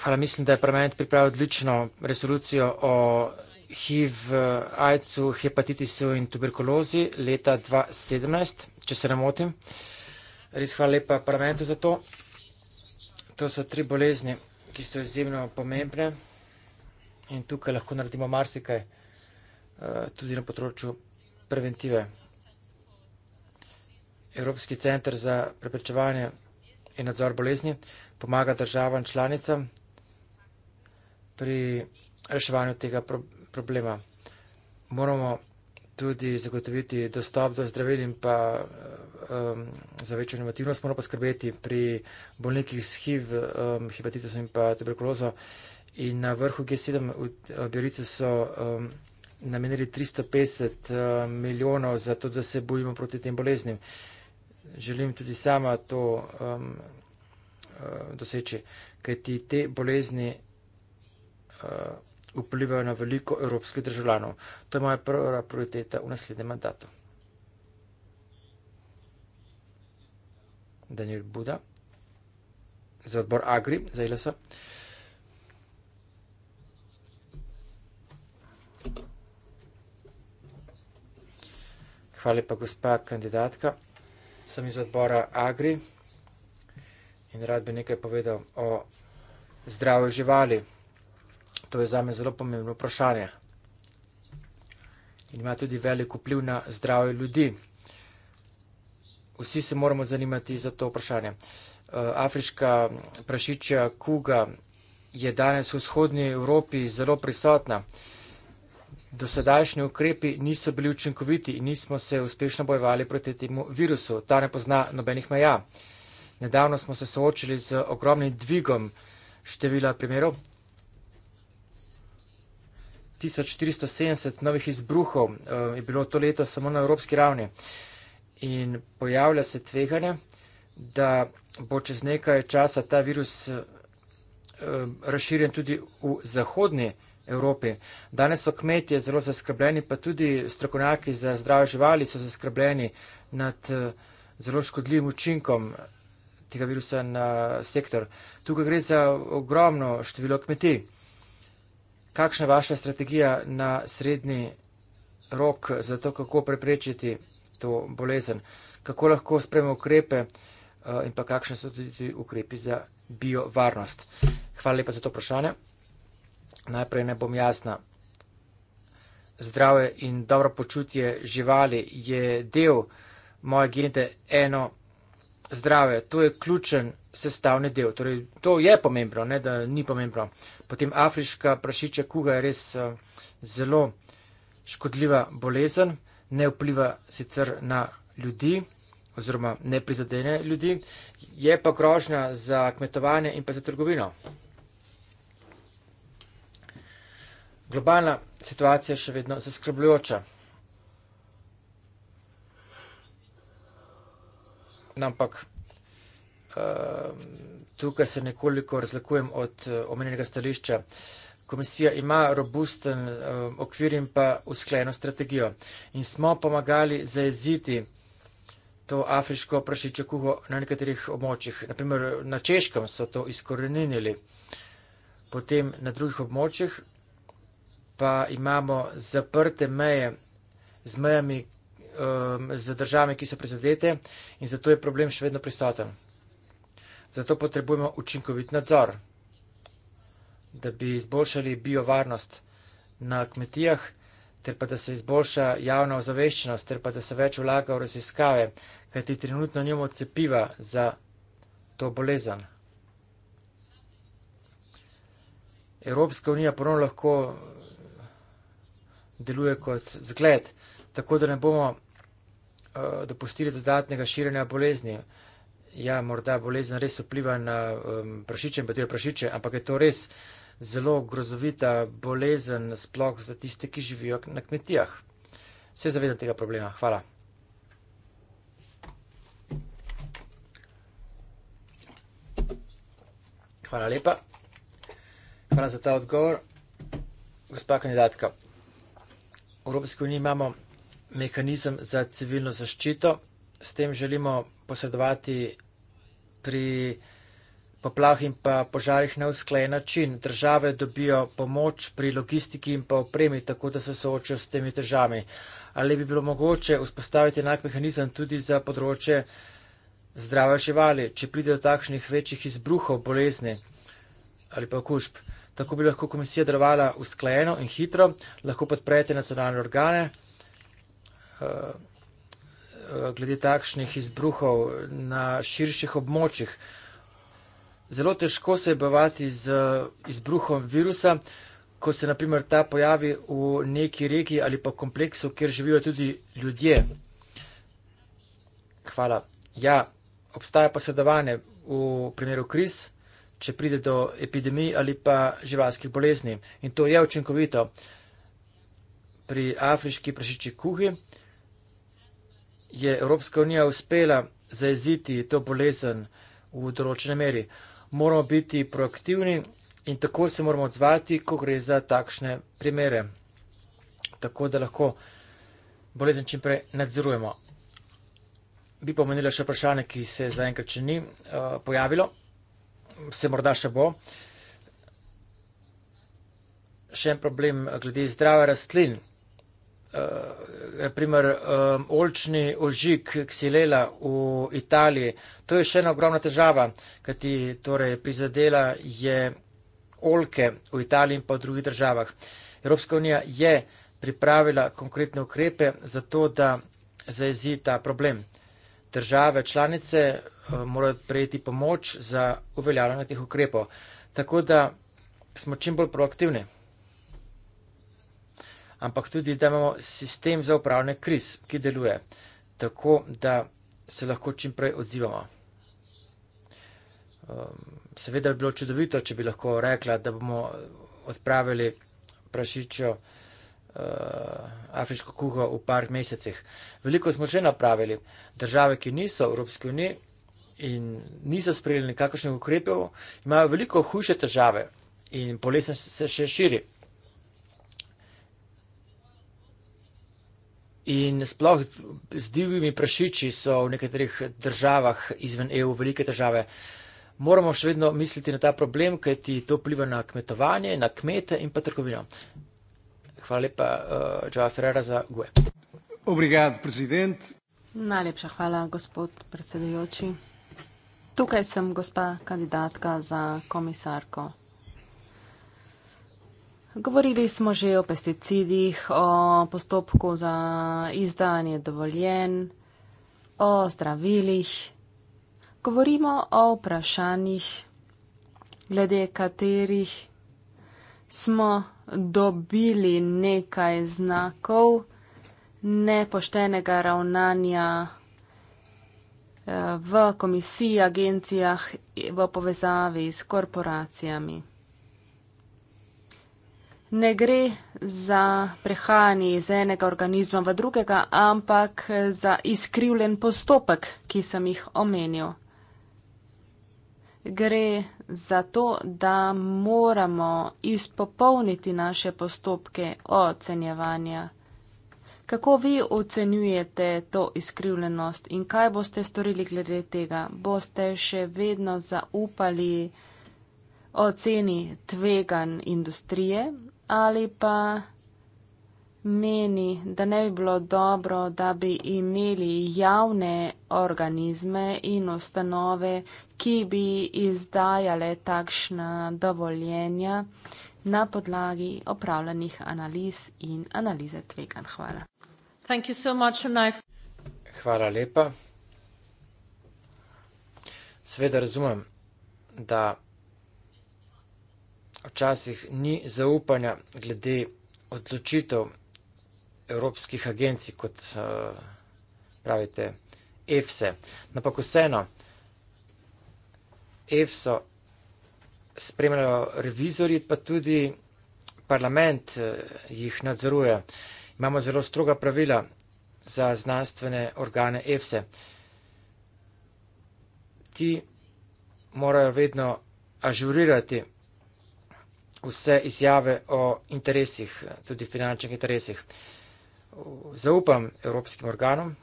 Hvala, mislim, da je parlament pripravil odlično resolucijo o HIV, AIDS-u, hepatitisu in tuberkulozi leta 2017, če se ne motim. Uh, res hvala lepa parlamentu za to. To so tri bolezni, ki so izjemno pomembne in tukaj lahko naredimo marsikaj eh, tudi na področju preventive. Evropski centr za preprečevanje in nadzor bolezni pomaga državam članicam pri reševanju tega problema. Moramo tudi zagotoviti dostop do zdravil in pa um, za večjo inovativnost moramo poskrbeti pri bolnikih s HIV, um, hepatitisom in pa tuberkulozo. In na vrhu G7 v Biorici so um, namenili 350 uh, milijonov za to, da se bojimo proti tem boleznim. Želim tudi sama to um, uh, doseči, kajti te bolezni. Uh, vplivajo na veliko evropskih državljanov. To je moja prva prioriteta v naslednjem mandatu. Daniel Buda, za odbor Agri, za ILS. Hvala lepa, gospa kandidatka. Sem iz odbora Agri in rad bi nekaj povedal o zdravju živali. To je zame zelo pomembno vprašanje. In ima tudi veliko vpliv na zdravje ljudi. Vsi se moramo zanimati za to vprašanje. Eh, afriška prašičja kuga je danes v vzhodnji Evropi zelo prisotna. Dosedajšnji ukrepi niso bili učinkoviti in nismo se uspešno bojevali proti temu virusu. Ta ne pozna nobenih meja. Nedavno smo se soočili z ogromnim dvigom števila primerov 1470 novih izbruhov eh, je bilo to leto samo na evropski ravni. In pojavlja se tveganje, da bo čez nekaj časa ta virus eh, razširjen tudi v zahodni Evropi. Danes so kmetje zelo zaskrbljeni, pa tudi strokovnjaki za zdrave živali so zaskrbljeni nad eh, zelo škodljivim učinkom tega virusa na sektor. Tukaj gre za ogromno število kmetij kakšna je vaša strategija na srednji rok za to, kako preprečiti to bolezen, kako lahko spremo ukrepe eh, in pa kakšne so tudi ukrepi za biovarnost. Hvala lepa za to vprašanje. Najprej ne bom jasna. Zdrave in dobro počutje živali je del moje gene 1.1 zdrave, to je ključen sestavni del. Torej, to je pomembno, ne, da ni pomembno. Potem afriška prašiča kuga je res uh, zelo škodljiva bolezen, ne vpliva sicer na ljudi oziroma ne prizadene ljudi, je pa grožnja za kmetovanje in pa za trgovino. Globalna situacija je še vedno zaskrbljujoča. ampak ehm, tukaj se nekoliko razlikujem od eh, omenjenega stališča. Komisija ima robusten ehm, okvir in pa uskleno strategijo. In smo pomagali zaeziti to afriško prašičjo kuho na nekaterih območjih. Naprimer, na Češkem so to izkoreninili. Potem na drugih območjih pa imamo zaprte meje z mejami, um, z državami, ki so prizadete in zato je problem še vedno prisoten. Zato potrebujemo učinkovit nadzor, da bi izboljšali biovarnost na kmetijah, ter pa da se izboljša javna ozaveščenost, ter pa da se več vlaga v raziskave, kajti trenutno njemo cepiva za to bolezen. Evropska unija ponovno lahko deluje kot zgled, tako da ne bomo Eh, dopustili dodatnega širjenja bolezni. Ja, morda bolezen res vpliva na um, prašiče in potem prašiče, ampak je to res zelo grozovita bolezen, sploh za tiste, ki živijo na kmetijah. Se zavedam tega problema. Hvala. Hvala lepa. Hvala za ta odgovor. Gospa kandidatka, v Evropski uniji imamo mehanizem za civilno zaščito. S tem želimo posredovati pri poplah in pa požarih na usklajen način. Države dobijo pomoč pri logistiki in pa opremi, tako da se soočajo s temi težami. Ali bi bilo mogoče vzpostaviti enak mehanizem tudi za področje zdrave živali, če pride do takšnih večjih izbruhov bolezni ali pa okužb? Tako bi lahko komisija delovala usklajeno in hitro, lahko podprete nacionalne organe, Eh, glede takšnih izbruhov na širših območjih. Zelo težko se je bavati z izbruhom virusa, ko se naprimer ta pojavi v neki regiji ali pa kompleksu, kjer živijo tudi ljudje. Hvala. Ja, obstaja posredovanje v primeru kriz, če pride do epidemij ali pa živalskih bolezni. In to je učinkovito pri afriški prašiči kuhi je Evropska unija uspela zaeziti to bolezen v določene meri. Moramo biti proaktivni in tako se moramo odzvati, ko gre za takšne primere, tako da lahko bolezen čimprej nadzorujemo. Bi pomenila še vprašanje, ki se zaenkrat še ni uh, pojavilo, se morda še bo. Še en problem glede zdrave rastlin naprimer, eh, uh, eh, olčni ožig ksilela v Italiji. To je še ena ogromna težava, ki ti torej prizadela je olke v Italiji in pa v drugih državah. Evropska unija je pripravila konkretne ukrepe za to, da zaezi ta problem. Države članice uh, morajo prejeti pomoč za uveljavljanje teh ukrepov. Tako da smo čim bolj proaktivni ampak tudi, da imamo sistem za upravljanje kriz, ki deluje tako, da se lahko čim prej odzivamo. Um, seveda bi bilo čudovito, če bi lahko rekla, da bomo odpravili prašičo uh, afriško kuho v par mesecih. Veliko smo že napravili. Države, ki niso v Evropski uniji in niso sprejeli nekakšnih ukrepov, imajo veliko hujše težave in bolezen se še širi. In sploh z divjimi prašiči so v nekaterih državah izven EU velike države. Moramo še vedno misliti na ta problem, ker ti to pliva na kmetovanje, na kmete in pa trgovino. Hvala lepa, uh, eh, Joa Ferrara, za GUE. Obrigado, prezident. Najlepša hvala, gospod predsedujoči. Tukaj sem gospa kandidatka za komisarko Govorili smo že o pesticidih, o postopku za izdanje dovoljen, o zdravilih. Govorimo o vprašanjih, glede katerih smo dobili nekaj znakov nepoštenega ravnanja eh, v komisiji, agencijah, v povezavi s korporacijami ne gre za prehajanje iz enega organizma v drugega, ampak za izkrivljen postopek, ki sem jih omenil. Gre za to, da moramo izpopolniti naše postopke ocenjevanja. Kako vi ocenjujete to izkrivljenost in kaj boste storili glede tega? Boste še vedno zaupali oceni tvegan industrije ali pa meni, da ne bi bilo dobro, da bi imeli javne organizme in ustanove, ki bi izdajale takšna dovoljenja na podlagi opravljenih analiz in analize tvegan. Hvala. So much, Hvala lepa. Sveda razumem, da včasih ni zaupanja glede odločitev evropskih agencij, kot eh, pravite, EFSE. Napak vseeno, EFSO spremljajo revizori, pa tudi parlament eh, jih nadzoruje. Imamo zelo stroga pravila za znanstvene organe EFSE. Ti morajo vedno ažurirati vse izjave o interesih, tudi finančnih interesih. Zaupam evropskim organom.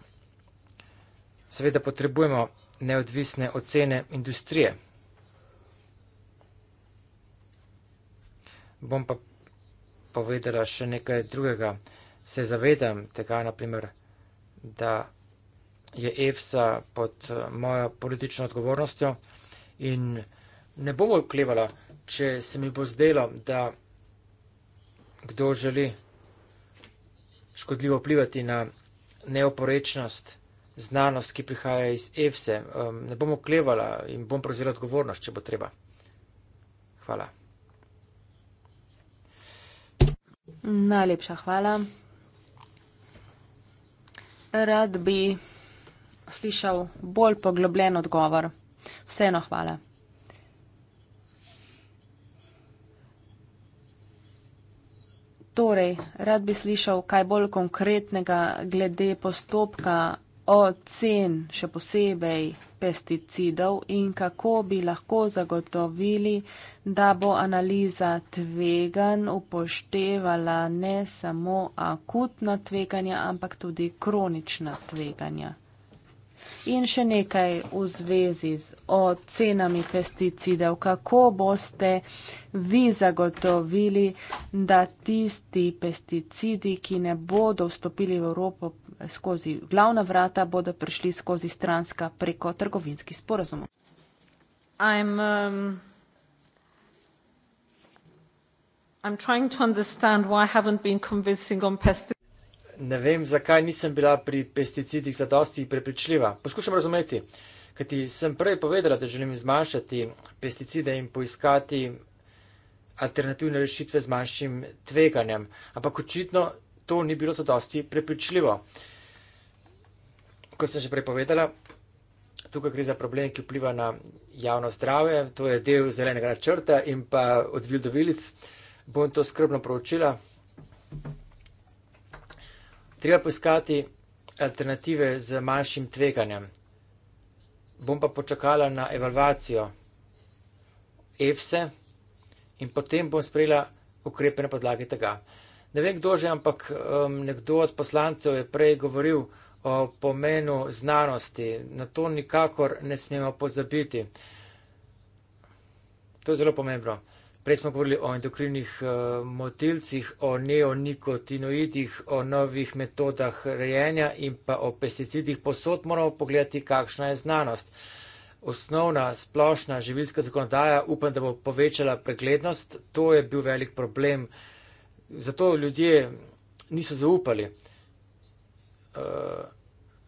Seveda potrebujemo neodvisne ocene industrije. Bom pa povedala še nekaj drugega. Se zavedam tega, naprimer, da je EFSA pod eh, mojo politično odgovornostjo in ne bom oklevala če se mi bo zdelo, da kdo želi škodljivo vplivati na neoporečnost, znanost, ki prihaja iz EFSE, um, ne bom oklevala in bom prevzela odgovornost, če bo treba. Hvala. Najlepša hvala. Rad bi slišal bolj poglobljen odgovor. Vseeno hvala. Torej, rad bi slišal kaj bolj konkretnega glede postopka ocen, še posebej pesticidov in kako bi lahko zagotovili, da bo analiza tvegan upoštevala ne samo akutna tveganja, ampak tudi kronična tveganja. In še nekaj v zvezi z ocenami pesticidev. Kako boste vi zagotovili, da tisti pesticidi, ki ne bodo vstopili v Evropo skozi glavna vrata, bodo prišli skozi stranska preko trgovinskih sporazumov? I'm, um... I'm trying to understand why I haven't been convincing on pesticides ne vem, zakaj nisem bila pri pesticidih za dosti prepričljiva. Poskušam razumeti, kajti sem prej povedala, da želim zmanjšati pesticide in poiskati alternativne rešitve z manjšim tveganjem, ampak očitno to ni bilo za dosti prepričljivo. Kot sem že prej povedala, tukaj gre za problem, ki vpliva na javno zdrave, to je del zelenega načrta in pa od vildovilic. Bom to skrbno proučila. thank you treba poiskati alternative z manjšim tveganjem. Bom pa počakala na evalvacijo EFSE in potem bom sprejela ukrepe na podlagi tega. Ne vem, kdo že, ampak um, nekdo od poslancev je prej govoril o pomenu znanosti. Na to nikakor ne smemo pozabiti. To je zelo pomembno. Prej smo govorili o endokrinih eh, motilcih, o neonikotinoidih, o novih metodah rejenja in pa o pesticidih. Posod moramo pogledati, kakšna je znanost. Osnovna splošna živilska zakonodaja upam, da bo povečala preglednost. To je bil velik problem. Zato ljudje niso zaupali uh,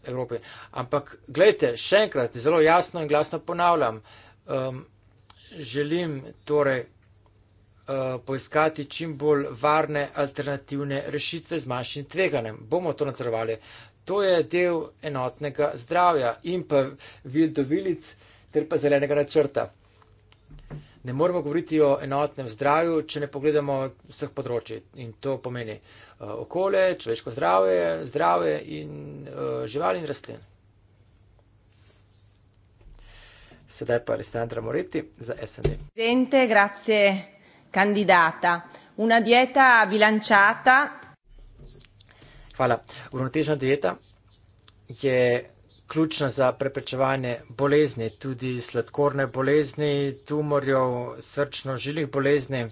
Evropi. Ampak, gledajte, še enkrat zelo jasno in glasno ponavljam. Um, želim torej Eh, poiskati čim bolj varne alternativne rešitve z manjšim tveganjem. Bomo to natrvali. To je del enotnega zdravja in pa vildovilic ter pa zelenega načrta. Ne moremo govoriti o enotnem zdravju, če ne pogledamo vseh področji. In to pomeni eh, okolje, človeško zdravje, zdravje in eh, živali in rastlin. Sedaj pa Alessandra Moretti za SND. Dente, grazie candidata. Una dieta bilanciata. Hvala. Uravnotežena dieta je ključna za preprečevanje bolezni, tudi sladkorne bolezni, tumorjev, srčno-žilih bolezni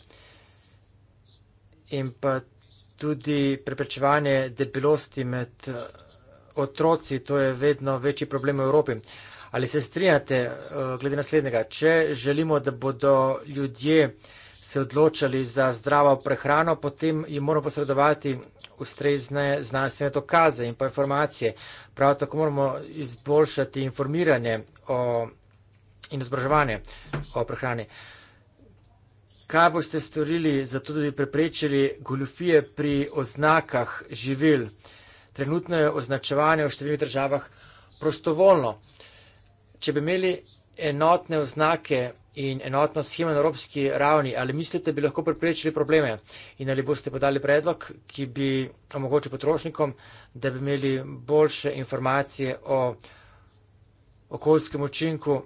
in pa tudi preprečevanje debelosti med eh, otroci. To je vedno večji problem v Evropi. Ali se strinjate eh, glede naslednjega? Če želimo, da bodo ljudje se odločali za zdravo prehrano, potem jim moramo posredovati ustrezne znanstvene dokaze in pa informacije. Prav tako moramo izboljšati informiranje o, in izobraževanje o prehrani. Kaj boste storili za to, da bi preprečili goljufije pri oznakah živil? Trenutno je označevanje v številnih državah prostovoljno. Če bi imeli enotne oznake in enotna schema na evropski ravni, ali mislite, bi lahko preprečili probleme in ali boste podali predlog, ki bi omogočil potrošnikom, da bi imeli boljše informacije o okoljskem učinku,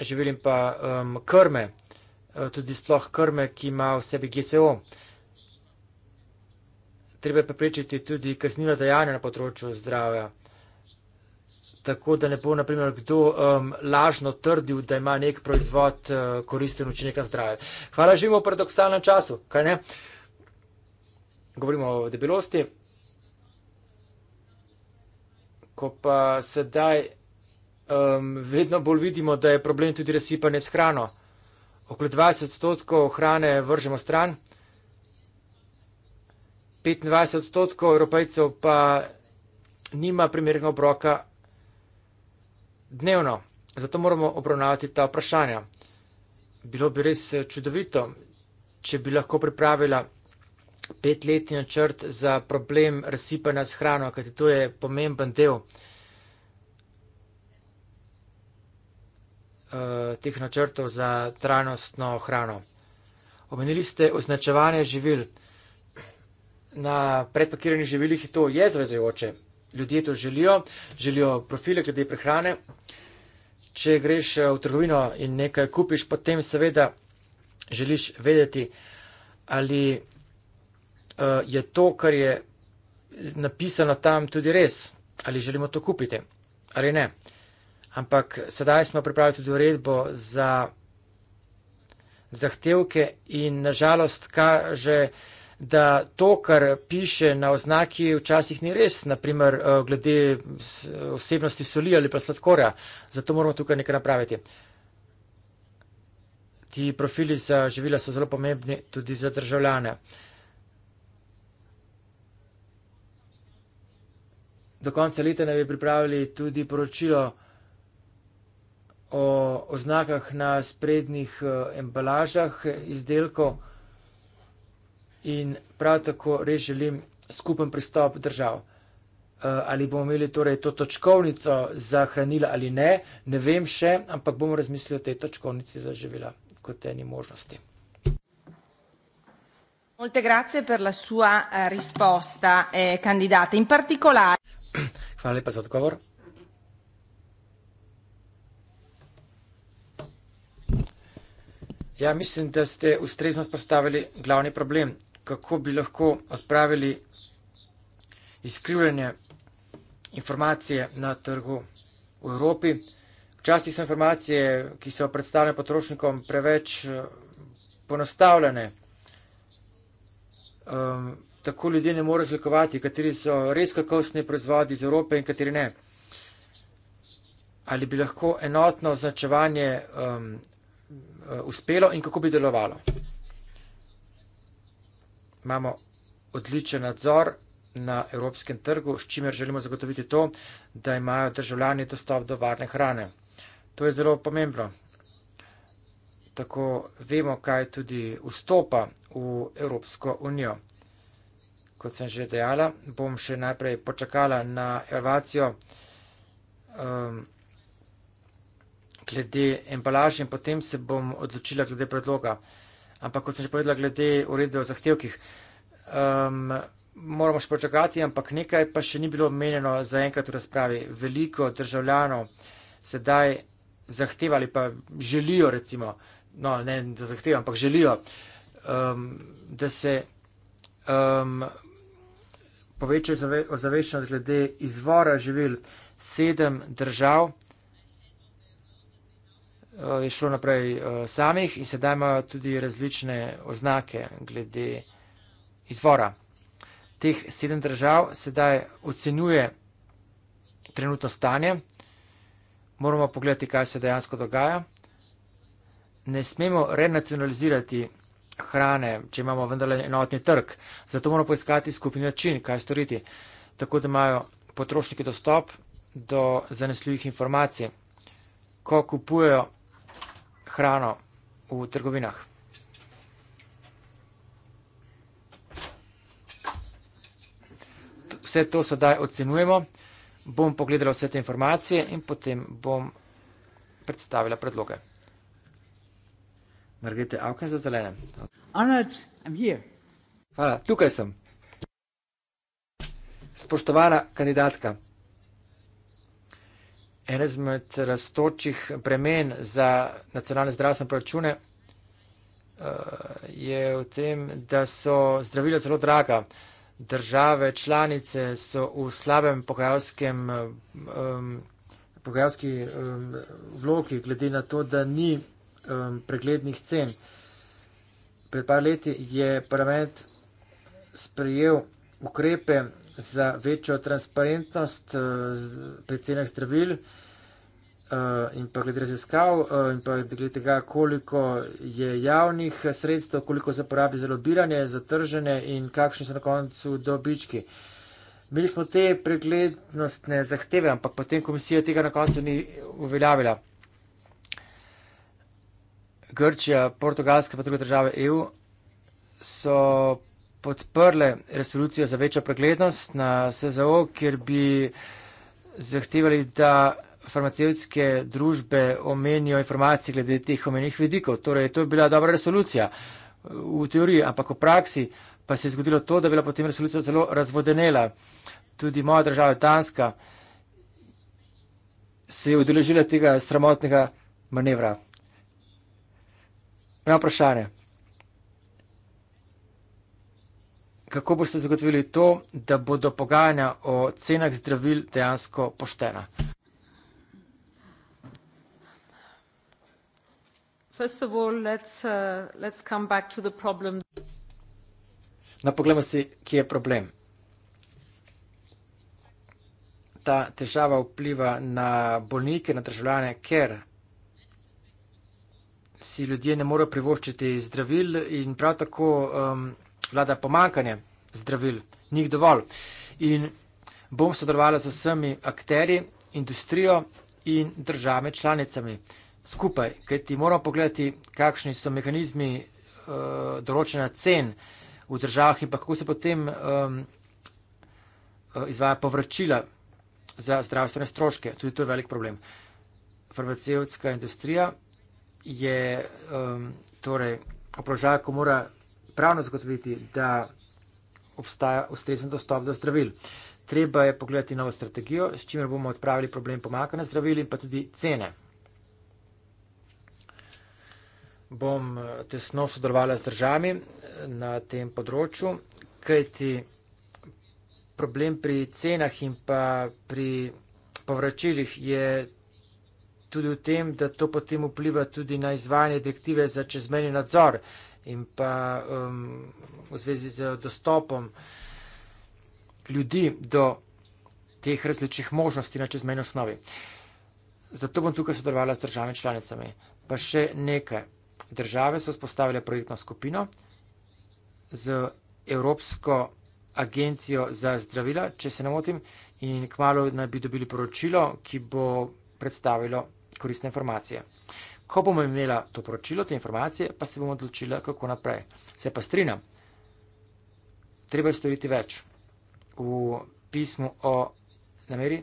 živelim pa um, krme, eh, tudi sploh krme, ki ima v sebi GSO. Treba je preprečiti tudi kaznive dejanja na področju zdravja. Tako da ne bo, na primer, kdo um, lažno trdil, da ima nek proizvod uh, koristen učinek na zdravje. Hvala, živimo v paradoksalnem času, kaj ne? Govorimo o debelosti. Ko pa sedaj um, vedno bolj vidimo, da je problem tudi resipanje s hrano. Okoli 20 odstotkov hrane vržemo stran, 25 odstotkov evropejcev pa nima primernega obroka dnevno. Zato moramo obravnavati ta vprašanja. Bilo bi res eh, čudovito, če bi lahko pripravila petletni načrt za problem razsipanja s hrano, kajti to je pomemben del uh, teh načrtov za trajnostno hrano. Omenili ste označevanje živil. Na predpakiranih živilih je to jezvezajoče, ljudje to želijo, želijo profile glede prehrane. Če greš eh, v trgovino in nekaj kupiš, potem seveda želiš vedeti, ali uh, je to, kar je napisano tam, tudi res, ali želimo to kupiti ali ne. Ampak sedaj smo pripravili tudi uredbo za zahtevke in nažalost kaže, da da to, kar piše na oznaki, včasih ni res, naprimer eh, glede osebnosti soli ali pa sladkora. Zato moramo tukaj nekaj napraviti. Ti profili za živila so zelo pomembni tudi za državljane. Do konca leta ne bi pripravili tudi poročilo o oznakah na sprednjih eh, embalažah izdelkov, in prav tako res želim skupen pristop držav. Eh, ali bomo imeli torej to točkovnico za hranila ali ne, ne vem še, ampak bomo razmislili o tej točkovnici za živila kot eni možnosti. Molte grazie per la sua eh, risposta, eh, candidata. In particolare. Hvala lepa za odgovor. Ja, mislim, da ste ustrezno spostavili glavni problem kako bi lahko odpravili izkrivljanje informacije na trgu v Evropi. Včasih so informacije, ki so predstavljene potrošnikom, preveč eh, ponostavljene. Um, ehm, tako ljudje ne morejo razlikovati, kateri so res kakovostni proizvodi iz Evrope in kateri ne. Ali bi lahko enotno označevanje um, uspelo in kako bi delovalo? imamo odličen nadzor na evropskem trgu, s čimer želimo zagotoviti to, da imajo državljani dostop do varne hrane. To je zelo pomembno. Tako vemo, kaj tudi vstopa v Evropsko unijo. Kot sem že dejala, bom še najprej počakala na evalvacijo um, glede embalaže in potem se bom odločila glede predloga ampak kot sem že povedala, glede uredbe o zahtevkih, um, moramo še počakati, ampak nekaj pa še ni bilo omenjeno zaenkrat v razpravi. Veliko državljanov sedaj zahtevali, pa želijo recimo, no ne da zahtevam, ampak želijo, um, da se um, povečajo ozaveščenost glede izvora živil sedem držav. Eh, je šlo naprej eh, samih in sedaj imajo tudi različne oznake glede izvora. Teh sedem držav sedaj ocenjuje trenutno stanje. Moramo pogledati, kaj se dejansko dogaja. Ne smemo renacionalizirati hrane, če imamo vendarle enotni trg. Zato moramo poiskati skupni način, kaj storiti, tako da imajo potrošniki dostop do zanesljivih informacij. Ko kupujejo hrano v trgovinah. Vse to sedaj ocenujemo, bom pogledala vse te informacije in potem bom predstavila predloge. Margrete Avken za zelene. Arnold, I'm here. Hvala, tukaj sem. Spoštovana kandidatka, en izmed raztočih bremen za nacionalne zdravstvene proračune eh, je v tem, da so zdravila zelo draga. Države, članice so v slabem pogajalskem, um, pogajalski um, vlogi, glede na to, da ni um, preglednih cen. Pred par leti je parlament sprejel ukrepe za večjo transparentnost eh, pri cenah zdravil eh, in pa glede raziskav eh, in pa glede tega, koliko je javnih sredstev, koliko se porabi za lobiranje, za tržene in kakšni so na koncu dobički. Imeli smo te preglednostne zahteve, ampak potem komisija tega na koncu ni uveljavila. Grčija, Portugalska pa druge države EU so podprle resolucijo za večjo preglednost na SZO, kjer bi zahtevali, da farmacevtske družbe omenijo informacije glede teh omenjenih vidikov. Torej, to je bila dobra resolucija v teoriji, ampak v praksi pa se je zgodilo to, da je bila potem resolucija zelo razvodenela. Tudi moja država, Danska, se je udeležila tega sramotnega manevra. Na vprašanje. kako boste zagotovili to, da bodo pogajanja o cenah zdravil dejansko poštena? Uh, Napoglejmo no, si, ki je problem. Ta težava vpliva na bolnike, na državljane, ker si ljudje ne morejo privoščiti zdravil in prav tako um, vlada pomankanje zdravil, njih dovolj. In bom sodelovala z vsemi akteri, industrijo in državami članicami skupaj, kaj ti moramo pogledati, kakšni so mehanizmi uh, eh, določena cen v državah in pa kako se potem um, izvaja povračila za zdravstvene stroške. Tudi to je velik problem. Farmacevtska industrija je um, torej, oprožaja, ko mora pravno zagotoviti, da obstaja ustrezen dostop do zdravil. Treba je pogledati novo strategijo, s čimer bomo odpravili problem pomakanja zdravil in pa tudi cene. Bom eh, tesno sodelovala z državami eh, na tem področju, kajti problem pri cenah in pa pri povračilih je tudi v tem, da to potem vpliva tudi na izvajanje direktive za čezmeni nadzor. Uh, in pa um, v zvezi z dostopom ljudi do teh različnih možnosti na čezmejni osnovi. Zato bom tukaj sodelovala s državami članicami. Pa še nekaj. Države so spostavile projektno skupino z Evropsko agencijo za zdravila, če se ne motim, in kmalo naj bi dobili poročilo, ki bo predstavilo koristne informacije. Ko bomo imeli to poročilo, te informacije, pa se bomo odločili, kako naprej. Se pa strinjam, treba je storiti več. V pismu o nameri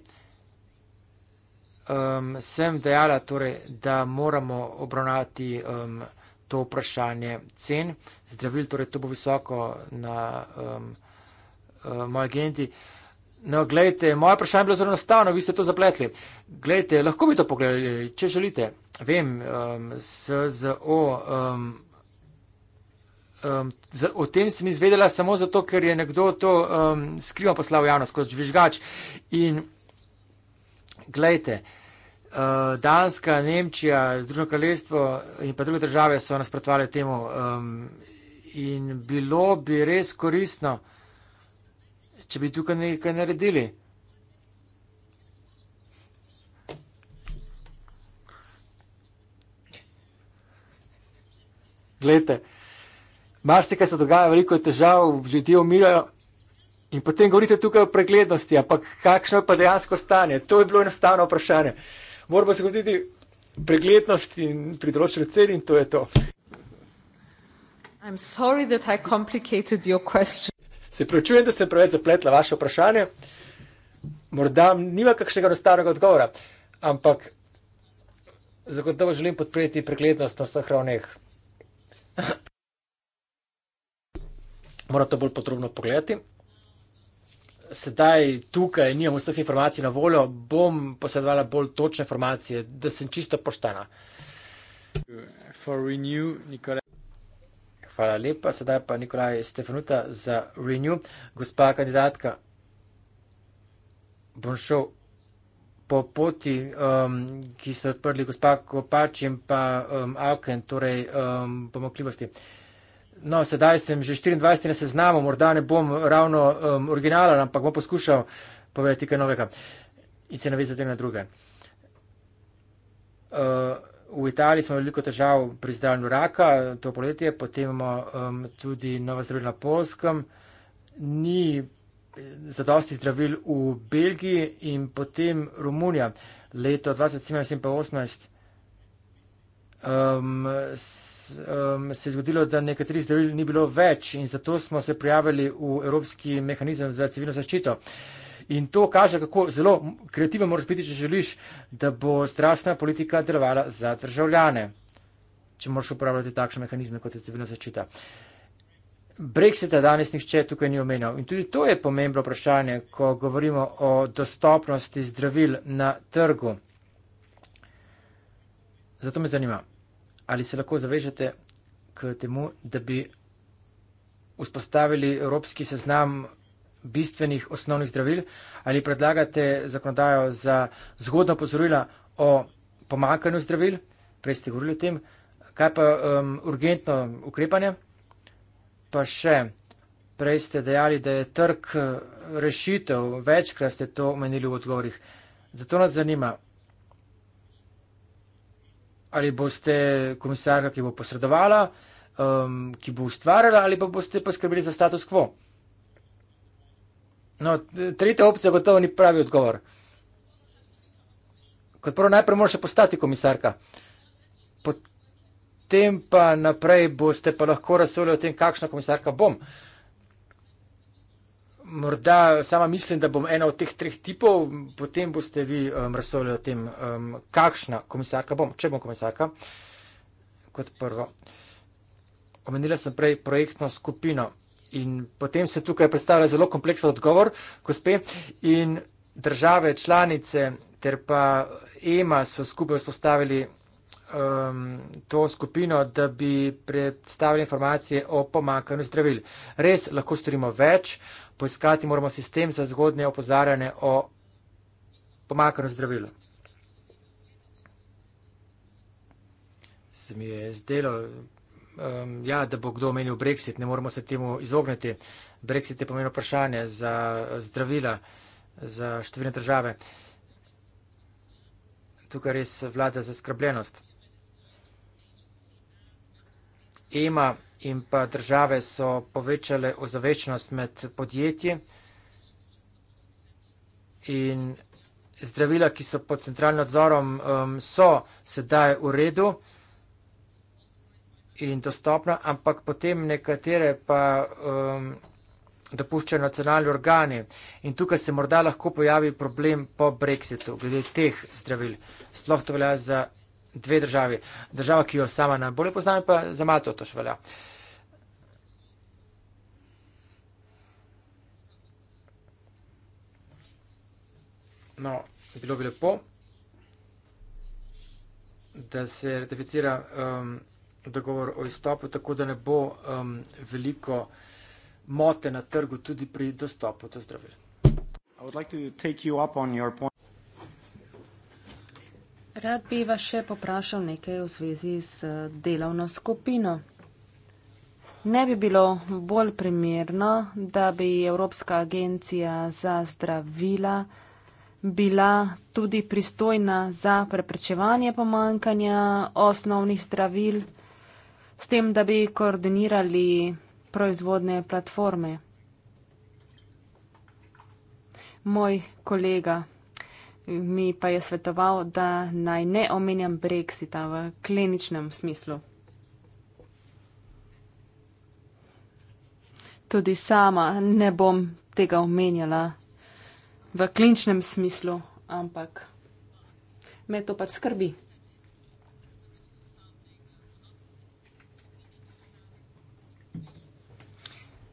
um, sem dejala, torej, da moramo obravnavati um, to vprašanje cen zdravil, torej to bo visoko na um, uh, moji agendi. Uh, No, gledajte, moje vprašanje je bilo zelo enostavno, vi ste to zapletli. Glejte, lahko bi to pogledali, če želite. Vem, um, SZO. Um, um, z, o tem sem izvedela samo zato, ker je nekdo to um, skrivno poslal v javnost skozi žvižgač. In glejte, uh, Danska, Nemčija, Združeno kraljestvo in pa druge države so nasprotovali temu. Um, in bilo bi res koristno če bi tukaj nekaj naredili. Glejte, mar se kaj se dogaja, veliko je težav, ljudje umirajo. In potem govorite tukaj o preglednosti, ampak kakšno je pa dejansko stanje? To je bilo enostavno vprašanje. Moramo se zgoditi preglednost in pri določenem celi in to je to. I'm sorry that I complicated your question. Se pravičujem, da sem preveč zapletla vaše vprašanje. Morda nima kakšnega enostavnega odgovora, ampak zagotovo želim podpreti preglednost na vseh ravneh. Morate to bolj podrobno pogledati. Sedaj, tukaj, nimam vseh informacij na voljo, bom posredovala bolj točne informacije, da sem čisto poštena. For renew, Nicole. Hvala lepa. Sedaj pa Nikolaj Stefanuta za Renew. Gospa kandidatka, bom šel po poti, um, ki ste odprli, gospa Kopač in pa um, Auken, torej um, pomakljivosti. No, sedaj sem že 24 na seznamu, morda ne bom ravno um, originalen, ampak bom poskušal povedati kaj novega in se navezati na druge. Uh, V Italiji smo veliko težav pri zdravljenju raka, to poletje, potem imamo um, tudi nova zdravila na Polskem, ni eh, zadosti zdravil v Belgiji in potem Romunija. Leto 2017 in 2018 um, um, se je zgodilo, da nekaterih zdravil ni bilo več in zato smo se prijavili v Evropski mehanizem za civilno zaščito. In to kaže, kako zelo kreativen moraš biti, če želiš, da bo zdravstvena politika delovala za državljane, če moraš uporabljati takšne mehanizme, kot je civilna zaščita. Brexita danes nihče tukaj ni omenjal. In tudi to je pomembno vprašanje, ko govorimo o dostopnosti zdravil na trgu. Zato me zanima, ali se lahko zavežete k temu, da bi vzpostavili evropski seznam bistvenih osnovnih zdravil ali predlagate zakonodajo za zgodno pozorila o pomankanju zdravil, prej ste govorili o tem, kaj pa um, urgentno ukrepanje, pa še prej ste dejali, da je trg uh, rešitev, večkrat ste to omenili v odgovorih. Zato nas zanima, ali boste komisarka, ki bo posredovala, um, ki bo ustvarjala, ali pa boste poskrbeli za status quo. No, tretja opcija gotovo ni pravi odgovor. Kot prvo, najprej morate postati komisarka, potem pa naprej boste pa lahko razsoli o tem, kakšna komisarka bom. Morda sama mislim, da bom ena od teh treh tipov, potem boste vi um, razsoli o tem, um, kakšna komisarka bom, če bom komisarka. Kot prvo, omenila sem prej projektno skupino. In potem se tukaj predstavlja zelo kompleksen odgovor, gospe, in države, članice ter pa EMA so skupaj vzpostavili um, to skupino, da bi predstavili informacije o pomankanju zdravil. Res lahko storimo več, poiskati moramo sistem za zgodne opozarjanje o pomankanju zdravil. Se mi je zdelo um, ja, da bo kdo omenil Brexit, ne moramo se temu izogniti. Brexit je pomenil vprašanje za zdravila, za številne države. Tukaj res vlada zaskrbljenost. EMA in pa države so povečale ozavečnost med podjetji in zdravila, ki so pod centralnim nadzorom, um, so sedaj v redu in dostopna, ampak potem nekatere pa um, dopuščajo nacionalni organi. In tukaj se morda lahko pojavi problem po brexitu, glede teh zdravil. Sploh to velja za dve državi. Država, ki jo sama najbolje poznam, pa za Malto to še velja. No, bilo bi lepo, da se ratificira. Um, dogovor o izstopu, tako da ne bo um, veliko mote na trgu tudi pri dostopu do zdravil. Like Rad bi vas še poprašal nekaj v zvezi z eh, delavno skupino. Ne bi bilo bolj primerno, da bi Evropska agencija za zdravila bila tudi pristojna za preprečevanje pomankanja osnovnih zdravil s tem, da bi koordinirali proizvodne platforme. Moj kolega mi pa je svetoval, da naj ne omenjam Brexita v kliničnem smislu. Tudi sama ne bom tega omenjala v kliničnem smislu, ampak me to pač skrbi.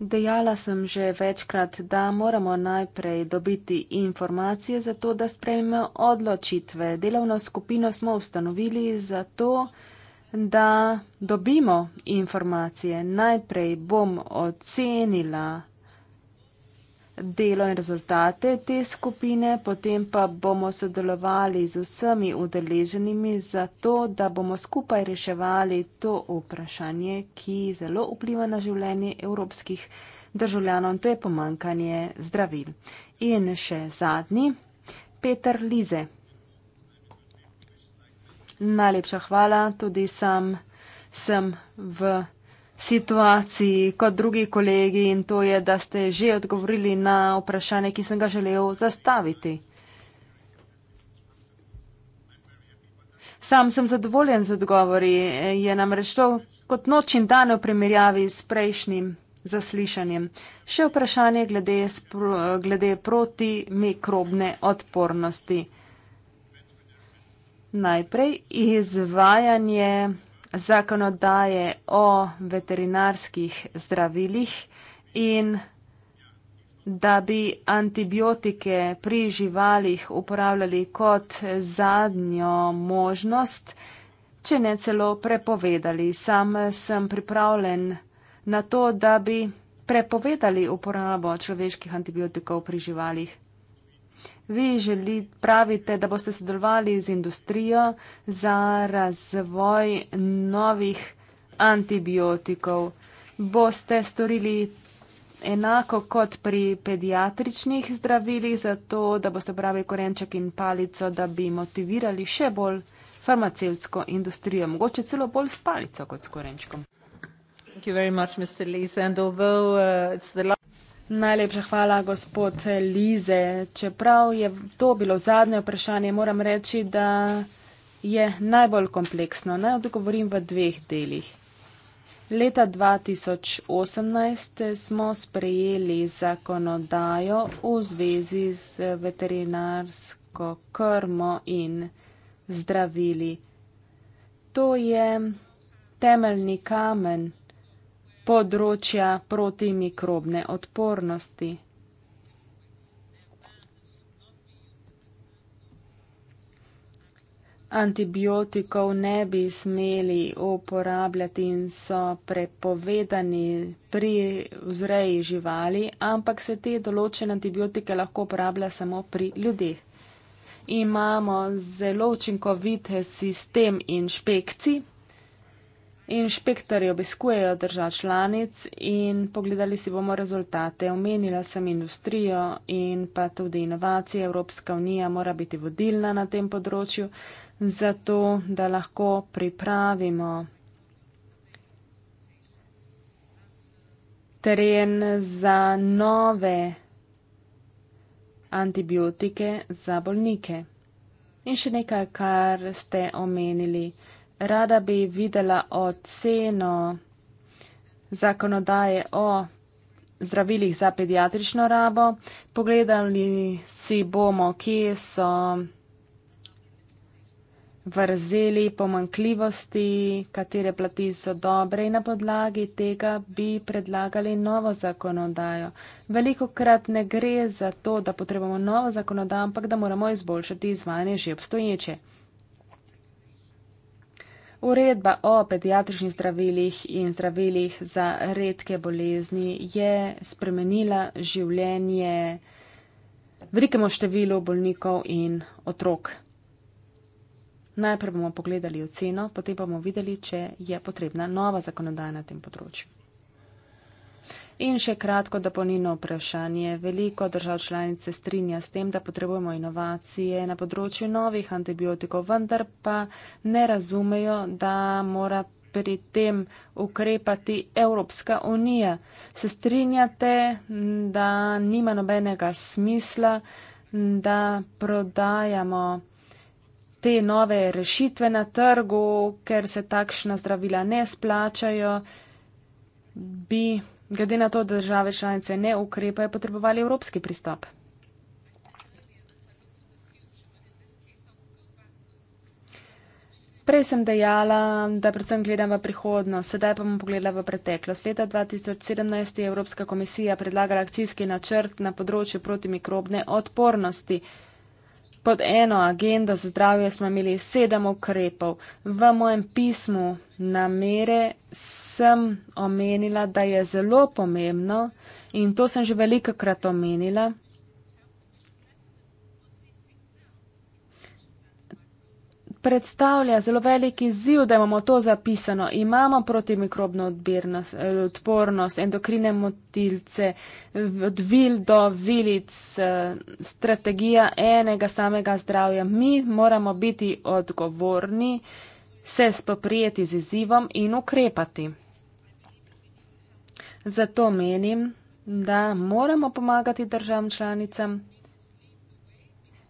Dejala sem že večkrat, da moramo najprej dobiti informacije za to, da sprejmemo odločitve. Delovno skupino smo ustanovili zato, da dobimo informacije. Najprej bom ocenila delo in rezultate te skupine, potem pa bomo sodelovali z vsemi udeleženimi za to, da bomo skupaj reševali to vprašanje, ki zelo vpliva na življenje evropskih državljanov, to je pomankanje zdravil. In še zadnji, Peter Lize. Najlepša hvala, tudi sam sem v situaciji kot drugi kolegi in to je, da ste že odgovorili na vprašanje, ki sem ga želel zastaviti. Sam sem zadovoljen z odgovori, je namreč to kot noč in dan v primerjavi s prejšnjim zaslišanjem. Še vprašanje glede, glede proti mikrobne odpornosti. Najprej izvajanje zakonodaje o veterinarskih zdravilih in da bi antibiotike pri živalih uporabljali kot zadnjo možnost, če ne celo prepovedali. Sam sem pripravljen na to, da bi prepovedali uporabo človeških antibiotikov pri živalih vi želi, pravite, da boste sodelovali z industrijo za razvoj novih antibiotikov. Boste storili enako kot pri pediatričnih zdravilih, zato da boste uporabili korenček in palico, da bi motivirali še bolj farmacevsko industrijo, mogoče celo bolj s palico kot s korenčkom. Thank you very much, Mr. Lees. And although uh, it's the last. Najlepša hvala, gospod Lize. Čeprav je to bilo zadnje vprašanje, moram reči, da je najbolj kompleksno. Naj odgovorim v dveh delih. Leta 2018 smo sprejeli zakonodajo v zvezi z veterinarsko krmo in zdravili. To je temeljni kamen področja protimikrobne odpornosti. Antibiotikov ne bi smeli uporabljati in so prepovedani pri vzreji živali, ampak se te določene antibiotike lahko uporablja samo pri ljudeh. Imamo zelo učinkovit sistem inšpekcij. Inšpektori obiskujejo držav članic in pogledali si bomo rezultate. Omenila sem industrijo in pa tudi inovacije. Evropska unija mora biti vodilna na tem področju, zato da lahko pripravimo teren za nove antibiotike za bolnike. In še nekaj, kar ste omenili rada bi videla oceno zakonodaje o zdravilih za pediatrično rabo. Pogledali si bomo, kje so vrzeli pomankljivosti, katere plati so dobre in na podlagi tega bi predlagali novo zakonodajo. Veliko krat ne gre za to, da potrebujemo novo zakonodajo, ampak da moramo izboljšati izvajanje že obstoječe. Uredba o pediatričnih zdravilih in zdravilih za redke bolezni je spremenila življenje velikemu številu bolnikov in otrok. Najprej bomo pogledali oceno, potem bomo videli, če je potrebna nova zakonodaja na tem področju. In še kratko dopolnilno vprašanje. Veliko držav članice strinja s tem, da potrebujemo inovacije na področju novih antibiotikov, vendar pa ne razumejo, da mora pri tem ukrepati Evropska unija. Se strinjate, da nima nobenega smisla, da prodajamo te nove rešitve na trgu, ker se takšna zdravila ne splačajo, bi Glede na to, da države članice ne ukrepajo, potrebovali evropski pristop. Prej sem dejala, da predvsem gledam v prihodnost, sedaj pa bom pogledala v preteklost. Leta 2017 je Evropska komisija predlagala akcijski načrt na področju protimikrobne odpornosti. Pod eno agendo za zdravje smo imeli sedem ukrepov. V mojem pismu namere sem omenila, da je zelo pomembno in to sem že velikokrat omenila. Predstavlja zelo veliki ziv, da imamo to zapisano. Imamo protimikrobno eh, odpornost, endokrine motilce, od vil do vilic, eh, strategija enega samega zdravja. Mi moramo biti odgovorni. Uh, se spoprijeti z izzivom in ukrepati. Zato menim, da moramo pomagati državam članicam,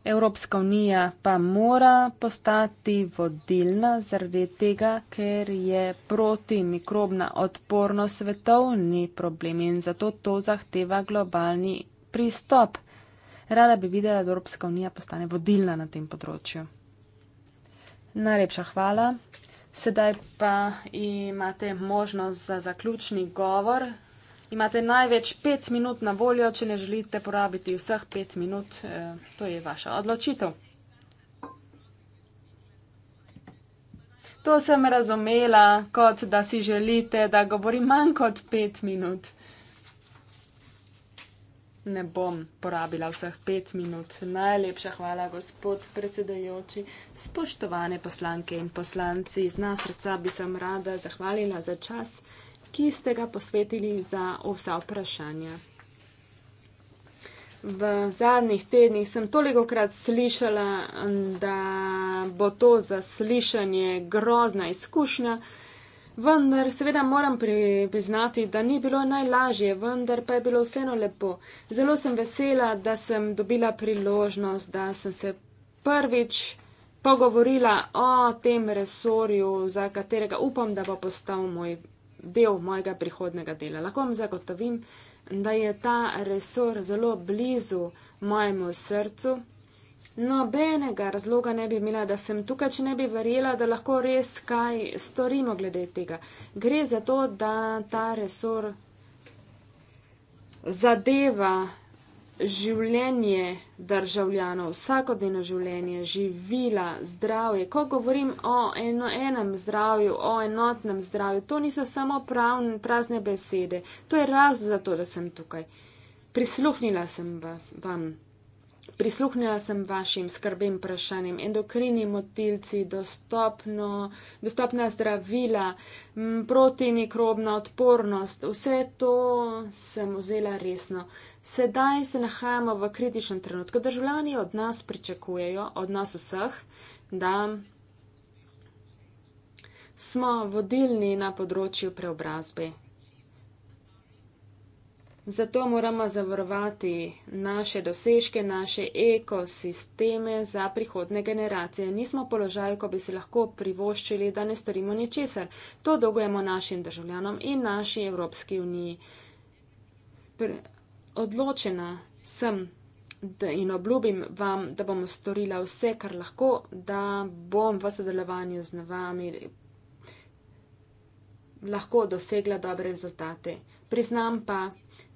Evropska unija pa mora postati vodilna zaradi tega, ker je protimikrobna odpornost svetovni problem in zato to zahteva globalni pristop. Rada bi videla, da Evropska unija postane vodilna na tem področju. Najlepša hvala. Sedaj pa imate možnost za zaključni govor. Imate največ pet minut na voljo, če ne želite porabiti vseh pet minut. Eh, to je vaša odločitev. To sem razumela, kot da si želite, da govorim manj kot pet minut ne bom porabila vseh pet minut. Najlepša hvala, gospod predsedajoči. Spoštovane poslanke in poslanci, iz nas srca bi sem rada zahvalila za čas, ki ste ga posvetili za vsa vprašanja. V zadnjih tednih sem toliko krat slišala, da bo to zaslišanje grozna izkušnja. Vendar seveda moram priznati, da ni bilo najlažje, vendar pa je bilo vseeno lepo. Zelo sem vesela, da sem dobila priložnost, da sem se prvič pogovorila o tem resorju, za katerega upam, da bo postal moj del mojega prihodnega dela. Lahko vam zagotovim, da je ta resor zelo blizu mojemu srcu nobenega razloga ne bi imela, da sem tukaj, če ne bi verjela, da lahko res kaj storimo glede tega. Gre za to, da ta resor zadeva življenje državljanov, vsakodnevno življenje, živila, zdravje. Ko govorim o eno, enem zdravju, o enotnem zdravju, to niso samo pravne, prazne besede. To je razlog za to, da sem tukaj. Prisluhnila sem vas, vam prisluhnila sem vašim skrbim vprašanjem. Endokrini motilci, dostopno, dostopna zdravila, protimikrobna odpornost, vse to sem vzela resno. Sedaj se nahajamo v kritičnem trenutku. Državljani od nas pričakujejo, od nas vseh, da smo vodilni na področju preobrazbe. Zato moramo zavarovati naše dosežke, naše ekosisteme za prihodne generacije. Nismo v položaju, ko bi si lahko privoščili, da ne storimo ničesar. To dolgujemo našim državljanom in naši Evropski uniji. Odločena sem in obljubim vam, da bom storila vse, kar lahko, da bom v sodelovanju z vami lahko dosegla dobre rezultate. Priznam pa,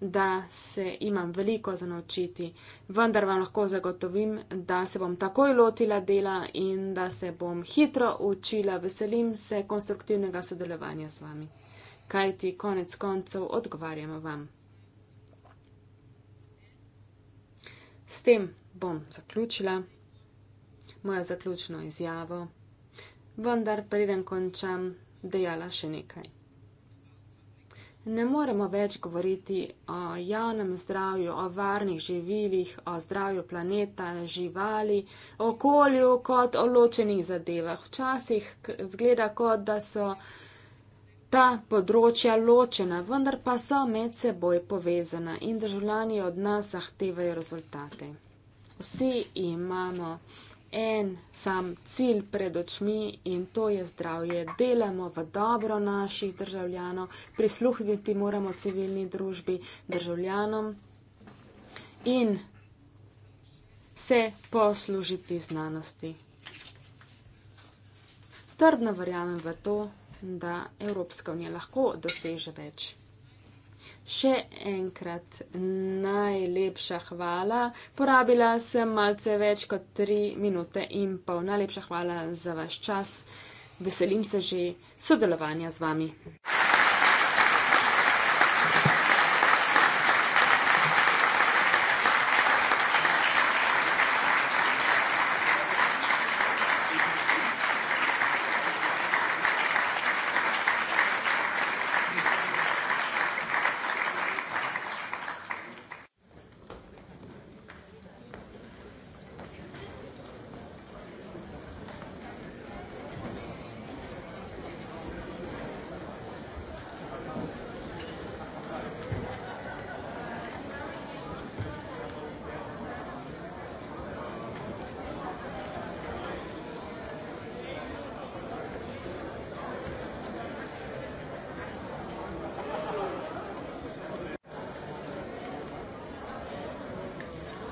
da se imam veliko za naučiti, vendar vam lahko zagotovim, da se bom takoj lotila dela in da se bom hitro učila. Veselim se konstruktivnega sodelovanja z vami, kajti konec koncev odgovarjamo vam. S tem bom zaključila mojo zaključno izjavo, vendar preden končam, dejala še nekaj. Ne moremo več govoriti o javnem zdravju, o varnih živilih, o zdravju planeta, živali, okolju kot o ločenih zadevah. Včasih zgleda, kot da so ta področja ločena, vendar pa so med seboj povezana in državljani od nas zahtevajo rezultate. Vsi imamo en sam cilj pred očmi in to je zdravje. Delamo v dobro naših državljanov, prisluhniti moramo civilni družbi državljanom in se poslužiti znanosti. Trdno verjamem v to, da Evropska unija lahko doseže več. Še enkrat najlepša hvala. Porabila sem malce več kot tri minute in pol. Najlepša hvala za vaš čas. Veselim se že sodelovanja z vami.